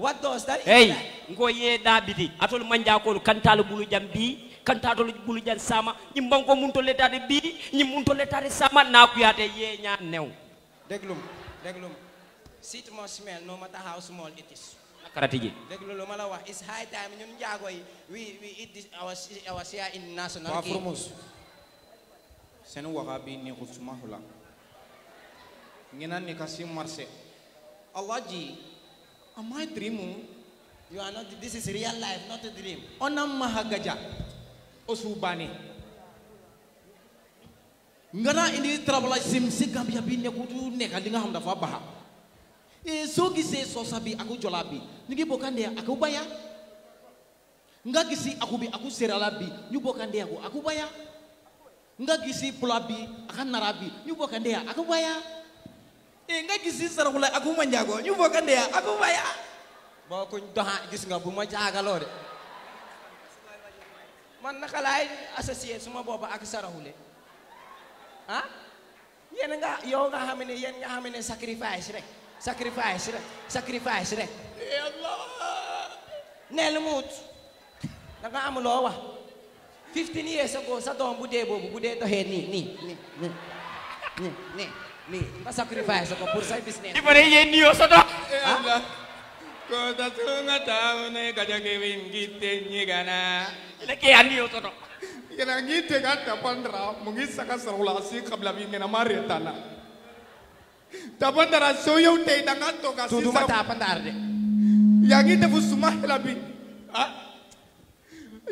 What does that imply? Hey, ngoye dabidi. Atol manja ko kantal bulu jambi, kantal bulu jan sama, nyimbango mun to letade bi, nyimun to letade sama na kuyate ye nya new. Deglum, deglum. Seat must smell no matter how small it is. Karatiji. Deglum mala wa. It's high time ñun jago yi. We we eat this our our share in national game. Wafrumus. Sen waxa bi ni khusmahula. Ngina ni kasim marché. Allahji, am I dreaming? You are not, this is real life, not a dream. Onam mahagaja, Bani. Ngana ini travel simsi kami habinnya kudu neka dinga hamda baha. E so gise so sabi aku jolabi. Nigi bokan dia aku bayar. Nga gisi aku bi aku seralabi. Nyu bokan dia aku aku bayar. Nga gisi pulabi akan narabi. Nyu bokan dia aku bayar e eh, nga gisi sarakula akuma njago ñu bokande ya akuma iya, ya bo kuñ doxa gis nga buma jaagalo de man naka laay associé suma bobu ak saraxule ah iya, yen nga yow nga xam yen nga xam sacrifice rek sacrifice rek sacrifice rek ya nel mut da nga am lo wax 15 years ago sa dom bu dee bobu bu dee doxee ni ni ni ni ni Nih, pas sacrifice ke bursa bisnis. Di mana ini yo sono? Allah. Kota tunga tahu nih kadang kewin gitu nih karena. Ini kian yo Yang Kena gitu kan tapan dera mungkin saka serulasi kabla bingi nama retana. Tapan dera soyo teh dengan to kasih. Tuh mata apa ntar deh? Yang itu busumah lebih. Ah?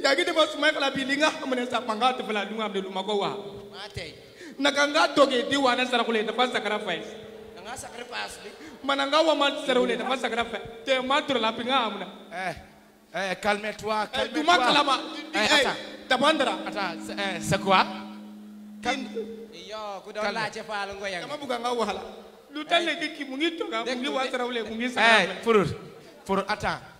Yang itu busumah lebih lingah menesap mangga tebelah dunga abdul magowa. Mati. naka nga dogedi wana sara ku leta fa sacrifice nga sacrifice ni mana nga wa man sara ku leta fa sacrifice te ma la pinga nga amna eh eh calme toi eh, calme toi duma kalama eh, eh tabandra ata eh c'est quoi yo ku don la che falo ngoyang kama buga nga wahala lu talle eh. ki mungi toka mungi wa sara ku le mungi sacrifice pour attends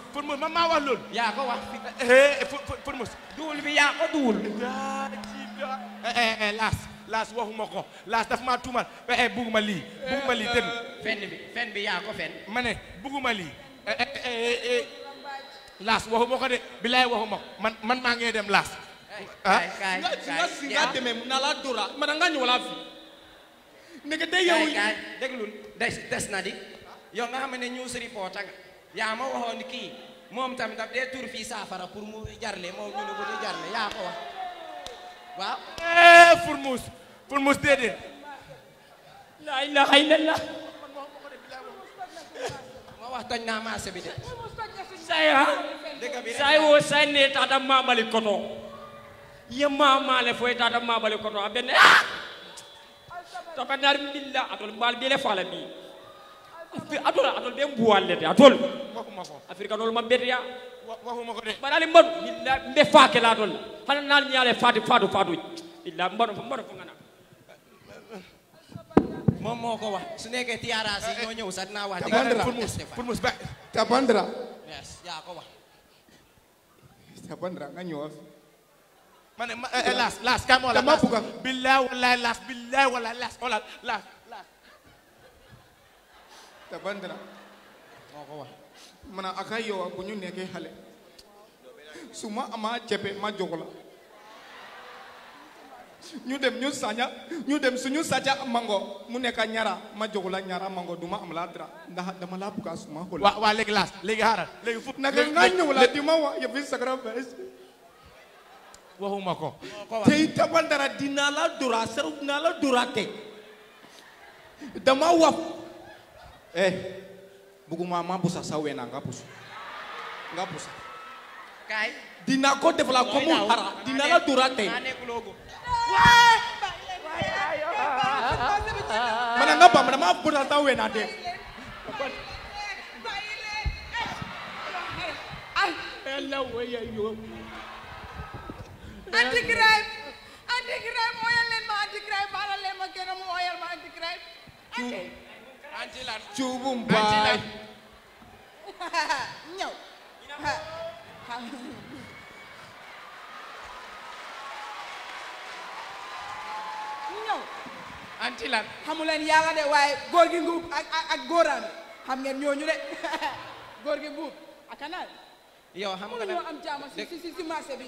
pour mos man maa wax loolu. yaa wax. Eh, eh, pour pour mos. duwul bi yaa ko duwul. Eh, laas laas waxuma ko laas daf maa tuumal bugguma lii bugguma lii dégg fen bi fen fen. ma ne bugguma lii. laas waxuma ko de bilaay waxuma man maa ngi dem laas. ah nga nga si nga demee mu na laa dóora man nga ñëwala fi. ndeke tey yow. déglu des des na di yow nga xam ne news reporter nga. yaa ma waxoon kii moom tamit daf dee tur fii saafara pour mu jarle moom ñu ne ko du jarle yaa ko wax waaw. Eh, Fourmousse Fourmousse déedéet. la ilaha illallah. ma wax toj naa marché bi de. say ha. Ah. dëgg bi say woo say ne tata maamali koto. ye maamaale a ah, benn ah. tokkanaar mbilla atol mbaal bi bii. atol atol ɓe mbuwallete atol africanol ma mbeteya mbaɗali mbaɗu mbe faake laatol hana naal ñaale faati faatu faatuji illa mbaɗu fo mbaɗu fo gana moom moo ko wax su nekkee tiyaaraas yi ñoo ñëw sax wax tabandra pour mus ba tabandra nga ñëw las las kam ola las wallahi las billah las dabandira mana a ka yɔ bu ñu nɛgɛ suma ama cepé, ma jɔgɔla ñu dem ñu saña ñu dem suñu saja mango mu nekk ñara ma jogola ñara mango duma am la dra ndax dama la ka suma ko wa wa legi las legi haral legi fut nak nga ñew la dima wa ya bi instagram bes waxuma ko te tabal dara dina la dura seru la dura te dama wa Eh, buku mama pusa sawena nggak pusa. Nggak pusa. Kai. Dina ko te fala komu hara. Dina la durate. Mana ngapa? Mana maaf pura tahu ya nade. Allah waya yo. Anti crime. Anti crime oil lemah ma anti crime bala len ma kenam oil anti crime. Anti Anjilan. Cubumba. Anjilan. Nyo. Nyo. Anjilan. xamu leen yàlla de waaye góor gi nguub ak ak góoraam xam ngeen ñooñu de góor gi nguub ak anal. nga am jaama si si si si marché bi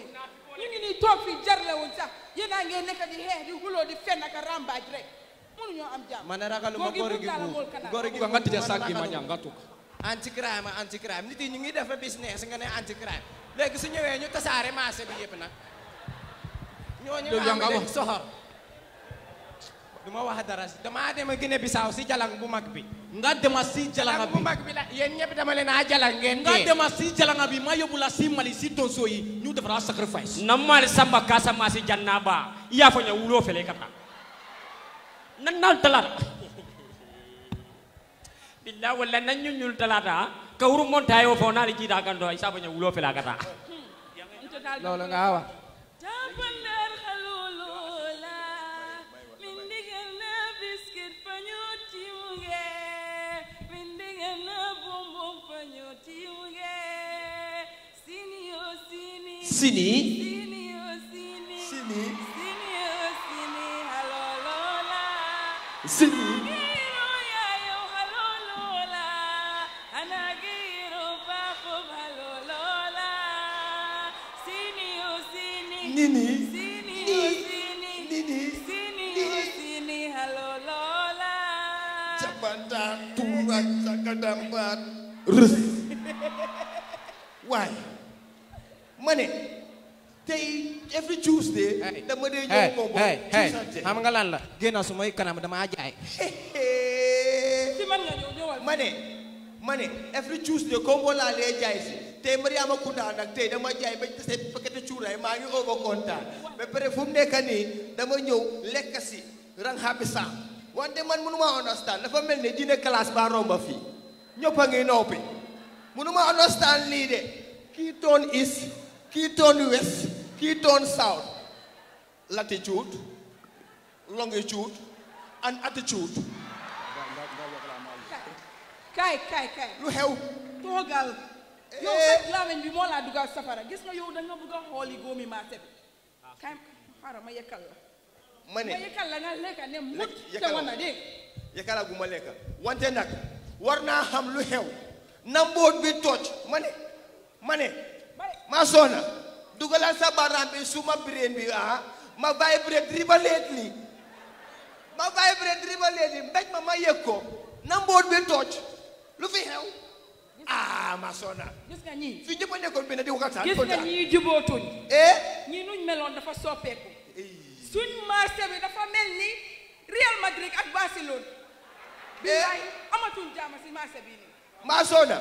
ñu ngi nii toog fii jarle wuñ sax yéen ngeen nekk di xeex di xuloo di fenn ak rambaaj rek mënuñoo am jàmm man gori góor gi buuf góor gi buuf nga tëj saag ma ñam nga tukk anti crime anti crime nit yi ñu ngi def business nga ne anti crime léegi su ñëwee ñu tasaare marché eh, bi yëpp nag ñooñu nga am léegi soxor du ma wax dara damaa dem a Bissau si jalang bu mag bi nga dema si jalanga bi bu mag bi la yéen ñëpp dama leen a jalang ngeen nga dema si jalanga bi ma yóbbu la si Mali si tonso yi ñu defara sacrifice na Mali Samba Casamance janna ba yaa fa ñëw fele ka nanal nannal talata billah walla nanñuñul talata ah, ka huru moon tayo fo naali jiida ganto ay isa ña wulo fi la kata lolo nga Sini, Sini. Sini. Oh, sini. Why? Money. tey every Tuesday. dama dee ñëw moom xam nga lan la. génn su may kanam damaa jaay. si man nga ñëw ñëwal. ma ne ma ne every Tuesday comme wala jaay si tey Mariama Kunda nag tey dama jaay ba te paquet cuuraay maa ngi over kontaan ba pare fu nekk nii dama ñëw lekk si rang xaabi sax wante man mënuma understand dafa mel ni dina classe ba romba fii ñëpp a ngi noppi mënuma understand lii de kii toon is. kii turn west kii turn south latitude longitude and attitude Kai, Kai, Kai. lu xew toogal eh. yow sax laameñ bi moo laa dugal safara gis nga yow da nga bëgg a xooli góomi maase bi kay xaaral ma yekkal la ma ne ma yekkal la nga lekka ne mut te maa soona dugalal sa baaraam bi suma brain bi ah ma vibrate ribalately ma vibrate ribalately mbéj ma ma yëg ko na mboot bi tooj lu fi xew ah ma soona gis nga ñii fi jëppa nekkoon bi ne di ko gis nga ñii jubootuñ eh ñii nuñ meloon dafa soppeeku suñ marché bi dafa mel ni Real Madrid ak Barcelone eh? bi amatuñ jaama si marché bi nii maa soona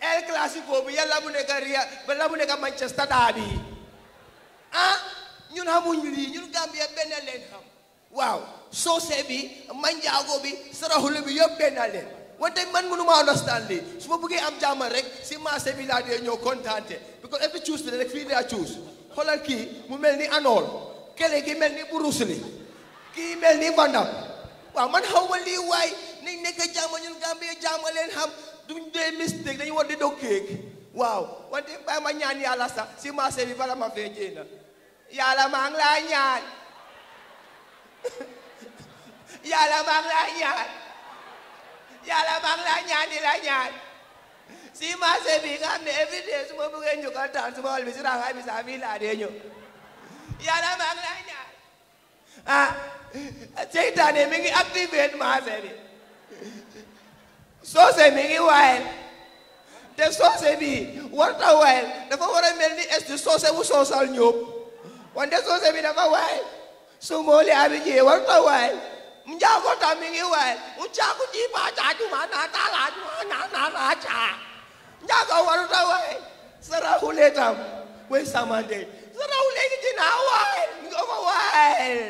El Clasico bi yàlla bu nekk Real yàlla bu nekk Manchester derby ah ñun xamuñu lii ñun Gambia benn leen xam waaw soose bi manjaago bi saraxule bi benn leen wante man mënuma understand lii su ma buggee am jaamal rek si marché bi laa dee ñëw kontaante because every rek fii laa choose xoolal kii mu mel ni anool kele gi mel ni Bruce kii mel ni Van waaw man xaw ma lii waay nañ nekk jaamal ñun Gambia jaamal leen duñ dee mistake dañu war di doggeeg waaw wante bàyyi ma ñaan yàlla sax si marché bi bala ma fee jéena yàlla maa ngi laa ñaan yàlla maa ngi laa ñaan yàlla maa ngi laa ñaan di la ñaan si marché bi nga xam ne every day su ma bëggee ñu ko taan su ma wal bi si rangaay bi sax fii laa dee ñëw yàlla maa ngi laa ñaan ah seytaane mi ngi activé marché bi soze mingi while te be what a while dafa war a mel ni est soose bu soosal ñóob wante soose bi dafa while sumooli abi jee warta while njaago ta mingi while njaago ji ba ta juma na ta la juma na na na cha njaago warta while sara huletam we samande sara hulegi jina while ngoba while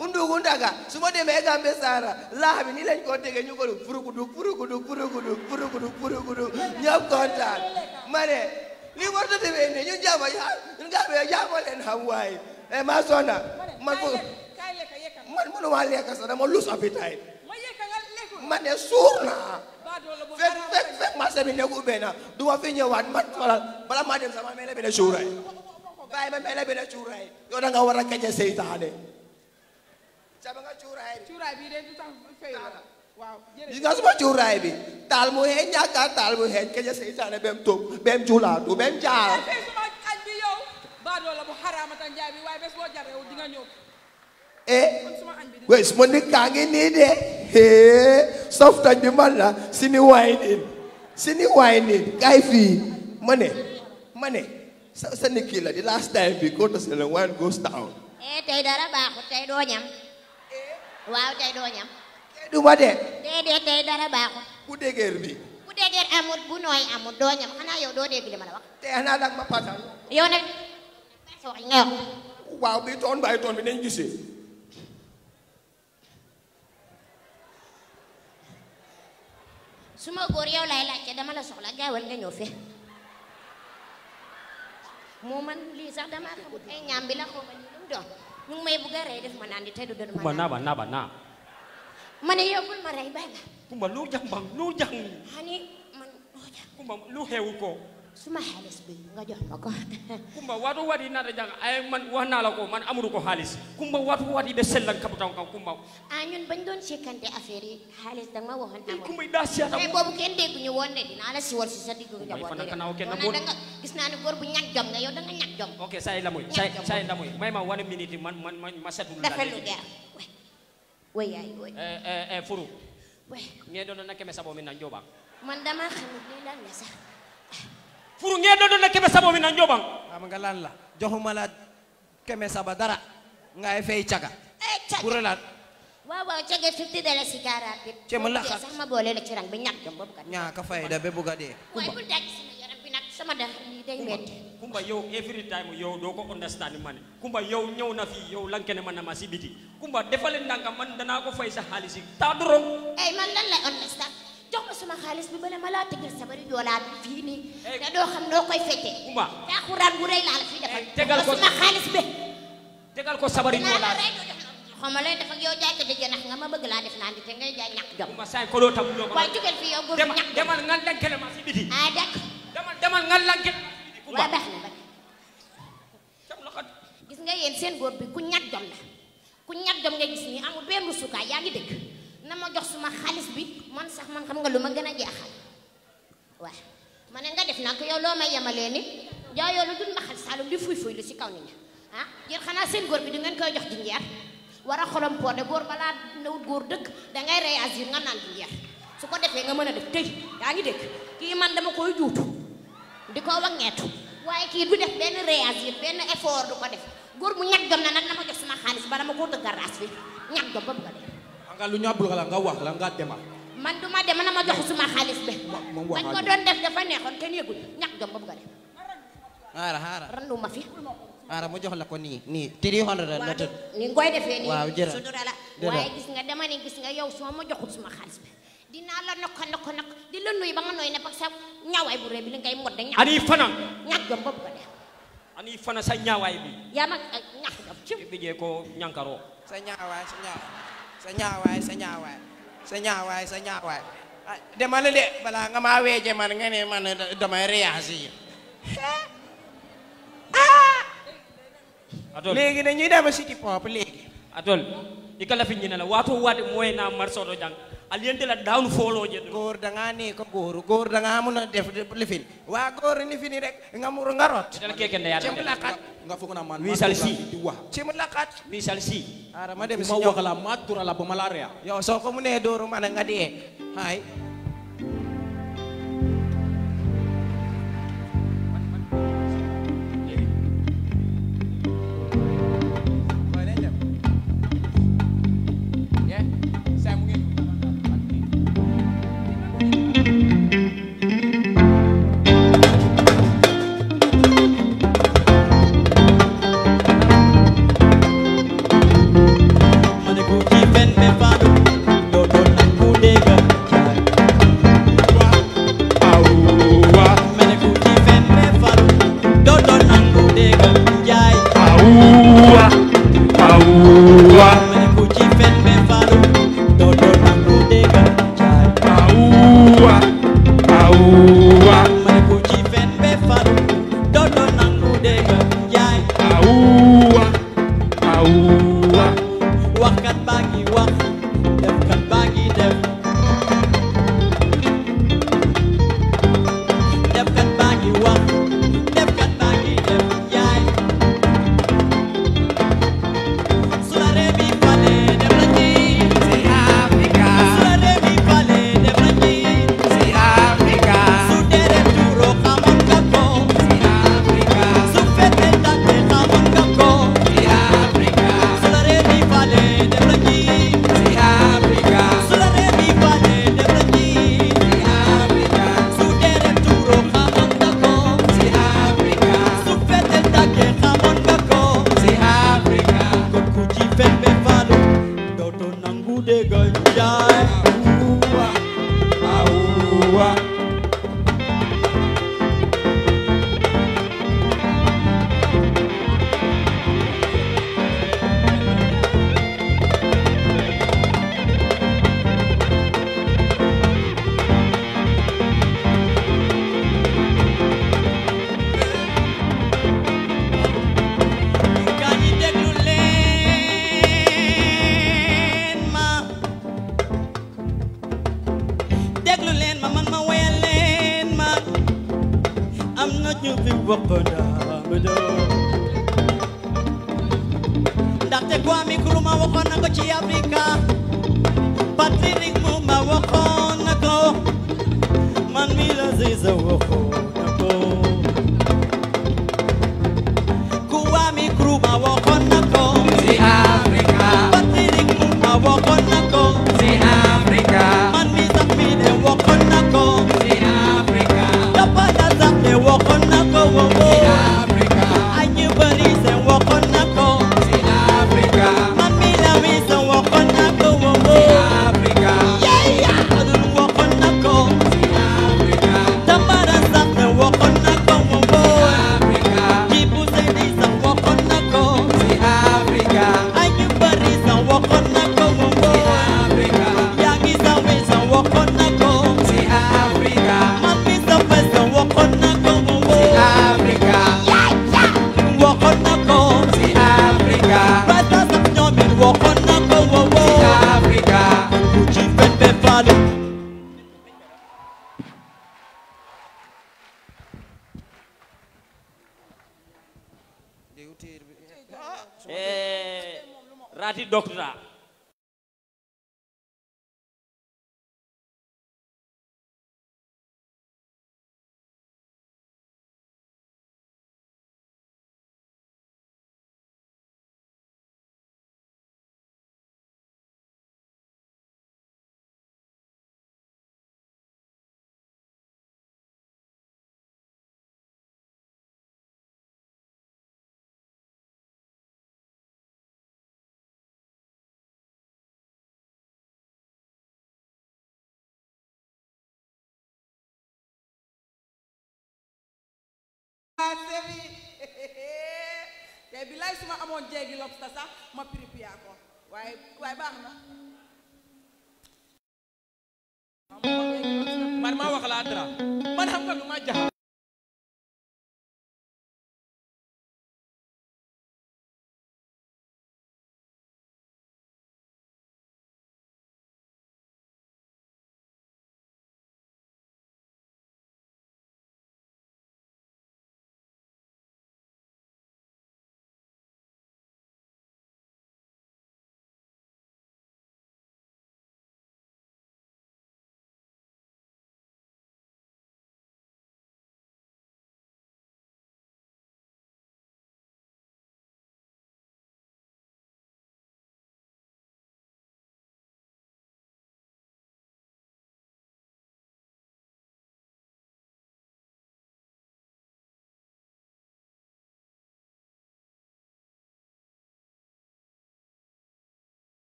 undugundaga sumodeme egambe sara laabi ni lañ ko tege ñu ko du purukudu purukudu purukudu purukudu purukudu ñëpp kontaan eh, ma ne lii war na demee ne jaama ya ñun gaabe waaye e ma sonna man ko man mënu ma lekk sax dama lus appétit ma ne suur naa fekk fekk fekk marché bi nekku benn du ma fi ñëwaat man bala ma dem sama mele benn cuuraay bàyyi ma mele benn cuuraay yow da nga war a seytaane Jangan cuuraay curai bi de nga suma cuuraay bi taal mu xeeñ ñàkkaar taal mu xeeñ bem bem kañ eh wey kan suma ndikkaa ngi nii de hee softañ bi man la sini waay niin sini waay niin kaay fii ma ne ma ne sa sa nikki la di last time bi go to Selenwan goes down eh tey dara baaxut tey doo ñam waaw tey doo ñam. du ma dee. déedéet tey dara baaxul. ku dégeer bi. ku dégeer amul bu nooy amul doo ñam xanaa yow doo dégg li ma la wax. tey xanaa nag ma pasal. yow nag sa wax nga wax. waaw bi toon bàyyi toon bi nañ gisee. su ma góor yow laay laajte dama la soxla gaawal nga ñëw fi. moo man lii sax damaa xamul ay ñaam bi la xaw ma lii lu mu ngi may bugg a rey def ma naan di tey du doon ma naan ba naa ba naa ma ne yow bul ma rey bay la kumba lu jax mbam lu jax hani man oh, lu jax kumba lu xewu ko suma xaalis bi nga jox ma ko kumba waatu waat yi naata jàng ay man wax naa la ko man amuru ko xaalis kumba waatu waat yi be sellan kabutan kan kumba ah ñun bañ doon sekkante affaire yi xaalis danga ma waxoon amul kumba daa siyaata boobu kenn dégguñu woon ne dinaa la si war eh, si sa diggu njaboot gis naa ne góor bu ñàkk jom nga yow da nga ñàkk jom ok say la say say la may ma minute man man ma lu way way ya, eh eh eh furu way ngeen doon na keme na man dama li sax furu ngeen doon na keme sabo na njobang am ah, nga lan la joxuma la keme saba dara ngay fay caga eh, furu lan waaw waaw cege fifty de la sigara bi ci ma iya, la sax ma bolé la ci rang bi ñak jom bu ka ñaka fayda be bu ga way bu tek sama yaram bi nak sama day metti kumba yow every time yow doo ko understand man kumba yow ñëw na fi yow lankene man na ma si biti kumba defale ndànka man danaa ko fay sa xaalis yi taa dorong ey man lan lay understand jox ma suma xaalis bi bala ma laa tëggal sabari joolaa bi fii nii te doo xam noo koy fete kumba taa xuraan bu rëy laa la fi defal tegal ko suma xaalis bi tegal ko sabari joolaa xama lay def ak yow jaay ko di jënax nga ma bëgg laa def naan di te ngay jaay ñàkk jom ma saay ko loo tam loo ko waaye jógal fi yow góor ñàkk demal nga lankene ma si ah d'accord demal demal nga lankene waaye baax na gis nga yéen seen góor bi ku ñàkk jom la ku ñàkk jom nga gis nii amul benn sukaay yaa ngi dëkk na ma jox suma xaalis bi man sax man xam nga lu ma gën a jeexal waaw nga def nak yow loo may yemalee ni yow yow lu dul maxal saalum di fuy fuy lu si kaw nit ñi ah yéen xanaa seen góor bi di ngeen koy jox jinjeer war a xolom poode góor balaa nawut góor dëkk dangay réagir nga naan jinjeer su ko defee nga mën a def tey yaa ngi dégg kii man dama koy juutu di wangetu waye ki du def ben réagir ben effort du ko def gor mu ñaggam na nak na ma jox sama xaliss ba dama ko dëgg raas bi ñaggam ba bëgg a nga lu ñaabul la nga wax la nga dema man duma dem na ma jox suma xaliss be bañ ko don def dafa neexon kenn yëgul ñaggam ba bëgg a dee ara randu ma fi ara mo jox la ko ni ni three la ni ngoy defee nii waaw la waye gis nga dama ni gis nga yow ma joxul suma xaliss be dinala nok nok nok dilun nuy bangan noy ne paksa nyawai bure bilang kay mod deng ani fana nyak jom bob ko ani fana sa nyawai bi ya mak eh, nyak jom chim bi ah, je ko nyankaro sa nyawai sa nyawai sa nyawai sa nyawai sa nyawai sa nyawai de mana de bala nga ma weje man ngene man damay reasi ah! Adol. Legi dañuy dem legi. Adol. Ikala fi ñina la moy na marso do jang aliyente la down folloje ɗum goor dagani ko gooru goor dagamuna def lifin wa ni fini rek nga rot dal keke nde ci ya, cemlakat nga na man misal si wa cemlakat misal si ara ma dem si ma matura la bo malaria yo so ko mune doru man nga di hay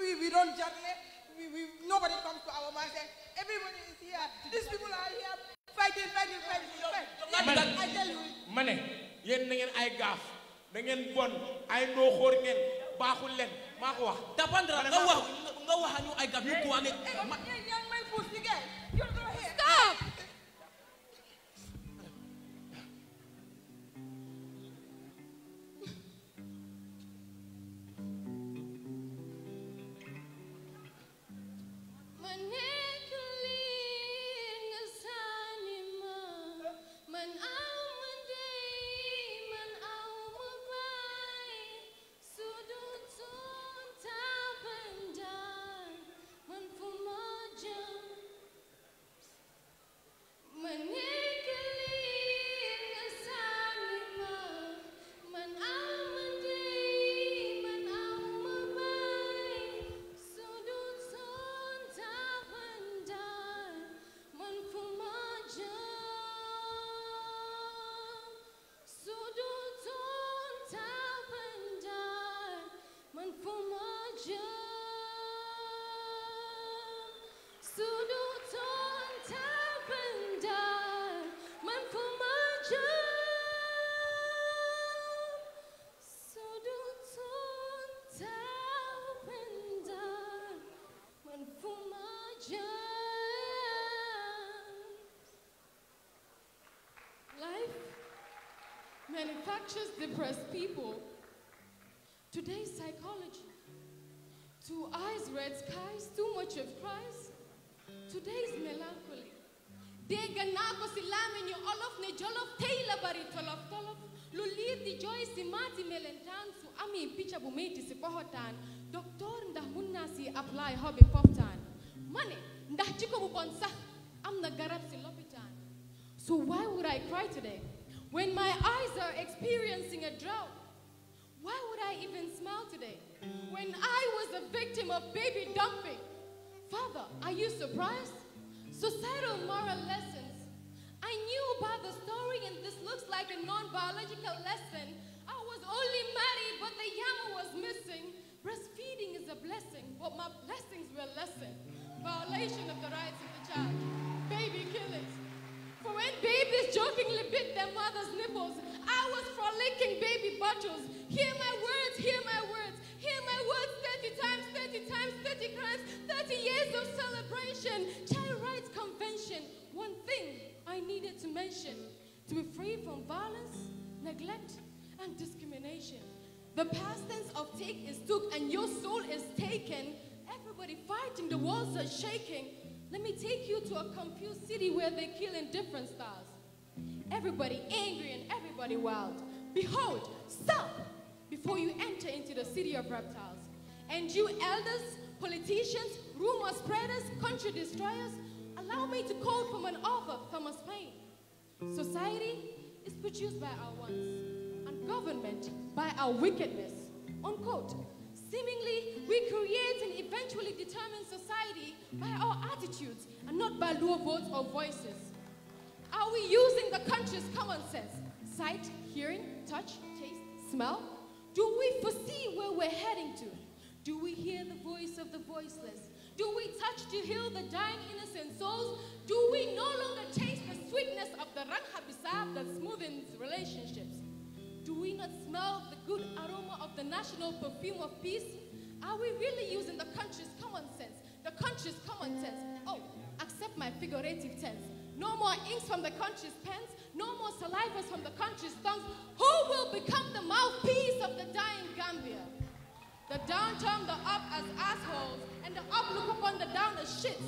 we, we don't juggle we, we, nobody comes to our mind saying, everybody is here. These people are here fighting, fighting, fighting, fighting. I tell you. Mane, yen na ngeen ay gaaf, da ngeen bon, ay ndoxoor ngeen, baaxul leen, maa wax. Tapandra, nga wax, nga wax ñu ay gaaf, ñu ko amee. Young man push, you guys, you're Stop! manufactures depressed people. Today's psychology. Two eyes, red skies, too much of Christ. Today's melancholy. Deganako silamen yo olof ne jolof teila bari tolof tolof. Lulir di joyce di mati melentan su ami impicha bumeti si pohotan. Doctor nda munna si apply hobby poftan Mane nda chiko bubonsa. Am na garab si lopitan. So why would I cry today? When my eyes are experiencing a drought, why would I even smile today? When I was a victim of baby dumping, Father, are you surprised? Societal moral lessons. I knew about the story and this looks like a non-biological lesson. I was only married, but the yama was missing. Breastfeeding is a blessing, but my blessings were lessened. Violation of the rights of the child. Baby killings. For when babies jokingly bit their mother's nipples, I was for licking baby bottles. Hear my words, hear my words, hear my words 30 times, 30 times, 30 times, 30 years of celebration. Child rights convention, one thing I needed to mention. To be free from violence, neglect, and discrimination. The past tense of take is took and your soul is taken. Everybody fighting, the walls are shaking. Let me take you to a confused city where they kill in different styles. Everybody angry and everybody wild. Behold, stop before you enter into the city of reptiles. And you elders, politicians, rumor spreaders, country destroyers, allow me to quote from an author, Thomas Paine. Society is produced by our wants and government by our wickedness. Unquote. Seemingly, we create and eventually determine society by our attitudes and not by low votes or voices. Are we using the country's common sense? Sight, hearing, touch, taste, smell? Do we foresee where we're heading to? Do we hear the voice of the voiceless? Do we touch to heal the dying innocent souls? Do we no longer taste the sweetness of the rakhabisab that smoothens relationships? Do we not smell the good aroma of the national perfume of peace? Are we really using the country's common sense? The country's common tense. Oh, accept my figurative tense. No more inks from the country's pens. No more salivas from the country's tongues. Who will become the mouthpiece of the dying Gambia? The down term the up as assholes, and the up look upon the down as shits.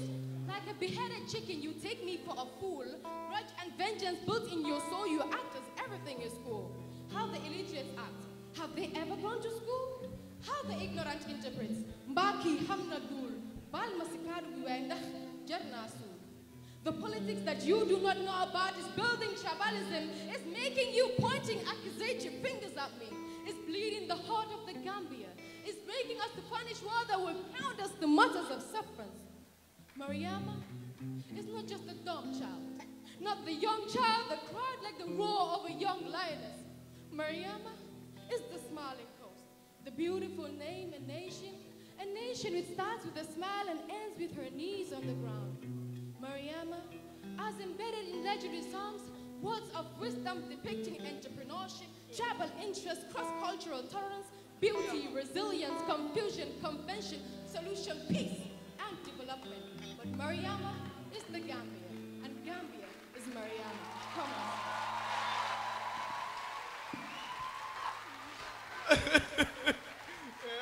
Like a beheaded chicken, you take me for a fool. Grudge and vengeance built in your soul, you act as everything is cool. How the illiterates act. Have they ever gone to school? How the ignorant interprets. Mbaki Hamnadul the politics that you do not know about is building tribalism, is making you pointing accusation fingers at me, is bleeding the heart of the Gambia, is making us to punish while that will count us the mothers of sufferance. Mariama is not just a dumb child, not the young child that cried like the roar of a young lioness. Mariama is the smiling coast, the beautiful name and nation a nation which starts with a smile and ends with her knees on the ground. Mariama, as embedded in legendary songs, words of wisdom depicting entrepreneurship, tribal interest, cross-cultural tolerance, beauty, resilience, confusion, convention, solution, peace, and development. But Mariama is the Gambia, and Gambia is Mariama. Come on.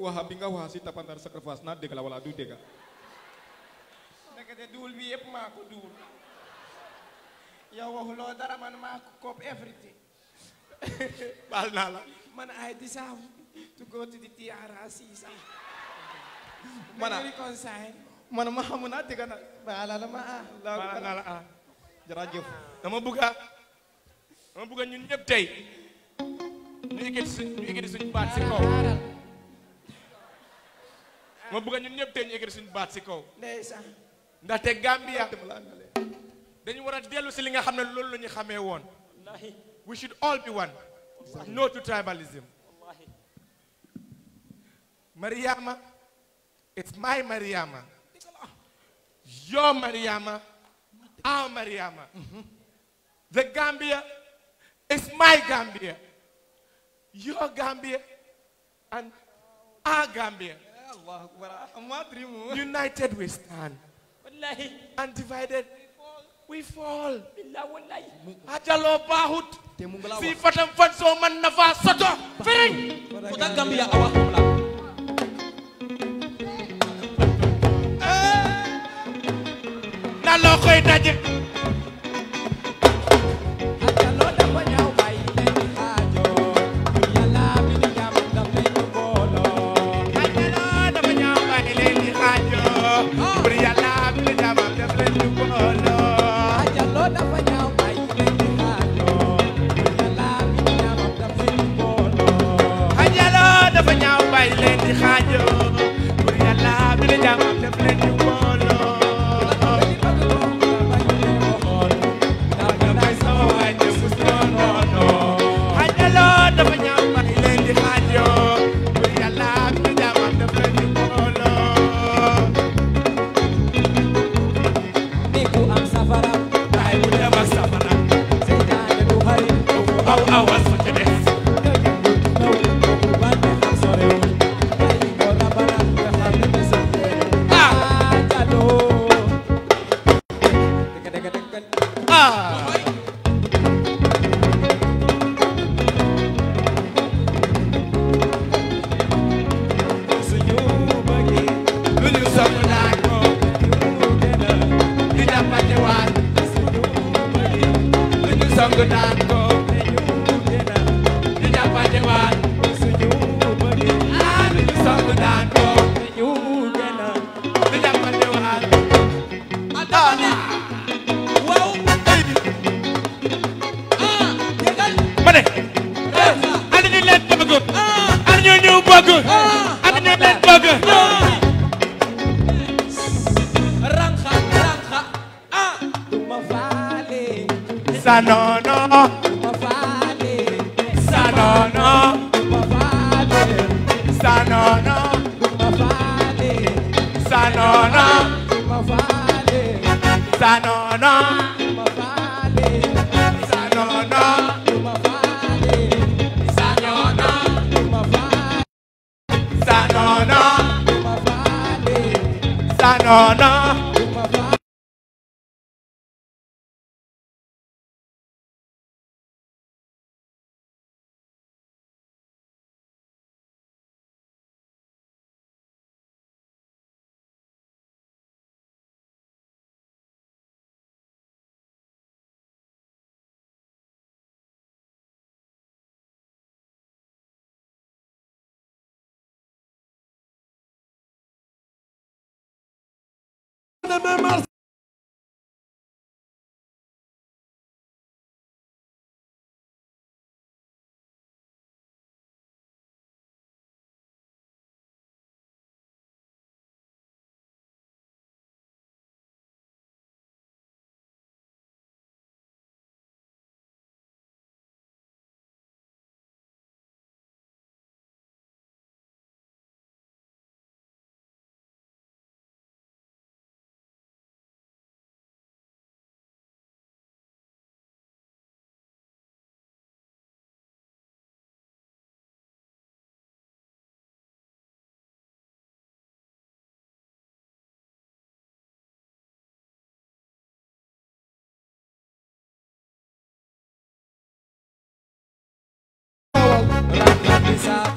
wahabinga wahasita pantar sakrvasna de kalawala du dega dekete dul bi yep mako dul yow lo dara man ma ko cop everything bal naa la man ay deserve to go to the tiara man a Mana mana ma xamu naa dégg na baala la ma ah baala naa la ah jërëjëf dama bugga dama bugga ñun ñëpp tey ñu yëkkati ñu yëkkati suñ baat kaw bëgg ñun ñëpp suñu baat kaw. ndaxte Gambia dañu war a dellu si li nga xam ne loolu la ñu xamee woon. we should all be one. no to tribalism. Mariama it's my Mariama. your Mariama. our Mariama. Mm-hmm. the Gambia is my Gambia. your Gambia and our Gambia. Ah, oh. United we stand. divided we fall. Ajalo bahut. Si fatam fatso man nafa soto. Kota Gambia kumla. Eh. Na la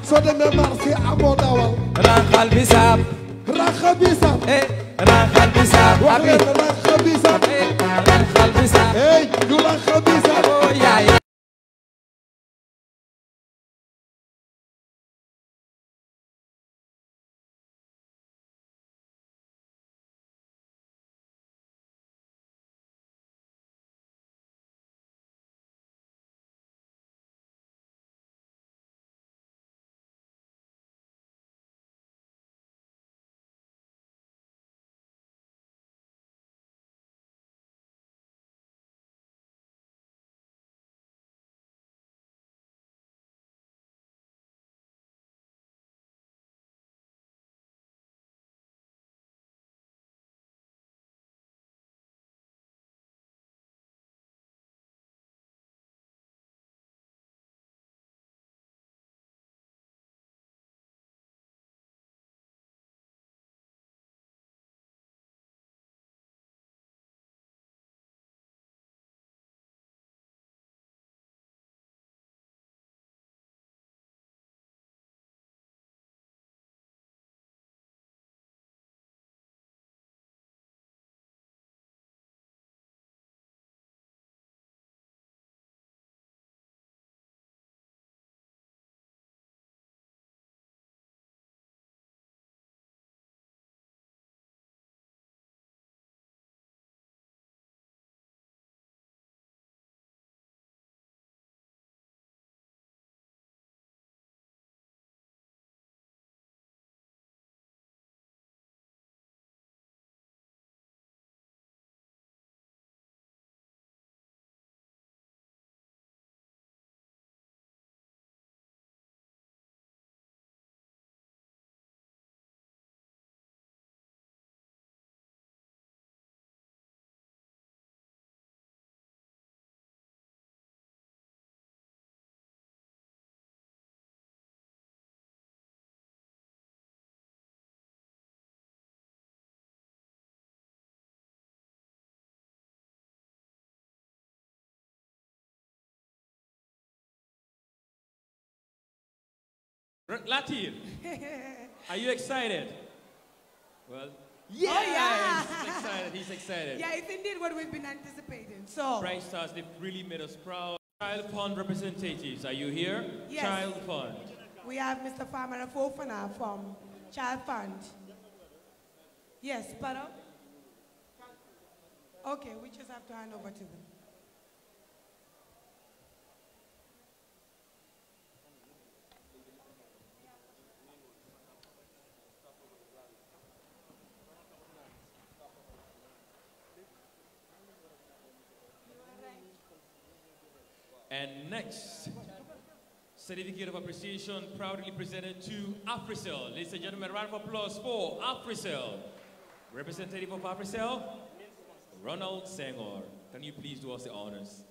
soo demee marché amoo dawal. raxal bisaab. raxal Latif, are you excited? Well, yeah. oh, yeah. he's excited. He's excited. Yeah, it's indeed what we've been anticipating. So, Bright Stars, they've really made us proud. Child Fund representatives, are you here? Yes. Child Fund. We have Mr. Farmer Fofana from Child Fund. Yes, but uh, Okay, we just have to hand over to them. And next, certificate of appreciation proudly presented to AfriCell. Ladies and gentlemen, round of applause for AfriCell. Representative of AfriCell, Ronald Sengor. Can you please do us the honors?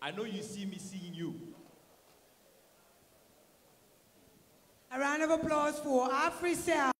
I know you see me seeing you. A round of applause for AfriCell.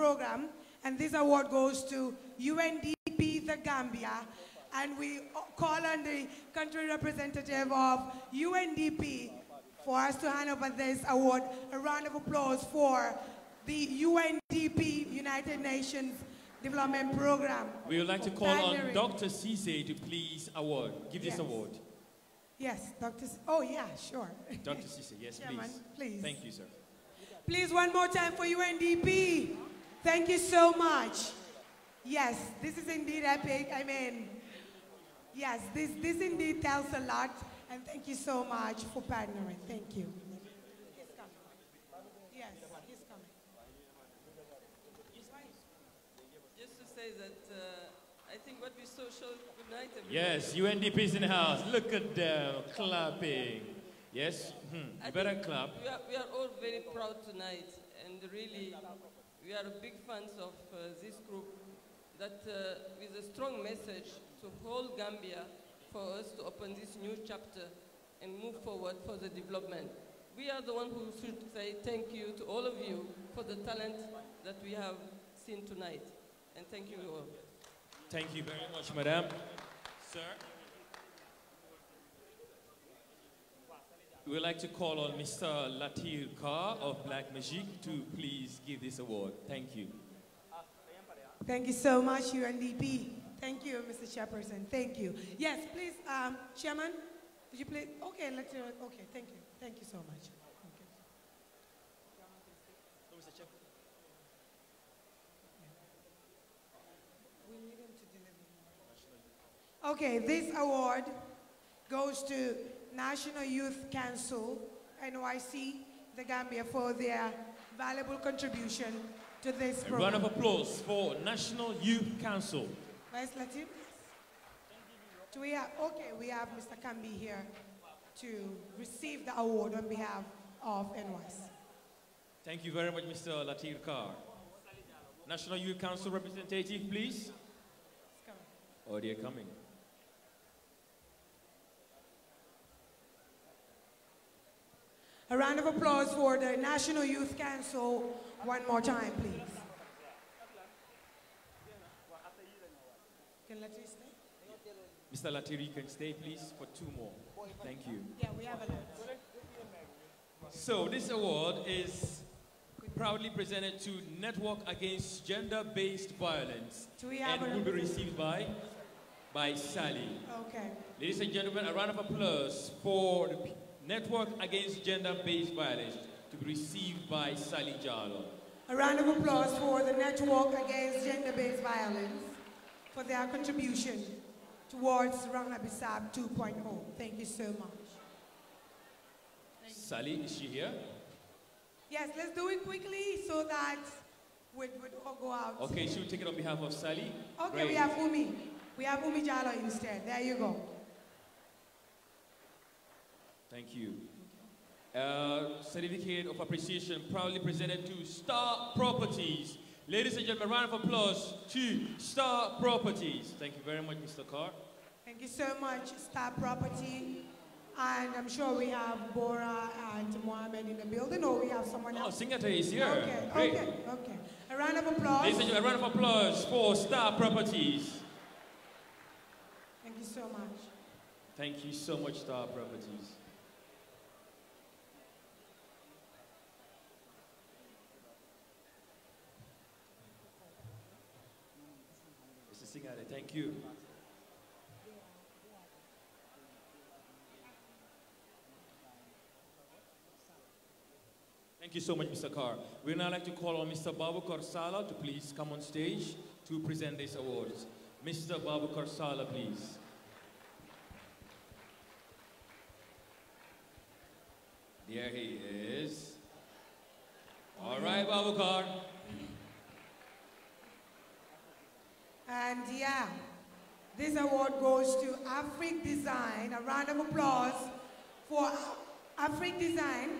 program. And this award goes to UNDP The Gambia. And we call on the country representative of UNDP for us to hand over this award. A round of applause for the UNDP, United Nations Development Program. We would like to call on Dr. Cisse to please award, give yes. this award. Yes, Dr. C oh, yeah, sure. Dr. Cisse, yes, Chairman, please. please. Thank you, sir. Please, one more time for UNDP. Thank you so much. Yes, this is indeed epic. I mean, yes, this, this indeed tells a lot. And thank you so much for partnering. Thank you. Yes, he's coming. Just to say that uh, I think what we Yes, UNDP is in the house. Look at them clapping. Yes, hmm. better clap. We are, we are all very proud tonight and really we are big fans of uh, this group that uh, with a strong message to whole Gambia for us to open this new chapter and move forward for the development. We are the one who should say thank you to all of you for the talent that we have seen tonight. And thank you all. Thank you very much, madam. Sir? We'd like to call on Mr. Latir Kar of Black Magic to please give this award. Thank you. Thank you so much, UNDP. Thank you, Mr. Chairperson. Thank you. Yes, please, um, Chairman, would you please? Okay, let uh, okay, thank you. Thank you so much. Okay, this award goes to National Youth Council, NYC, the Gambia for their valuable contribution to this program. round of applause for National Youth Council. Vice Latif? Do we have, okay, we have Mr. Kambi here to receive the award on behalf of NYC. Thank you very much, Mr. Latif National Youth Council representative, please. Oh, they're coming. A round of applause for the National Youth Council one more time, please. Can Latiri stay? Mr. Latiri, can stay, please, for two more. Thank you. Yeah, we have a lot. So this award is proudly presented to Network Against Gender-Based Violence and will be received by, by Sally. Okay. Ladies and gentlemen, a round of applause for the Network Against Gender-Based Violence to be received by Sally Jarlon. A round of applause for the Network Against Gender-Based Violence for their contribution towards Rangabisab 2.0. Thank you so much. Sally, is she here? Yes, let's do it quickly so that we'd, all go out. Okay, she'll take it on behalf of Sally. Okay, Great. we have Umi. We have Umi Jalo instead. There you go. Thank you. Uh, certificate of appreciation proudly presented to Star Properties. Ladies and gentlemen, round of applause to Star Properties. Thank you very much, Mr. Carr. Thank you so much, Star Property. And I'm sure we have Bora and Mohammed in the building, or we have someone oh, else. Oh, Singata is here. Okay, Great. okay, okay. A round of applause. Ladies and gentlemen, a round of applause for Star Properties. Thank you so much. Thank you so much, Star Properties. Thank you. Thank you so much, Mr. Carr. We'd now like to call on Mr. Babu Korsala to please come on stage to present these awards. Mr. Babu Korsala, please. There he is. All right, Babu Kar. And yeah, this award goes to Afric Design. A round of applause for Afric Design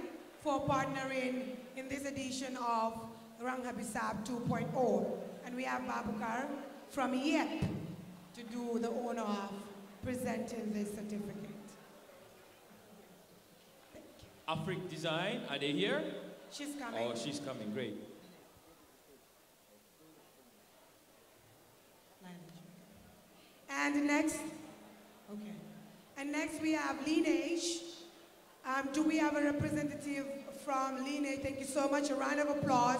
for partnering in this edition of Rang Habisab 2.0. And we have Babukar from YEP to do the honor of presenting this certificate. Afric Design, are they here? She's oh, coming. Oh, she's coming, great. And next, okay. And next we have Lineage. Um, do we have a representative from Lineage? Thank you so much. A round of applause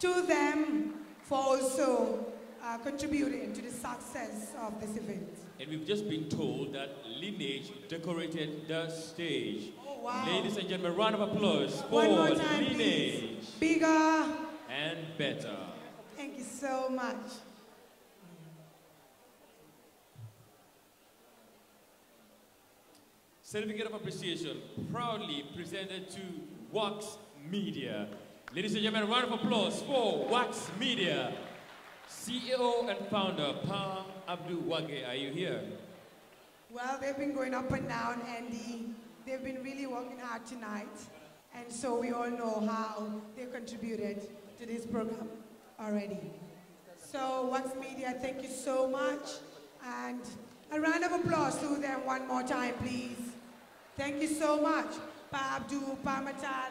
to them for also uh, contributing to the success of this event. And we've just been told that Lineage decorated the stage. Oh, wow. Ladies and gentlemen, round of applause One for more time, Lineage. Please. Bigger and better. Thank you so much. certificate of appreciation proudly presented to Wax Media. Ladies and gentlemen, round of applause for Wax Media. CEO and founder, Pam Abdul Wage, are you here? Well, they've been going up and down, Andy. They've been really working hard tonight. And so we all know how they contributed to this program already. So Wax Media, thank you so much. And a round of applause to them one more time, please. Thank you so much, Pa Abdul, Pa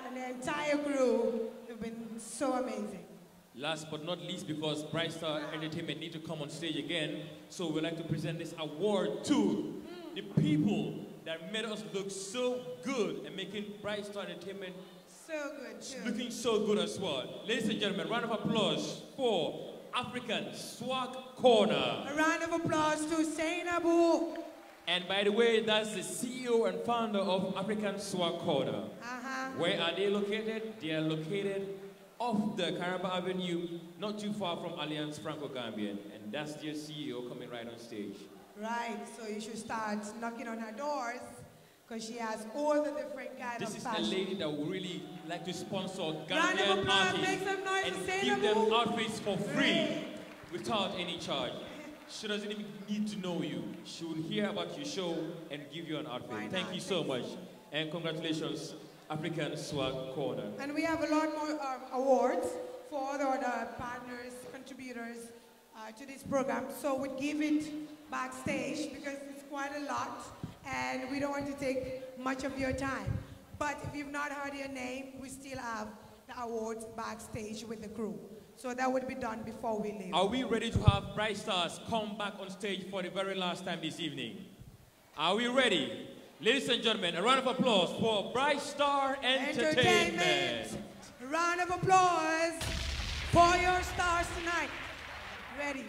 and the entire crew. You've been so amazing. Last but not least, because Bright Star Entertainment need to come on stage again, so we'd like to present this award to mm. the people that made us look so good and making Bright Star Entertainment so good too. looking so good as well. Ladies and gentlemen, round of applause for African Swag Corner. A round of applause to Sainabu and by the way, that's the CEO and founder of African Swakoda. Uh -huh. Where are they located? They are located off the Caraba Avenue, not too far from Alliance Franco-Gambian. And that's their CEO coming right on stage. Right, so you should start knocking on her doors because she has all the different kinds of This is a lady that would really like to sponsor Gambian parties and give them outfits for free without any charge. She doesn't even need to know you. She will hear about your show and give you an outfit. Thank you so much. And congratulations, African Swag Corner. And we have a lot more um, awards for all the other uh, partners, contributors uh, to this program. So we give it backstage because it's quite a lot and we don't want to take much of your time. But if you've not heard your name, we still have the awards backstage with the crew. So that would be done before we leave. Are we ready to have Bright Stars come back on stage for the very last time this evening? Are we ready? Ladies and gentlemen, a round of applause for Bright Star Entertainment. Entertainment. Round of applause for your stars tonight. Ready.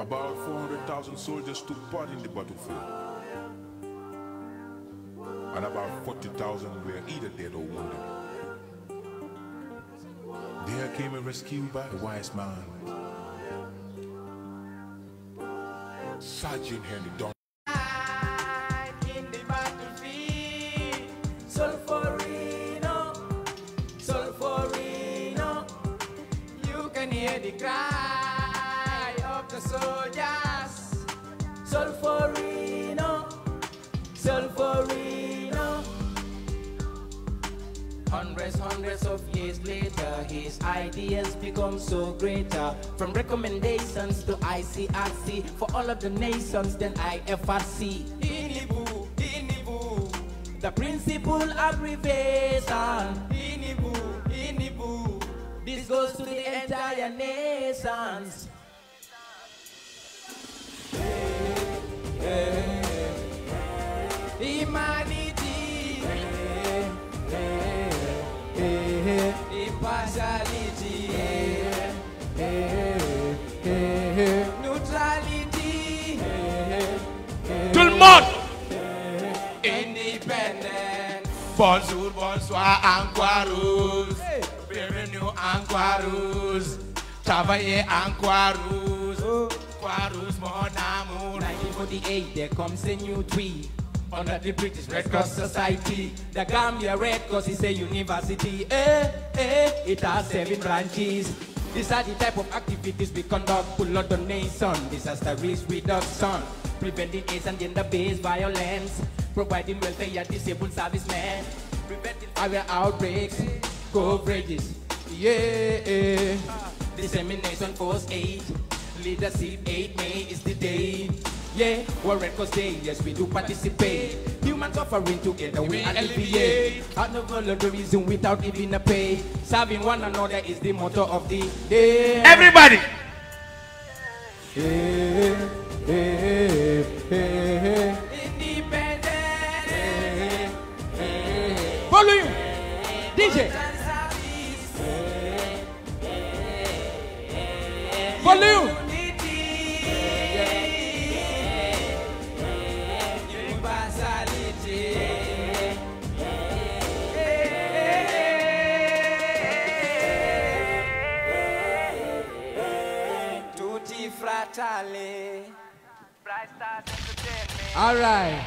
About 400,000 soldiers took part in the battlefield. And about 40,000 were either dead or wounded. There came a rescue by a wise man. Sergeant Henry Don the nations than I ever see. The principle of revenge. Sois Anquarus, bienvenue Anquarus, travaillez Anquarus, Anquarus mon amour. 1948, there comes a new tree under the British Red Cross Society. The Gambia Red Cross is a university. Eh, eh, it has seven branches. These are the type of activities we conduct Pull lot donation, disaster risk reduction, preventing AIDS and gender-based violence, providing welfare to disabled servicemen there outbreaks, bridges, yeah. Dissemination force aid, leadership aid, May is the day. Yeah, World Red Cross Day, yes we do participate. Human suffering together we alleviate. Out of reason without even a pay. Serving one another is the motto of the day. Everybody! Follow him. DJ. Follow him. All right.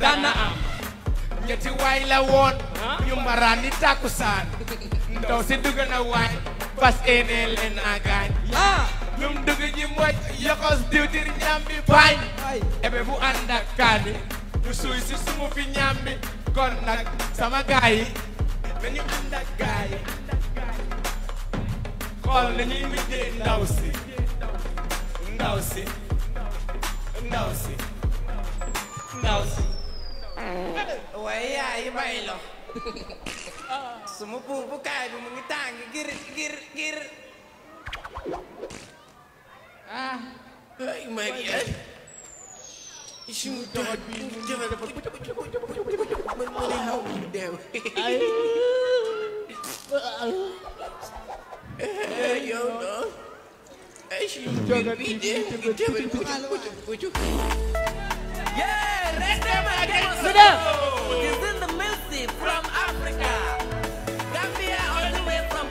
dana am ñetti waay la woon ñu mbaraan ni takkusaan ndaw si dugg na waay fas eenee leen a gaañ ah! lum dugg ji moj yokkos diwtir ñambi bañ ebe bu ànd kaani ñu suuy si sumu fi ñambi kon nag sama gaay yi nañu ànd ak gaay yi xool nañuy mujjee ndaw si ndaw si ndaw si wayayi baylo suma puupu kaay bi mu ngi tàng gir gir gir ah ay mari ay sumu doot bi mu jëme dafa man mu ne haw mu deew yow doo pucuk pucuk pucuk Yeah, let the music from Africa. all the way from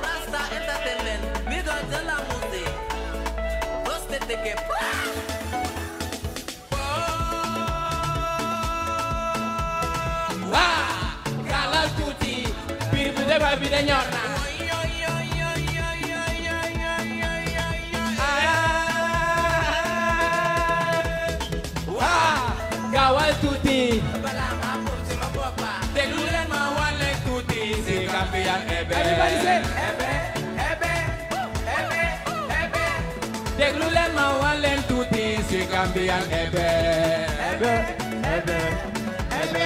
We got the kawal tuti. Tegule ma wale tuti. Si ebe. ebe, ebe, ebe, ebe. Tegule ma wale tuti. ebe, ebe, ebe, ebe,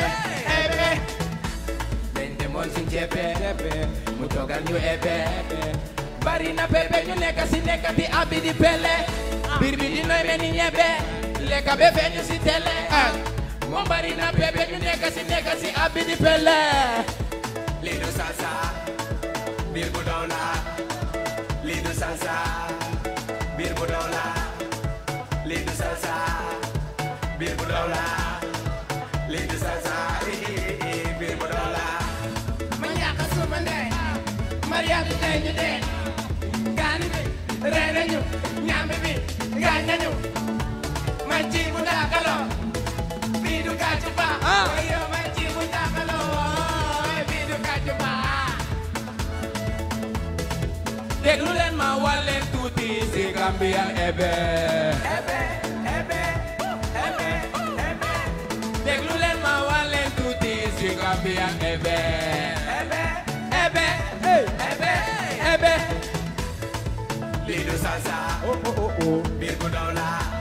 chepe, ebe. Barina pepe nyu neka si neka di abidi pele. Ah. Birbidi no Leka be feeñu si télé moom bari na bébé ñu nekk si neka si abidi pele Lido du salsa biir bu doon la lii du salsa biir bu Lido la lii du salsa biir bu doon la lii du salsa biir bu doon la ma ñàkk suma ndey mariage tey ñu dee gaani bi rey మంచి ah. oh, iya, ebe Ebe, ebe, ebe, ebe ebe Ebe, ebe, ebe, ebe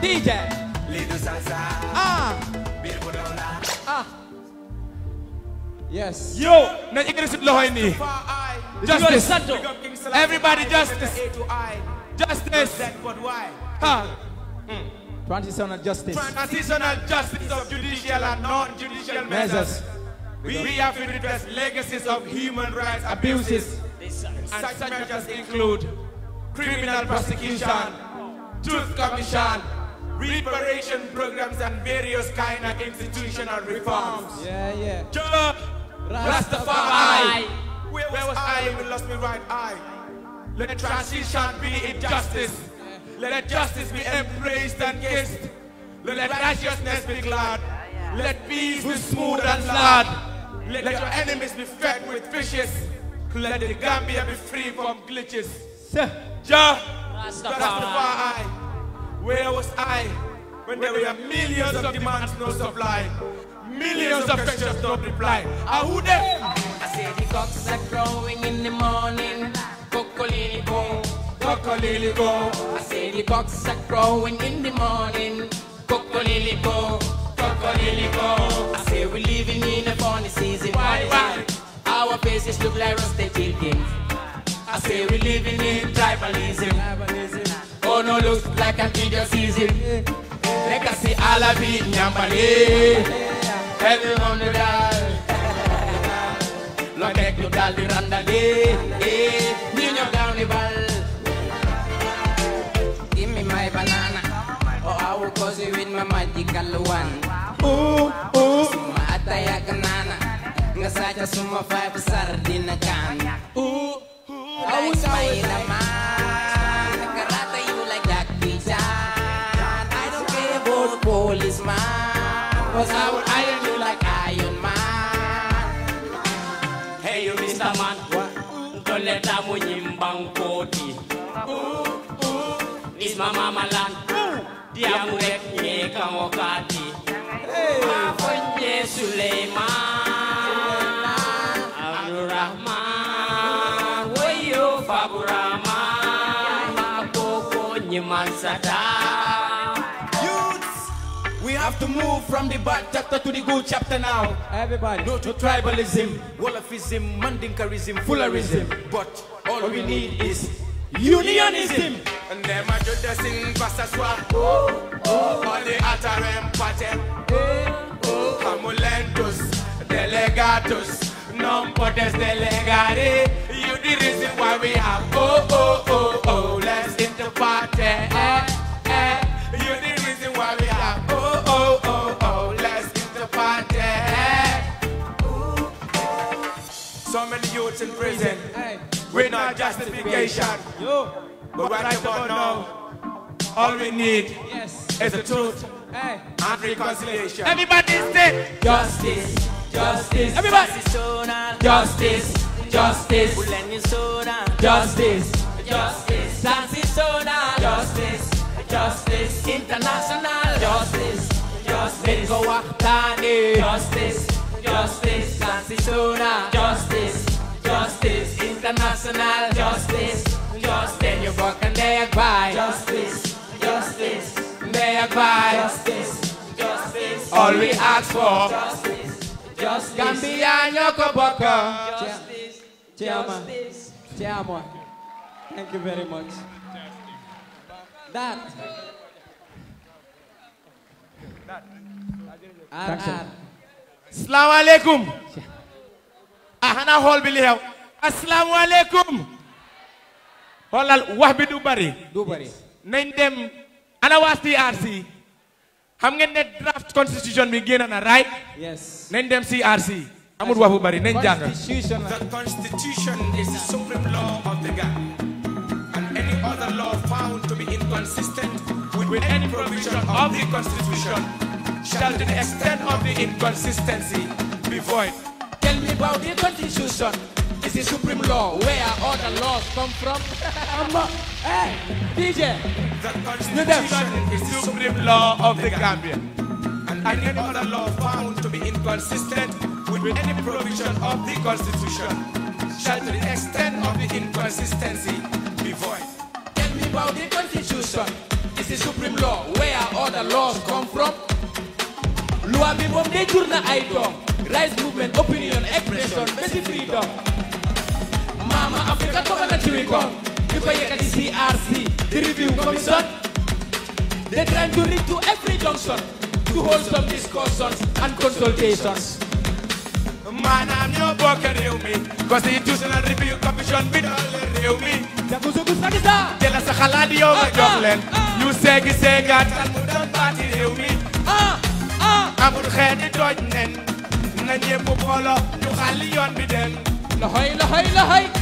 DJ salsa. Ah. Ah. Yes. Yo, na igre sit lohoy ni. Justice, Everybody Justice. this. But why? Ha. Hmm. Transitional justice. Transitional justice of judicial and non-judicial measures. We, we have to redress legacies of human rights abuses. abuses. And such measures include criminal prosecution, truth commission, reparation programs and various kind of institutional reforms. Yeah, yeah. Jah Rastafari. Where was, Where was I? I? lost my right eye. Let transition be injustice. Yeah. Let justice be embraced and kissed. Let righteousness be glad. Let peace be smooth and glad. Let your enemies be fed with fishes. Let the Gambia be free from glitches. Jah Rastafari. Where was I when there were millions of demands, no supply? Millions of questions, no reply. Ah, who them? I say the cocks are crowing in the morning. Coccolini go, coccolini go. I say the cocks are crowing in the morning. Coccolini go, coccolini go. I say we're living in a funny season. Why, why? Our faces look like rusted chickens. I say we're living in tribalism. tribalism. Oh no, looks like a bigger season. Like I see all of it, Nyambale. Everyone to die. Lo tek yo dal di randale. Ni nyo the ball. Give me my banana. Or oh, I will cause you with my magical one. Ooh, ooh. Suma ataya kanana. Nga sacha suma five sardina kan. Ooh, ooh. I will smile, man. Bang uh, uh, is Isma mamalan Dia murek nye kan wakati Mafonye Sulaiman Abdurrahman Woyo Faburama Makokonye Mansadar have to move from the bad chapter to the good chapter now. Everybody. No to tribalism, Wolofism, Mandinkarism, Fularism. But all we need is unionism. sing Oh, oh. atarem Oh, oh. Amulentus, delegatus. Non delegare. You the reason why we have. Oh, oh, oh, oh. Let's hit party. justification. Yo. But right about now, all we need yes. is the truth hey. and reconciliation. Everybody say justice, justice. Everybody. Justice, justice. Justice, justice. Justice, justice. Justice. International justice. Justice. Justice. Justice. Justice. Justice. Justice international justice. Justice. Then you walk and they cry. Justice. Justice. They cry. Justice. Justice. All we ask for. Justice. Justice. Gambia Nyoko Boko. Justice. Chairman. Chairman. Thank you very much. That. That. Thanks, Salaam alaikum. Ahana hall bili hew asalaamaaleykum xoolal wax bi du bari du bari nañ dem ana waa CRC xam ngeen ne draft constitution bi génn na right yes nañ dem CRC amul wax bu bari nañ jàng the constitution is the supreme law of the Gambia and any other law found to be inconsistent with any provision of the constitution shall to the extent of the inconsistency be void tell me about the constitution it's the supreme law where all the laws come from. I'm a, hey, DJ. The Constitution is the supreme law of the Gambia. And any other law found to be inconsistent with any provision of the Constitution shall to the extent of the inconsistency be void. Tell me about the Constitution. It's the supreme law where all the laws come from. Loi bi moom day jur Rights movement, opinion, expression, basic freedom mama Africa toba na chewy kong You can get the CRC, the review commission they try to reach to every junction To hold some discussions and consultations Man, I'm Manam ñoo bokk réew the Constitutional Review Commission bi doole réew mi Sakusugu sakisa Jëla sa xalaat yow ah, ah. nga jox you say, seegi seegaat kan mu doon baati réew mi amul xeeti tooñ nen na ñépp booloo ñu xàlli yoon bi dem loxoy loxoy loxoy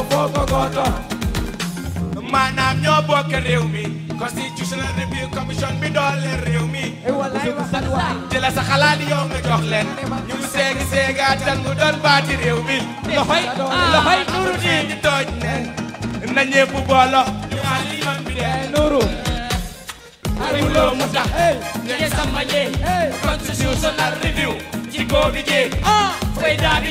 ñoo bokk gooto maanaam ñoo bokk réew mi constitutional review commission bi doole réew mi eh, jëla sa mu eh, seegi baati réew mi eh, loxoy loxoy ah, nuru di di tooj ne na ñépp boolo ñu xaal li bi dee nuru ariwuloo mu tax ñee sama ñee constitutional review ci góobi jee ah. fayda bi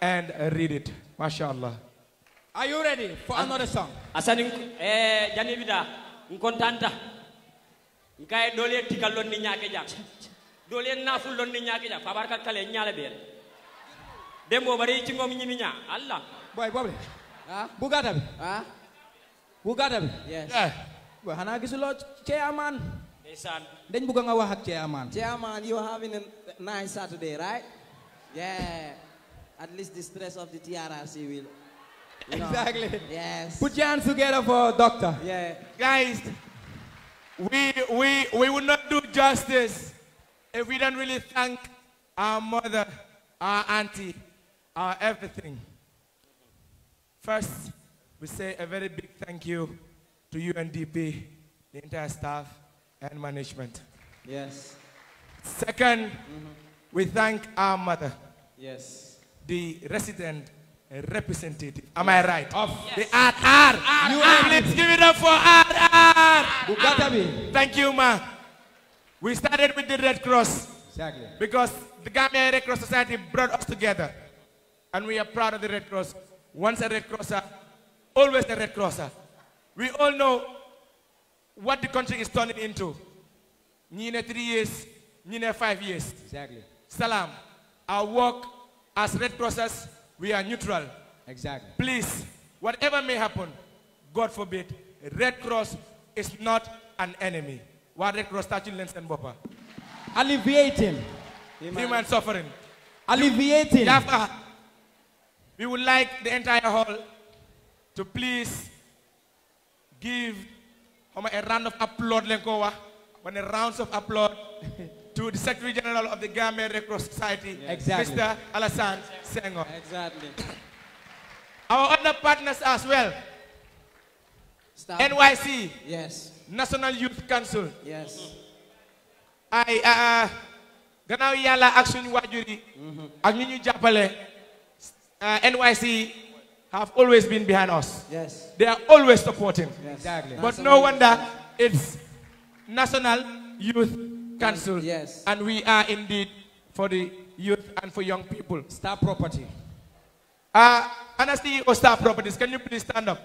and read it. MashaAllah. Are you ready for An ah. another song? Asani eh janibida nkontanta. Nkae dole tikal lon ni nyaake jam. Dole naful lon ni nyaake jam. Fabarka kale nyaale bel. Dembo bari ci ngom ñimi nya. Allah. Boy boy. Ah? Bugata bi. Ah? Bugata bi. Yes. Eh. Boy xana gisuloo chairman. Ndeysaan. Dañ bëgg nga wax ak chairman. Chairman you having a nice Saturday, right? Yeah at least the stress of the TRRC will. know. Exactly. Yes. Put your hands together for doctor. Yeah. Guys, we, we, we will not do justice if we don't really thank our mother, our auntie, our everything. First, we say a very big thank you to UNDP, the entire staff, and management. Yes. Second, mm -hmm. we thank our mother. Yes the resident uh, representative. Am I right? Of yes. the RR. RR. Let's give it up for RR. Thank you, ma. We started with the Red Cross. Exactly. Because the Gambia Red Cross Society brought us together. And we are proud of the Red Cross. Once a Red Crosser, always a Red Crosser. We all know what the country is turning into. Nine three years, nine five years. Exactly. Salam. Our work as Red Cross, we are neutral. Exactly. Please, whatever may happen, God forbid, Red Cross is not an enemy. What Red Cross touching lens and bopper. Alleviate him. Human, Human suffering. Alleviate him. we would like the entire hall to please give a round of applause. When a round of applause to the Secretary General of the Gambia Red Cross Society, yes. exactly. Mr. Alassane Senghor. Exactly. Our other partners as well. Stop. NYC. Yes. National Youth Council. Yes. I uh, ah, ah. yàlla ak suñu action you mm-hmm. ak ñu ah, NYC have always been behind us. Yes. They are always supporting. Yes. Exactly. But no wonder it's National Youth council. Yes. And we are indeed for the youth and for young people. Star property. Uh, Anna CEO Star Properties, can you please stand up?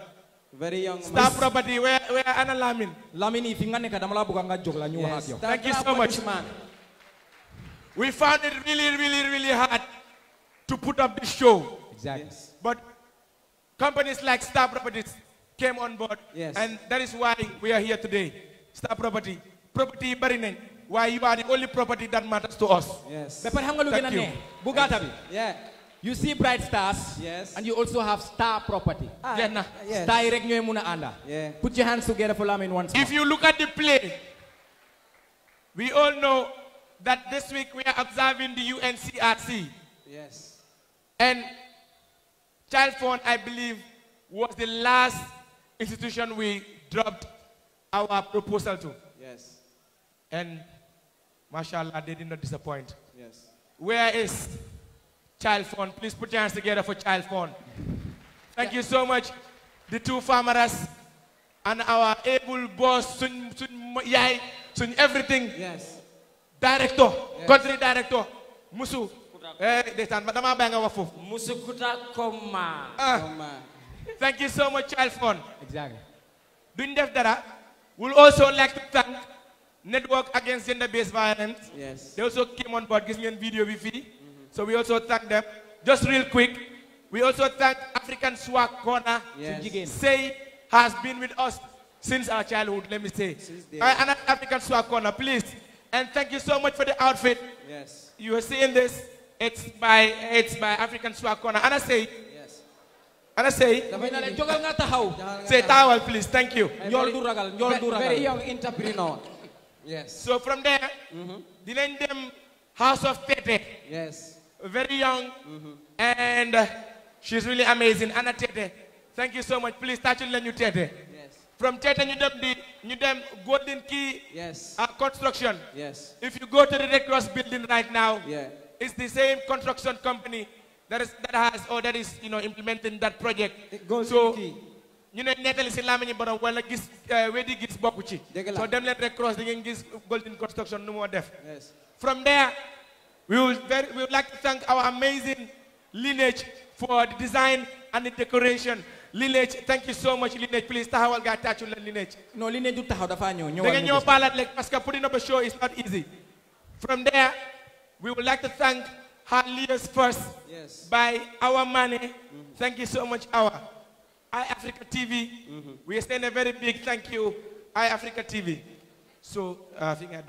Very young. Star Property, where, where Anna Lamin? Lamin, if you can't yes. Star Thank you so much. Man. We found it really, really, really hard to put up this show. Exactly. Yes. But companies like Star Properties came on board. Yes. And that is why we are here today. Star Property. Property Barinen why you are the only property that matters to us. Yes. But you. nga lu gën a ne yeah. you see bright stars. yes. and you also have star property. ah jeex na. star yi rek ñooy ànda. yeah. put your hands together for Lamin once more. if you look at the play. we all know that this week we are observing the UNCRC. Yes. And child Fund, I believe, was the last institution we dropped our proposal to. Yes. And Mashallah, they did not disappoint. Yes. Where is child phone? Please put your hands together for child phone. Thank yeah. you so much, the two farmers and our able boss, Yai, Sun, everything. Yes. Director, yes. country director, Musu. Eh, ah. Koma. Thank you so much, child phone. Exactly. Duñ def dara. We'll also like to thank Network Against Gender-Based Violence. Yes. They also came on board, gives me a video with mm -hmm. So we also thank them. Just real quick, we also thank African Swag Corner. Yes. Say has been with us since our childhood, let me say. Right, and African Swag Corner, please. And thank you so much for the outfit. Yes. You are seeing this. It's by, it's by African Swag Corner. And I say, and I say, say towel, please. Thank you. Very, very young entrepreneur. Yes. So from there, dinañ mm-hmm. them House of Tete. Yes. Very young. Mm-hmm. And uh, she's really amazing. Anna Tete. Thank you so much. Please touch on you Tete. Yes. From Tete ñu dem di them Golden Key. Yes. Uh, construction. Yes. If you go to the Red Cross building right now. Yeah. It's the same construction company that is that has or that is you know implementing that project. Golden so, Key ñu ne nettali si làmmiñu borom wala gis eh, weddi gis bokk ci. so dem leen rek cross di ngeen gis Golden Construction nu moo def. from there we would very we would like to thank our amazing lineage for the design and the decoration. lineage thank you so much lineage please taxawal gaa tàccu la lineage. No lineage du taxaw dafa ñëw ñëwal da nga ñëw baalaat léegi parce que putting up a show is not easy. from there we would like to thank our leaders first. by Awa Mane. Mm-hmm. thank you so much Awa. Mm-hmm. a very big thank you uh,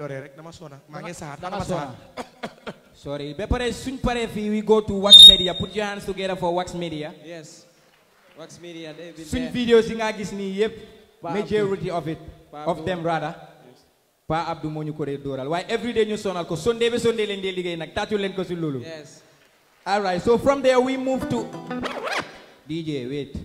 rek dama sona maa ngi suñ paree fii we go to suñ videos yi nga gis nii yëpp. majority of it of them rather. Pa Abdou moo ñu ko dee dooral waaye everyday ñu sonal ko Sunday ba Sunday leen dee liggéey nag tàccu leen ko si loolu. yes so from there we move to. DJ wait.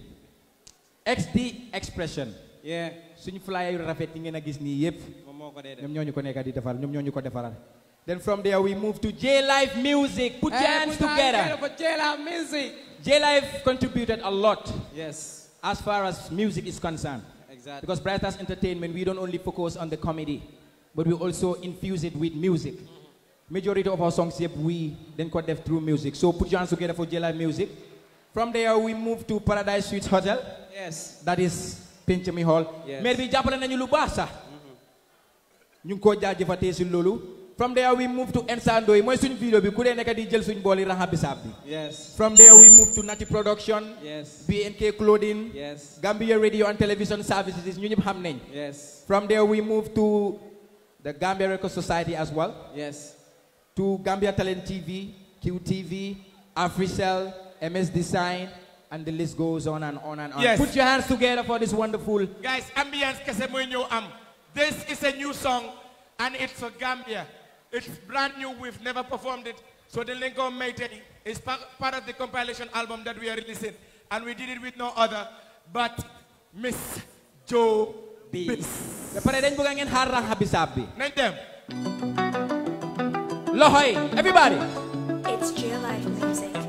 XD expression. yeah suñu flyer yu rafet yi ngeen a gis nii yëpp. moom moo ko dee def ñoom ko nekk di defar ñoom ñoo ñu ko defaral. then from there we move to J Life Music. Eh, put your hands together for J Life Music. J Life contributed a lot. yes. as far as music is concerned. exactly because Bright Entertainment we don't only focus on the comedy but we also infuse it with music. Mm-hmm. majority of our songs yep we then ko def through music so put your hands together for J Life Music. From there we moved to Paradise Suites Hotel. Yes. That is Pinchami Hall. Yes. Maire bi jàppale nañu From there we moved to Ensando yi mooy suñu vidéo bi ku dee nekk di Yes. From there we moved to Nati Production. Yes. BNK Clothing. Yes. Gambia Radio and Television Services Yes. From there we moved to the Gambia Record Society as well. Yes. To Gambia Talent TV, QTV, Africell. MS Design, and the list goes on and on and on. Yes. Put your hands together for this wonderful. Guys, ambience am. This is a new song, and it's for Gambia. It's brand new. We've never performed it. So the Lingo Maite is part, part of the compilation album that we are releasing. And we did it with no other but Miss Joe B. The everybody. It's Jill Life Music.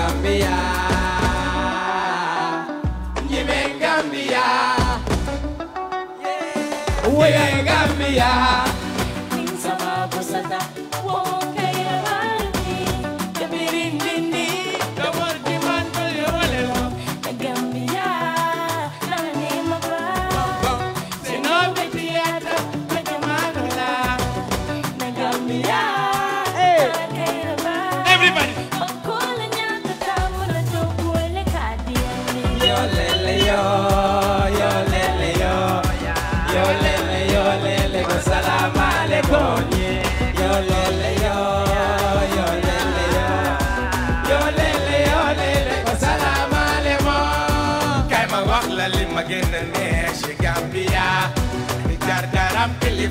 got me Gambia.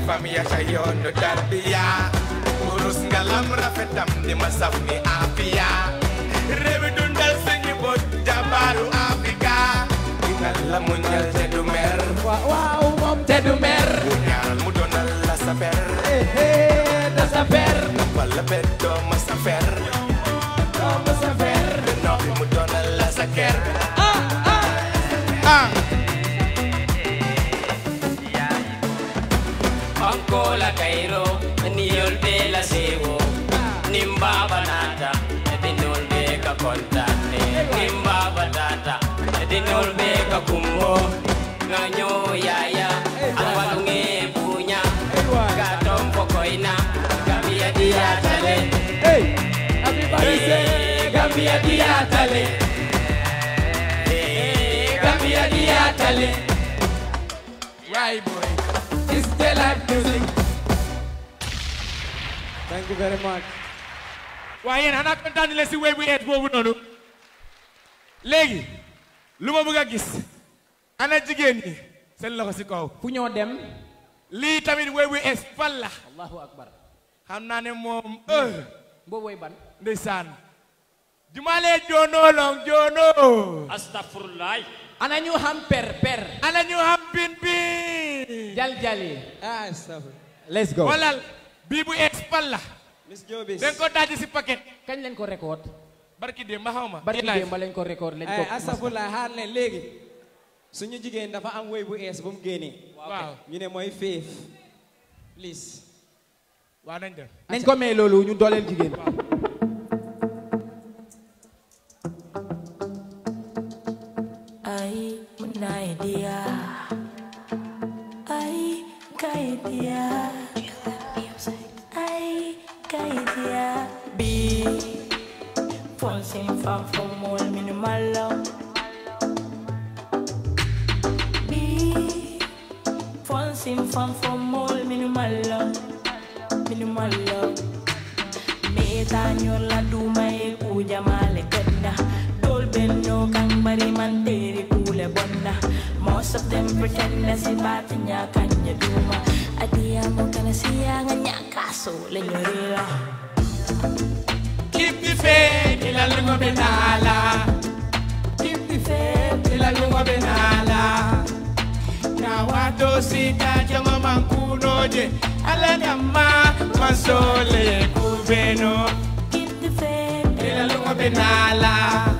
famille sa yoonu tarbiya urus ngalam rafetam di masaf ni afiya réew dundal suñu bët jabaru Afrika dingal la muñal te du mer waaw unyal moom te du mer bu mu la da saber fer la beddoo la cairo ni ol be la sewo nin baba data dinol be ka kontane nin baba data dinol be ka kumo ngaño yaya awalunge buña ka tompo koina gambia dia tale hey everybody say eh, gambia dia tale Right, boy. It's the life music. you very much. waaye yéen si wéy bu eet boobu noonu. léegi lu ma bëgg a gis. ana jigéen ñi seen loxo si kaw. fu ñoo dem. lii tamit wéy bu eet fan la. akbar. xam naa ne moom. Euh. boo woy ban. ndeysaan. jumale joonoo long joonoo. astafurlaay. ana ñu xam per per. ana ñu xam pin pin. walal bii bu eet fan la. Miss Jobis. dañ ko daaji si paket. kañ leen ko record. barki démb ba xaw barki démb ba lañ ko record lañ ko. Eh, asafurla xaar leen léegi. suñu jigéen dafa am woy bu es bu mu génnee. waaw ñu ne mooy féef. please. waaw nañ dem. nañ ko may loolu ñu dooleel jigéen. i mun naa idea I ay ka idea yeah. B. Phone same far from all minimal love. B. Phone same far from all minimal love. Minimal love. Me tanyo la duma e kuja male kena. Dolben no kang man teri kule bonna. Most of them na si batinya kanya duma. Adi amo kana siya nganya kaso lenyerila. Keep the faith ila lungo benala. Keep the faith ila lungo benala. see, watu your mama mankuno je ala dama masole kubeno. Keep the faith ila lungo benala.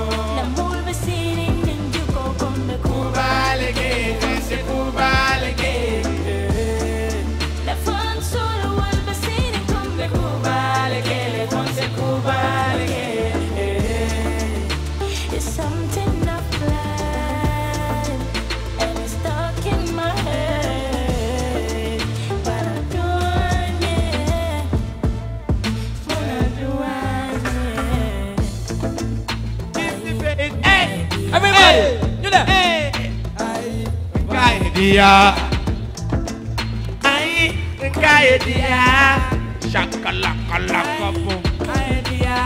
dị ya anyị nke anyị dị ya shakalakalakabụ anyị dị ya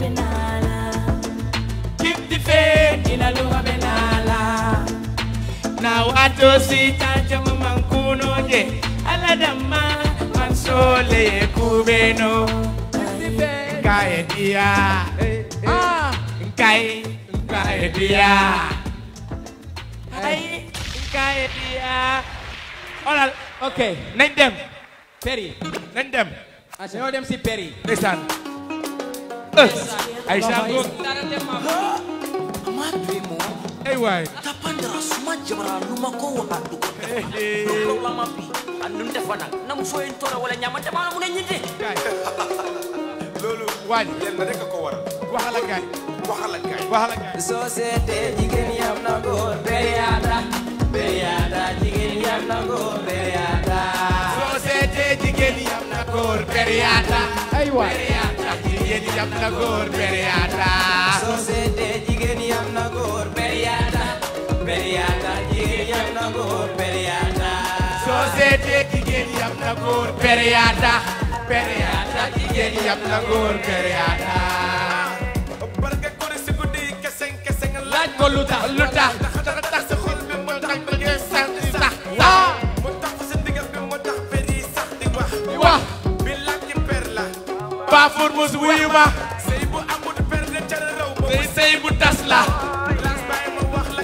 benala. keep the faith inalumabe n'ala na watu sitaje mama nkunoje aladama mansole kubeno ah. nkae dia nkae nkae dia media oke, ok peri, dem Perry nañ dem ah, si Perry ndeysaan ay Aku ay waay tapandara suma jamara luma ko wa du ko lawla ma bi annun defa nak nam so en wala nyama dama mu ne ñinde lolu wani len ma rek ko wara waxala gaay waxala gaay so sedih te jigen yam beryaata jigéen yam na góor beryaata soo seetee jigéen yam na góor beryaata ay waay beryaata jigéen yam na góor beryaata soo seetee jigéen yam na góor beryaata beryaata jigéen yam na góor beryaata soo seetee jigéen yam na góor beryaata beryaata jigéen yam na góor beryaata barke ko ci guddi kese kese laaj ko lu tax lu tax Paa Formose wuyu ma sëy bu amul perte ca raw ba sëy bu tas la glace bay ma wax la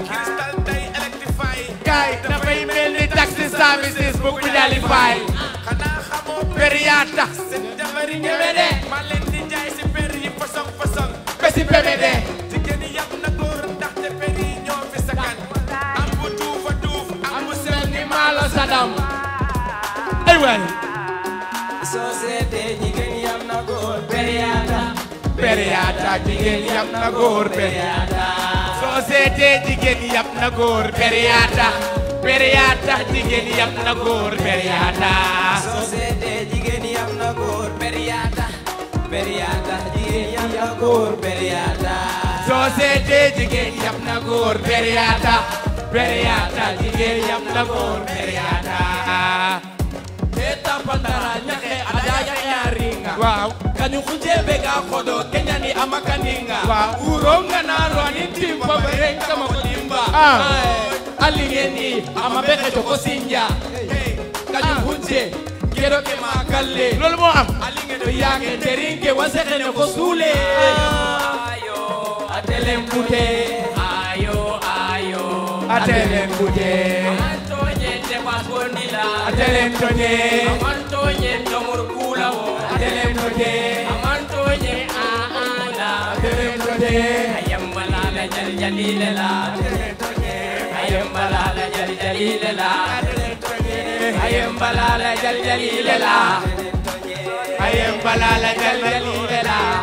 cristal day bu qualify xanaa xamoo per yaa tax seen jafari ñeme ma leen di jaay si per yi façon façon ba si peme de jigéen yi na góor ndaxte per yi ñoo fi sakan am bu tuufa tuuf am bu sel ni maalo sadam ay periyata jigéen yab na góor periyata soo seetee jigéen yab na góor periyata periyata jigéen yab na góor periyata soo seetee jigéen yab na góor periyata periyata jigéen yab na góor periyata soo seetee jigéen yab na góor periyata periyata jigéen yab na góor periyata waaw kanu kujebe ga kodo kenya ni amakaninga waaw uronga naro anitimba barenga makodimba ah alingeni amabeke tokosinja kanu kunje ah. kero ke makalle lolu mo am alingeni yake teringe wasekene kosule ayo atelemkute ayo ayo atelemkute atelemkute atelemkute मुझे अमर तुझे आला फिर तुझे अयम बलाल जल जलील ला अयम बलाल जल जलील ला अयम बलाल जल जलील ला अयम बलाल जल जलील ला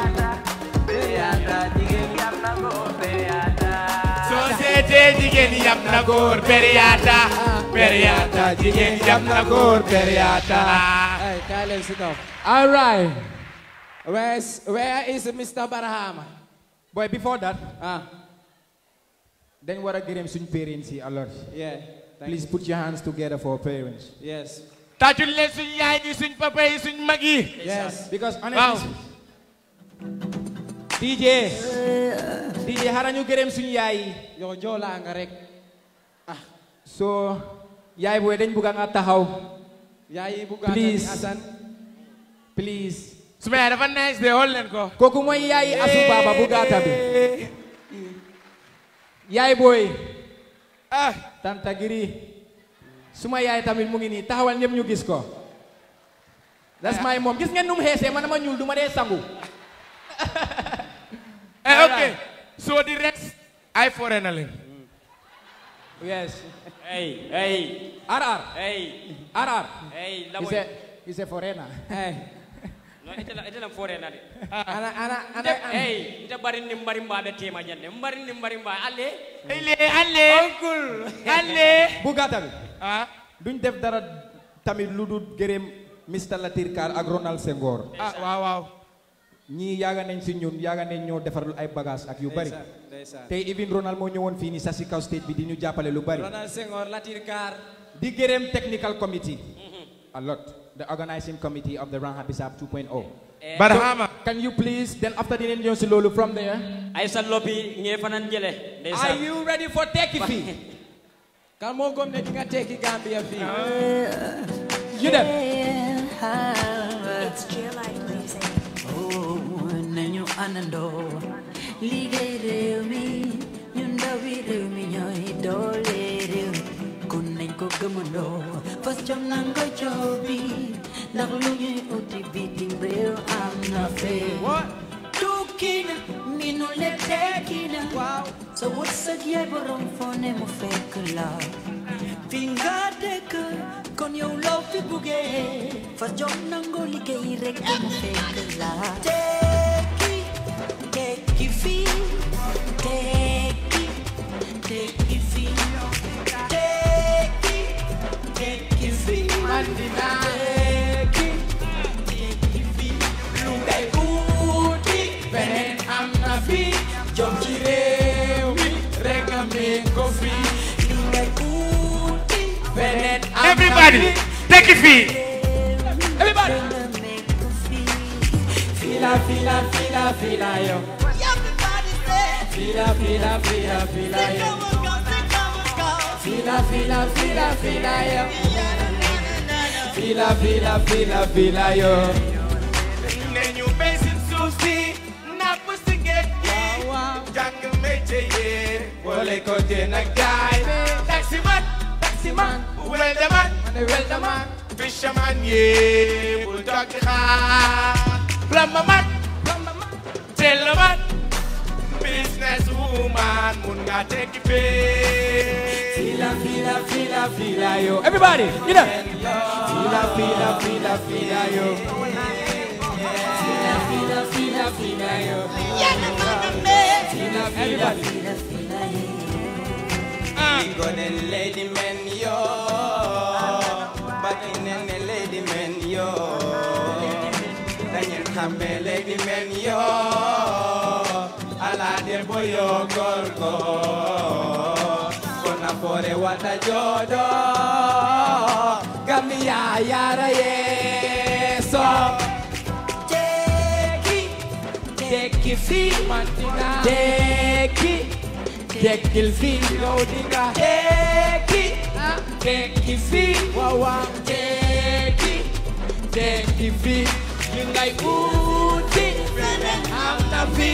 jigéen yam na góor periyaata periyaata jigéen yam na góor periyaata ay kaay leen si kaw all right Where's, where is Mr. Barham? Boy, before that, ah. then what a you doing parents here, Allah. Yeah. Please put your hands together for parents. Yes. Tajul le sun yaay sun papa yi sun mag yi. Yes, because honestly. Wow. DJ. DJ xara ñu gërëm suñu yaay yi. yow nga rek. ah so yaay booy dañ bugg a nga taxaw. yaay yi please. please. Sime, have a nice day, all and go. Kokumo yai eh. baba bugata bi. Yai boy. Ah, tanta giri. Suma yai tamil mong ini, tahawal niyam nyugis ko. That's eh. my mom. Gis ngeen num hese man ma ñuul duma dé sangu. Eh okay. So the rest I for analing. Yes. Hey, hey. Arar. Hey. Arar. Hey, la He a he said foreigner. Hey. Eh. itela forenade ana ah, ana ah, ana ah, ey nte mbarinni mbari mbaɓe tema ñande mbarinni mbari mba alle alle alle oncule alle buga tamit a duñ def dara tamit lu dul gërëm Mr Latir Kar ak Ronald Senghor ah waaw waaw ñii yaaga nañ si ñun yaaga nañ ñoo defar ay bagage ak yu bari tey even Ronald moo ñëwoon fii ni sa si kaw state bi di ñu jàppale lu bari Ronald Senghor Latir Kar di gërëm technical committee mhm. a lot the organizing committee of the Rang Habisab 2.0. Eh, Barhama. So, can you please, then after the Indian Silulu from there. Are you ready for Tekifi? Come on, come take a Teki Gambia fee. You there? It's Geolite music. Oh, Nenyo Anando. Lige Rumi, Yundavi Rumi, Yoi Dole Rumi, Kunen Kokamundo. fas jom nanga joobi ndax lu ñuy uti bitim réew am na fee tukki na minu le tekki na sa wërsëg yaay borom foo ne mu fekk la fi nga dëkk kon yow loo fi buggee fas jom nangoo liggéey rek mu fekk la tekki tekki fii tekki tekki Everybody, take it feel. Everybody. Fila, fila, fila, fila, yo. Fila, fila, fila, fila, yo. Fila, fila, fila, fila, yo vila, vila, vila, vila yo Nenyu bezin souci, na pusi gekki Jang meje ye, wole kote na guy Taxi man, taxi man, welde man, welde man Fisherman ye, bulldog ha Plumber man, plumber man, tailor man business woman, take pay. Fila, fila, fila, fila, yo. Everybody, get up. Fila, fila, fila, fila, yo. Fila, fila, fila, fila, yo. Everybody. Uh. We gonna lady yo. in lady yo. Daniel Campbell, lady yo nane boyo gorgo kona fore wata jodo gamia yara yeso teki teki fi matina teki teki fi fi wawa fi yungai fi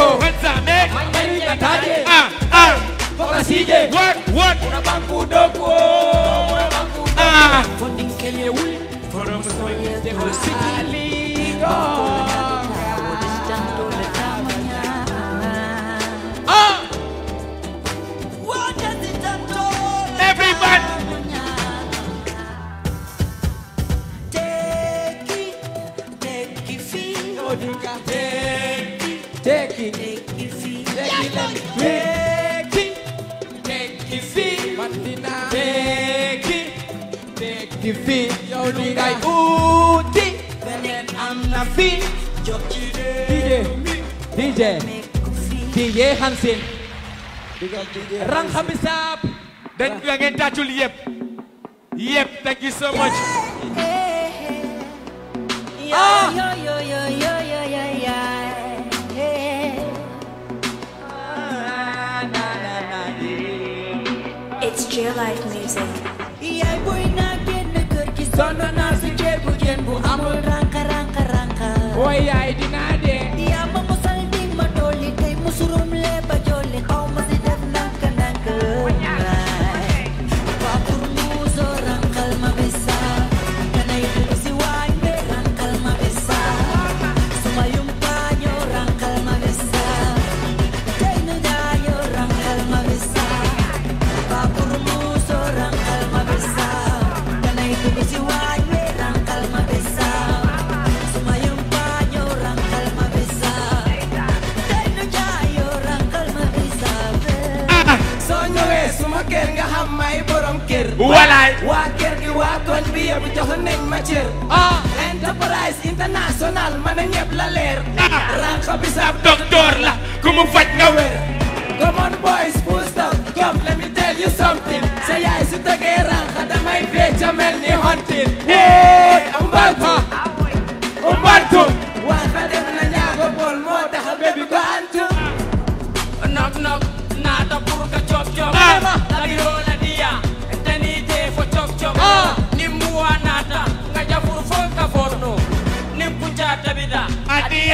Unatakaje? Ah, ah. sije? Una banku Una banku Ah. Funding am na DJ DJ Hansin rang xabisaab dañ da ngeen tàccul thank you so much ah It's real life music. Yeah, boy, sonn naa si ceebu jën bu amul ranka ranka ranka. waaye yaay dinaa. cër waa kër gi waa koñ bi yëpp jox nañ ma cër ah. enterprise international ma ne ñëpp la leer ah. ranqa bisaab docteur la ku mu faj nga wér come boys full stop come let me tell you sa yaay su tegee ranqa damay fecca mel ni hontin wóoy umbartu umbartu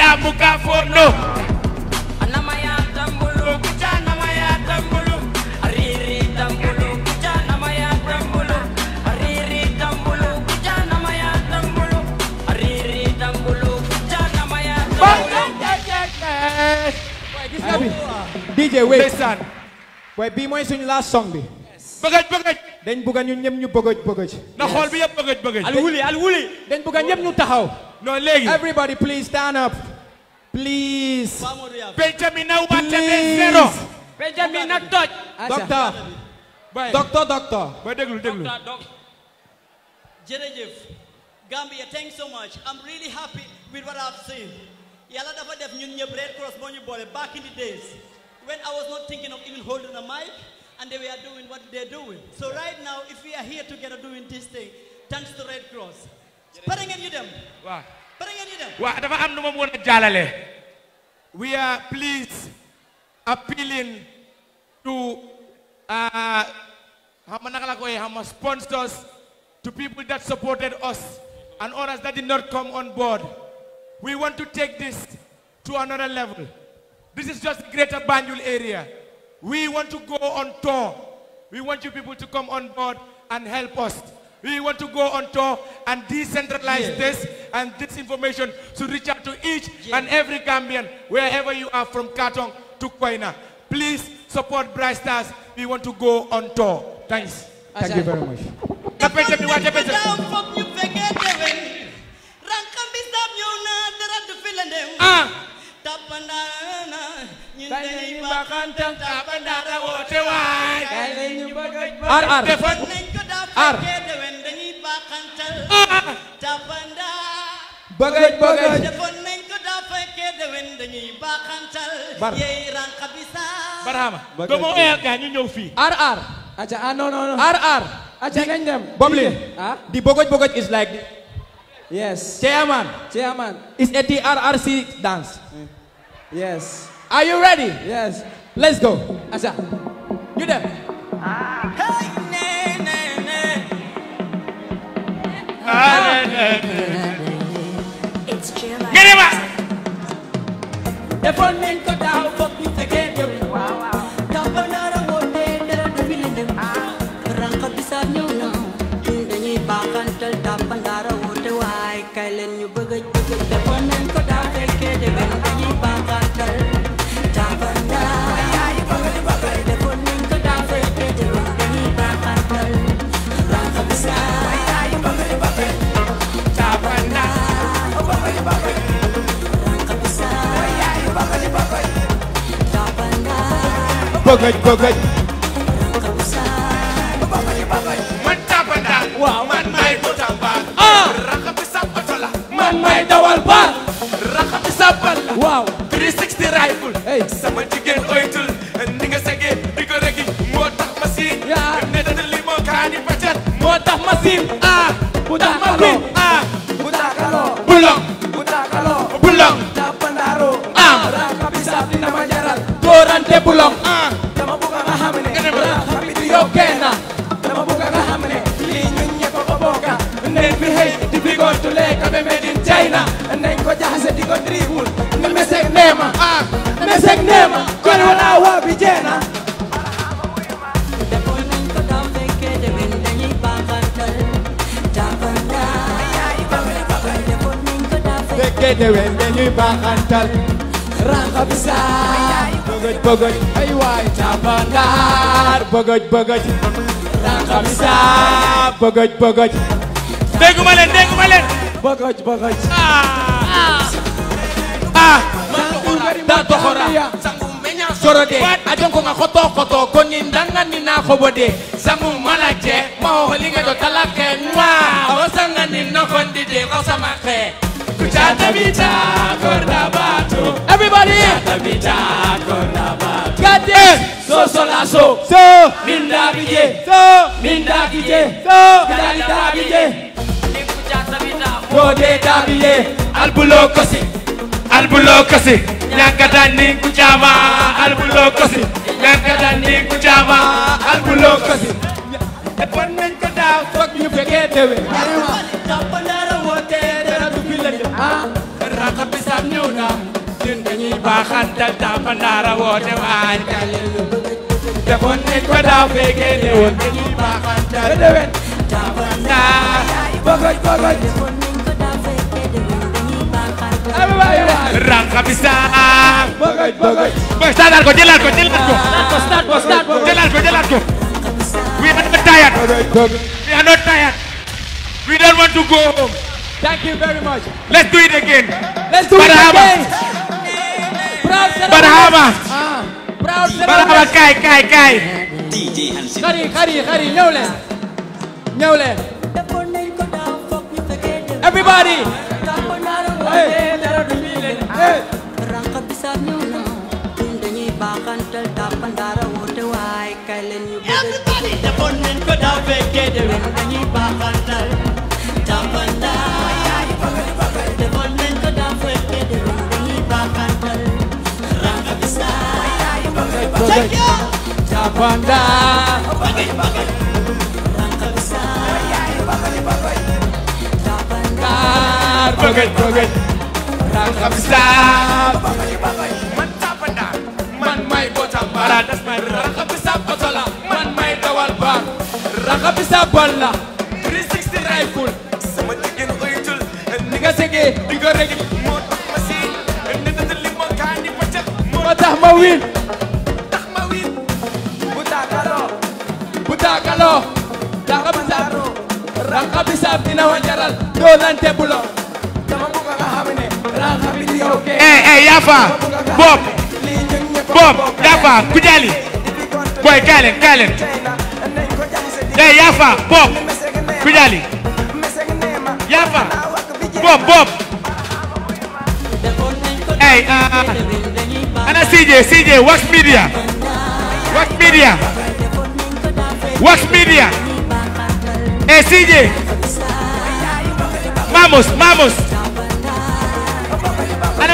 ya mukafono DJ wait listen way bi moy suñu last song bi bëggëj bëggëj Then bëgg ñu ñëm ñu bëggëj bëggëj na xool bi yëpp bëggëj bëggëj al wuli al wuli dañ bëgg ñu taxaw no léegi everybody please stand up Please. Benjamin Please. Benjamin touch. Doctor. Doctor, doctor. Doctor, doctor. Jerejef, Gambia, thanks so much. I'm really happy with what I've seen. Yala dafa def ñun ñëpp Red Cross moo ñu boole back in the days when I was not thinking of even holding a mic and they were doing what they're doing. So right now, if we are here together doing this thing, thanks to Red Cross. Pare ngeen ñu dem. Waaw dafa am we are please appealing to uh, xam nga sponsors to people that supported us and others that did not come on board. We want to take this to another level. This is just greater Banjul area. We want to go on tour. We want you people to come on board and help us. We want to go on tour and decentralize yeah. this and this information to reach out to each yeah. and every Gambian, wherever you are from Katong to Kwaina. Please support Bright Stars. We want to go on tour. Thanks. Thank you very much. Ah. Oh, kan, di bogoj iya. ah? bogoj is like Yes. Chairman. Chairman. It's a DRRC dance. Mm. Yes. Are you ready? Yes. Let's go. Asa, you there? Ah. Hey, nee, nee, nee. Ah, nee, It's Jeremiah. Get him up! The front men cut out, fuck bëgëj bëgëj man tapanda waaw man may bu tamba ah raxa bi sa oto la man may dawal baar raxa sabbal la waaw 360 rifle hey sama jigéen oytul ni nga segee di ko regi moo tax machine yaa ne dana li moo kaani pacat moo tax machine ah. ah bu tax machine ah bu taakalo bulong bu taakalo bulong da pandaro ah da kabisa dina ma jaral doorante bulong ah ko driwul mi mesek neema ah mesek neema kon wala waa bi jeena fekkee dewen dañuy baaxantal ranga bisaar bogoj bogoj ay waay tabandaar bogoj bogoj ranga bisaar bogoj bogoj dégguma leen dégguma leen bogoj bogoj da doxora sorode nga malaje do talake kuchata korda everybody kuchata korda eh, so so la so so minda so minda so kuchata albulo kosi albulo kosi ñankata ni ku jaama albulo kosi ñankata ni na ñun dañuy baaxantal jàppaleera woote waañ kalilu defoon nañ ko daaw fekkee dewoon dañuy baaxantal dewen Rangka pisang. Bagai, bagai. Boy, start largo, dia largo, We are not tired. We are not tired. We don't want to go home. Thank you very much. Let's do it again. Let's do Barahama. it again. Barahama. Barahama. Ah. kai, kai, kai. DJ Hansen. Khari, khari, khari. Nyole. Nyole. Everybody. Hey. ranka bisaab ñëw na ñun dañuy baaxantal tàppandaara woote waay kay leen ñu bëgg defoon nañ ko daa fekkee de wen dañuy baaxantal tàppandaar defoon nañ ko daa fekkee de wen dañuy baaxantal ranka bisaab tàppandaar ranka bisaab tàppandaar bëgg bëgg Hamza man tapanda man may botam bara das may raxa oytul ni nga segee nga regi moo tax ma si nitata li ma kaani ma ma tax ma wiin bu taakalo jaral doo bulo Hey, eh, eh, hey Yafa Bob Bob Yafa Kujali boy kaay leen Hey eh, Yafa Bob Kujali Yafa Bob Bob eh uh, ana CJ CJ Wax Media Wax Media Wax Media Hey CJ Vamos, vamos.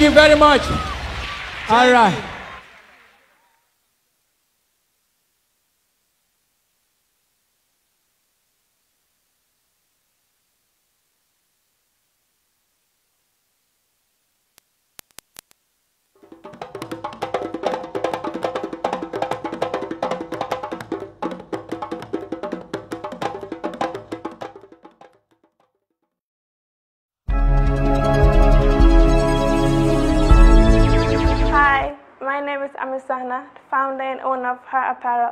Thank you very much. All right.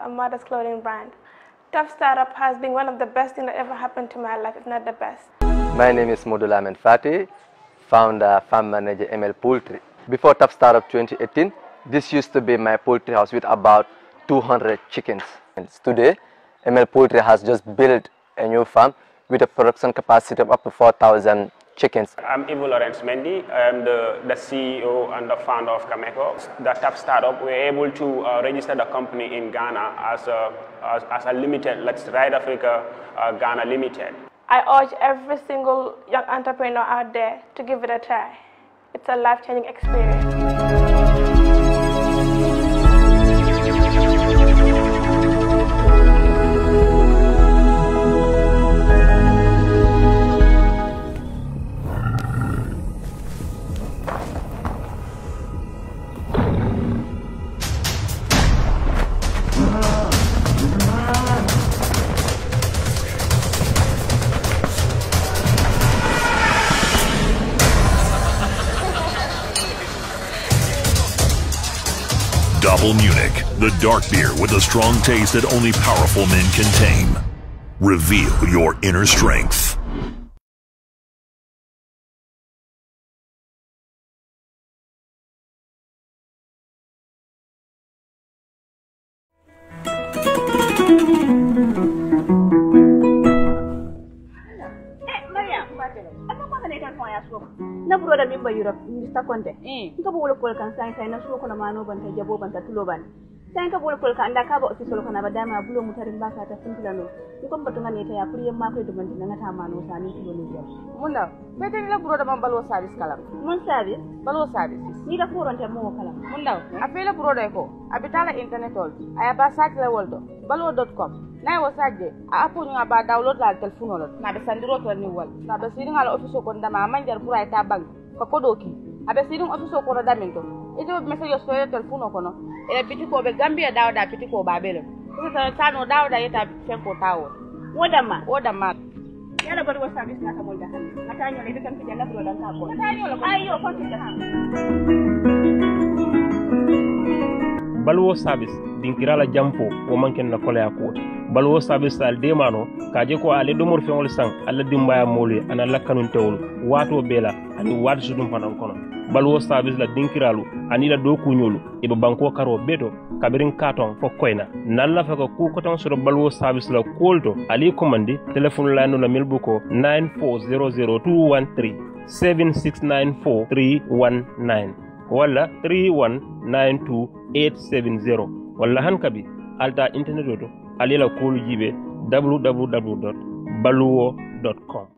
a mother's clothing brand. Tough Startup has been one of the best things that ever happened to my life, if not the best. My name is Modul Ahmed Fati, founder, farm manager, ML Poultry. Before Tough Startup 2018, this used to be my poultry house with about 200 chickens. And today, ML Poultry has just built a new farm with a production capacity of up to 4,000 chickens. I'm Ivo Lawrence Mendy. I'm the, the CEO and the founder of Cameco, The top startup, we're able to uh, register the company in Ghana as a, as, as a limited, let's Ride Africa uh, Ghana Limited. I urge every single young entrepreneur out there to give it a try. It's a life-changing experience. a dark beer with a strong taste that only powerful men can tame. Reveal your inner strength. Eh, na broda min ba Europe, Mr. Conte. Eh. Nka bo wala kol kan sai sai na so kono mano ban ta jabo ban ta tulo ban. tanka bol kol ka anda ka ba ofisol kana ba dama bulo mutarin baka ta funtula no ni kon batun ne ta ya kuriyen ma ko duman dinan ta ma no sani kilo ne ya munda beten la buro da man balwo service kala mun service balwo service ni da furon ta mo kala munda a fe la buro da ko abitala internet all aya ba site la woldo balwo.com na wa sajje a apo nyu ba download la telephone lot na be sandiro to ni wal na be sirin ala ofisol kon dama man jar burai ta bank ka kodoki a be sirin ofisol ko da min to itiwo bimesejo soyele tel funo kono ko bitikoɓe gambia dawɗa bitiko ta ɗum tana tano dawɗa yetta fenko tawo woda ma yala bari wo service nata molda tan gatañole ɓe tan fija labro ɗan ka bon ayo ti tan balwo service dinkirala jampo wo man ken na kolaya kuwota bal wo saabe sal demano ka je ko ale domor feŋol saŋ alla dimbaya moolu ye ana la kanuntewolu waato bee la ani waati sutum fanaŋ kono bal wo saabe la dinkiralu ani la do kuñolu ibe banko karo to kabirin katon fo koyna nan fa ko ku koton soto bal wo saabe la to ali komandi telefon la no la milbu ko 9400213 7694319 wala 3192870 walla han kabi alta internet o to ala yala koluji www balluwo com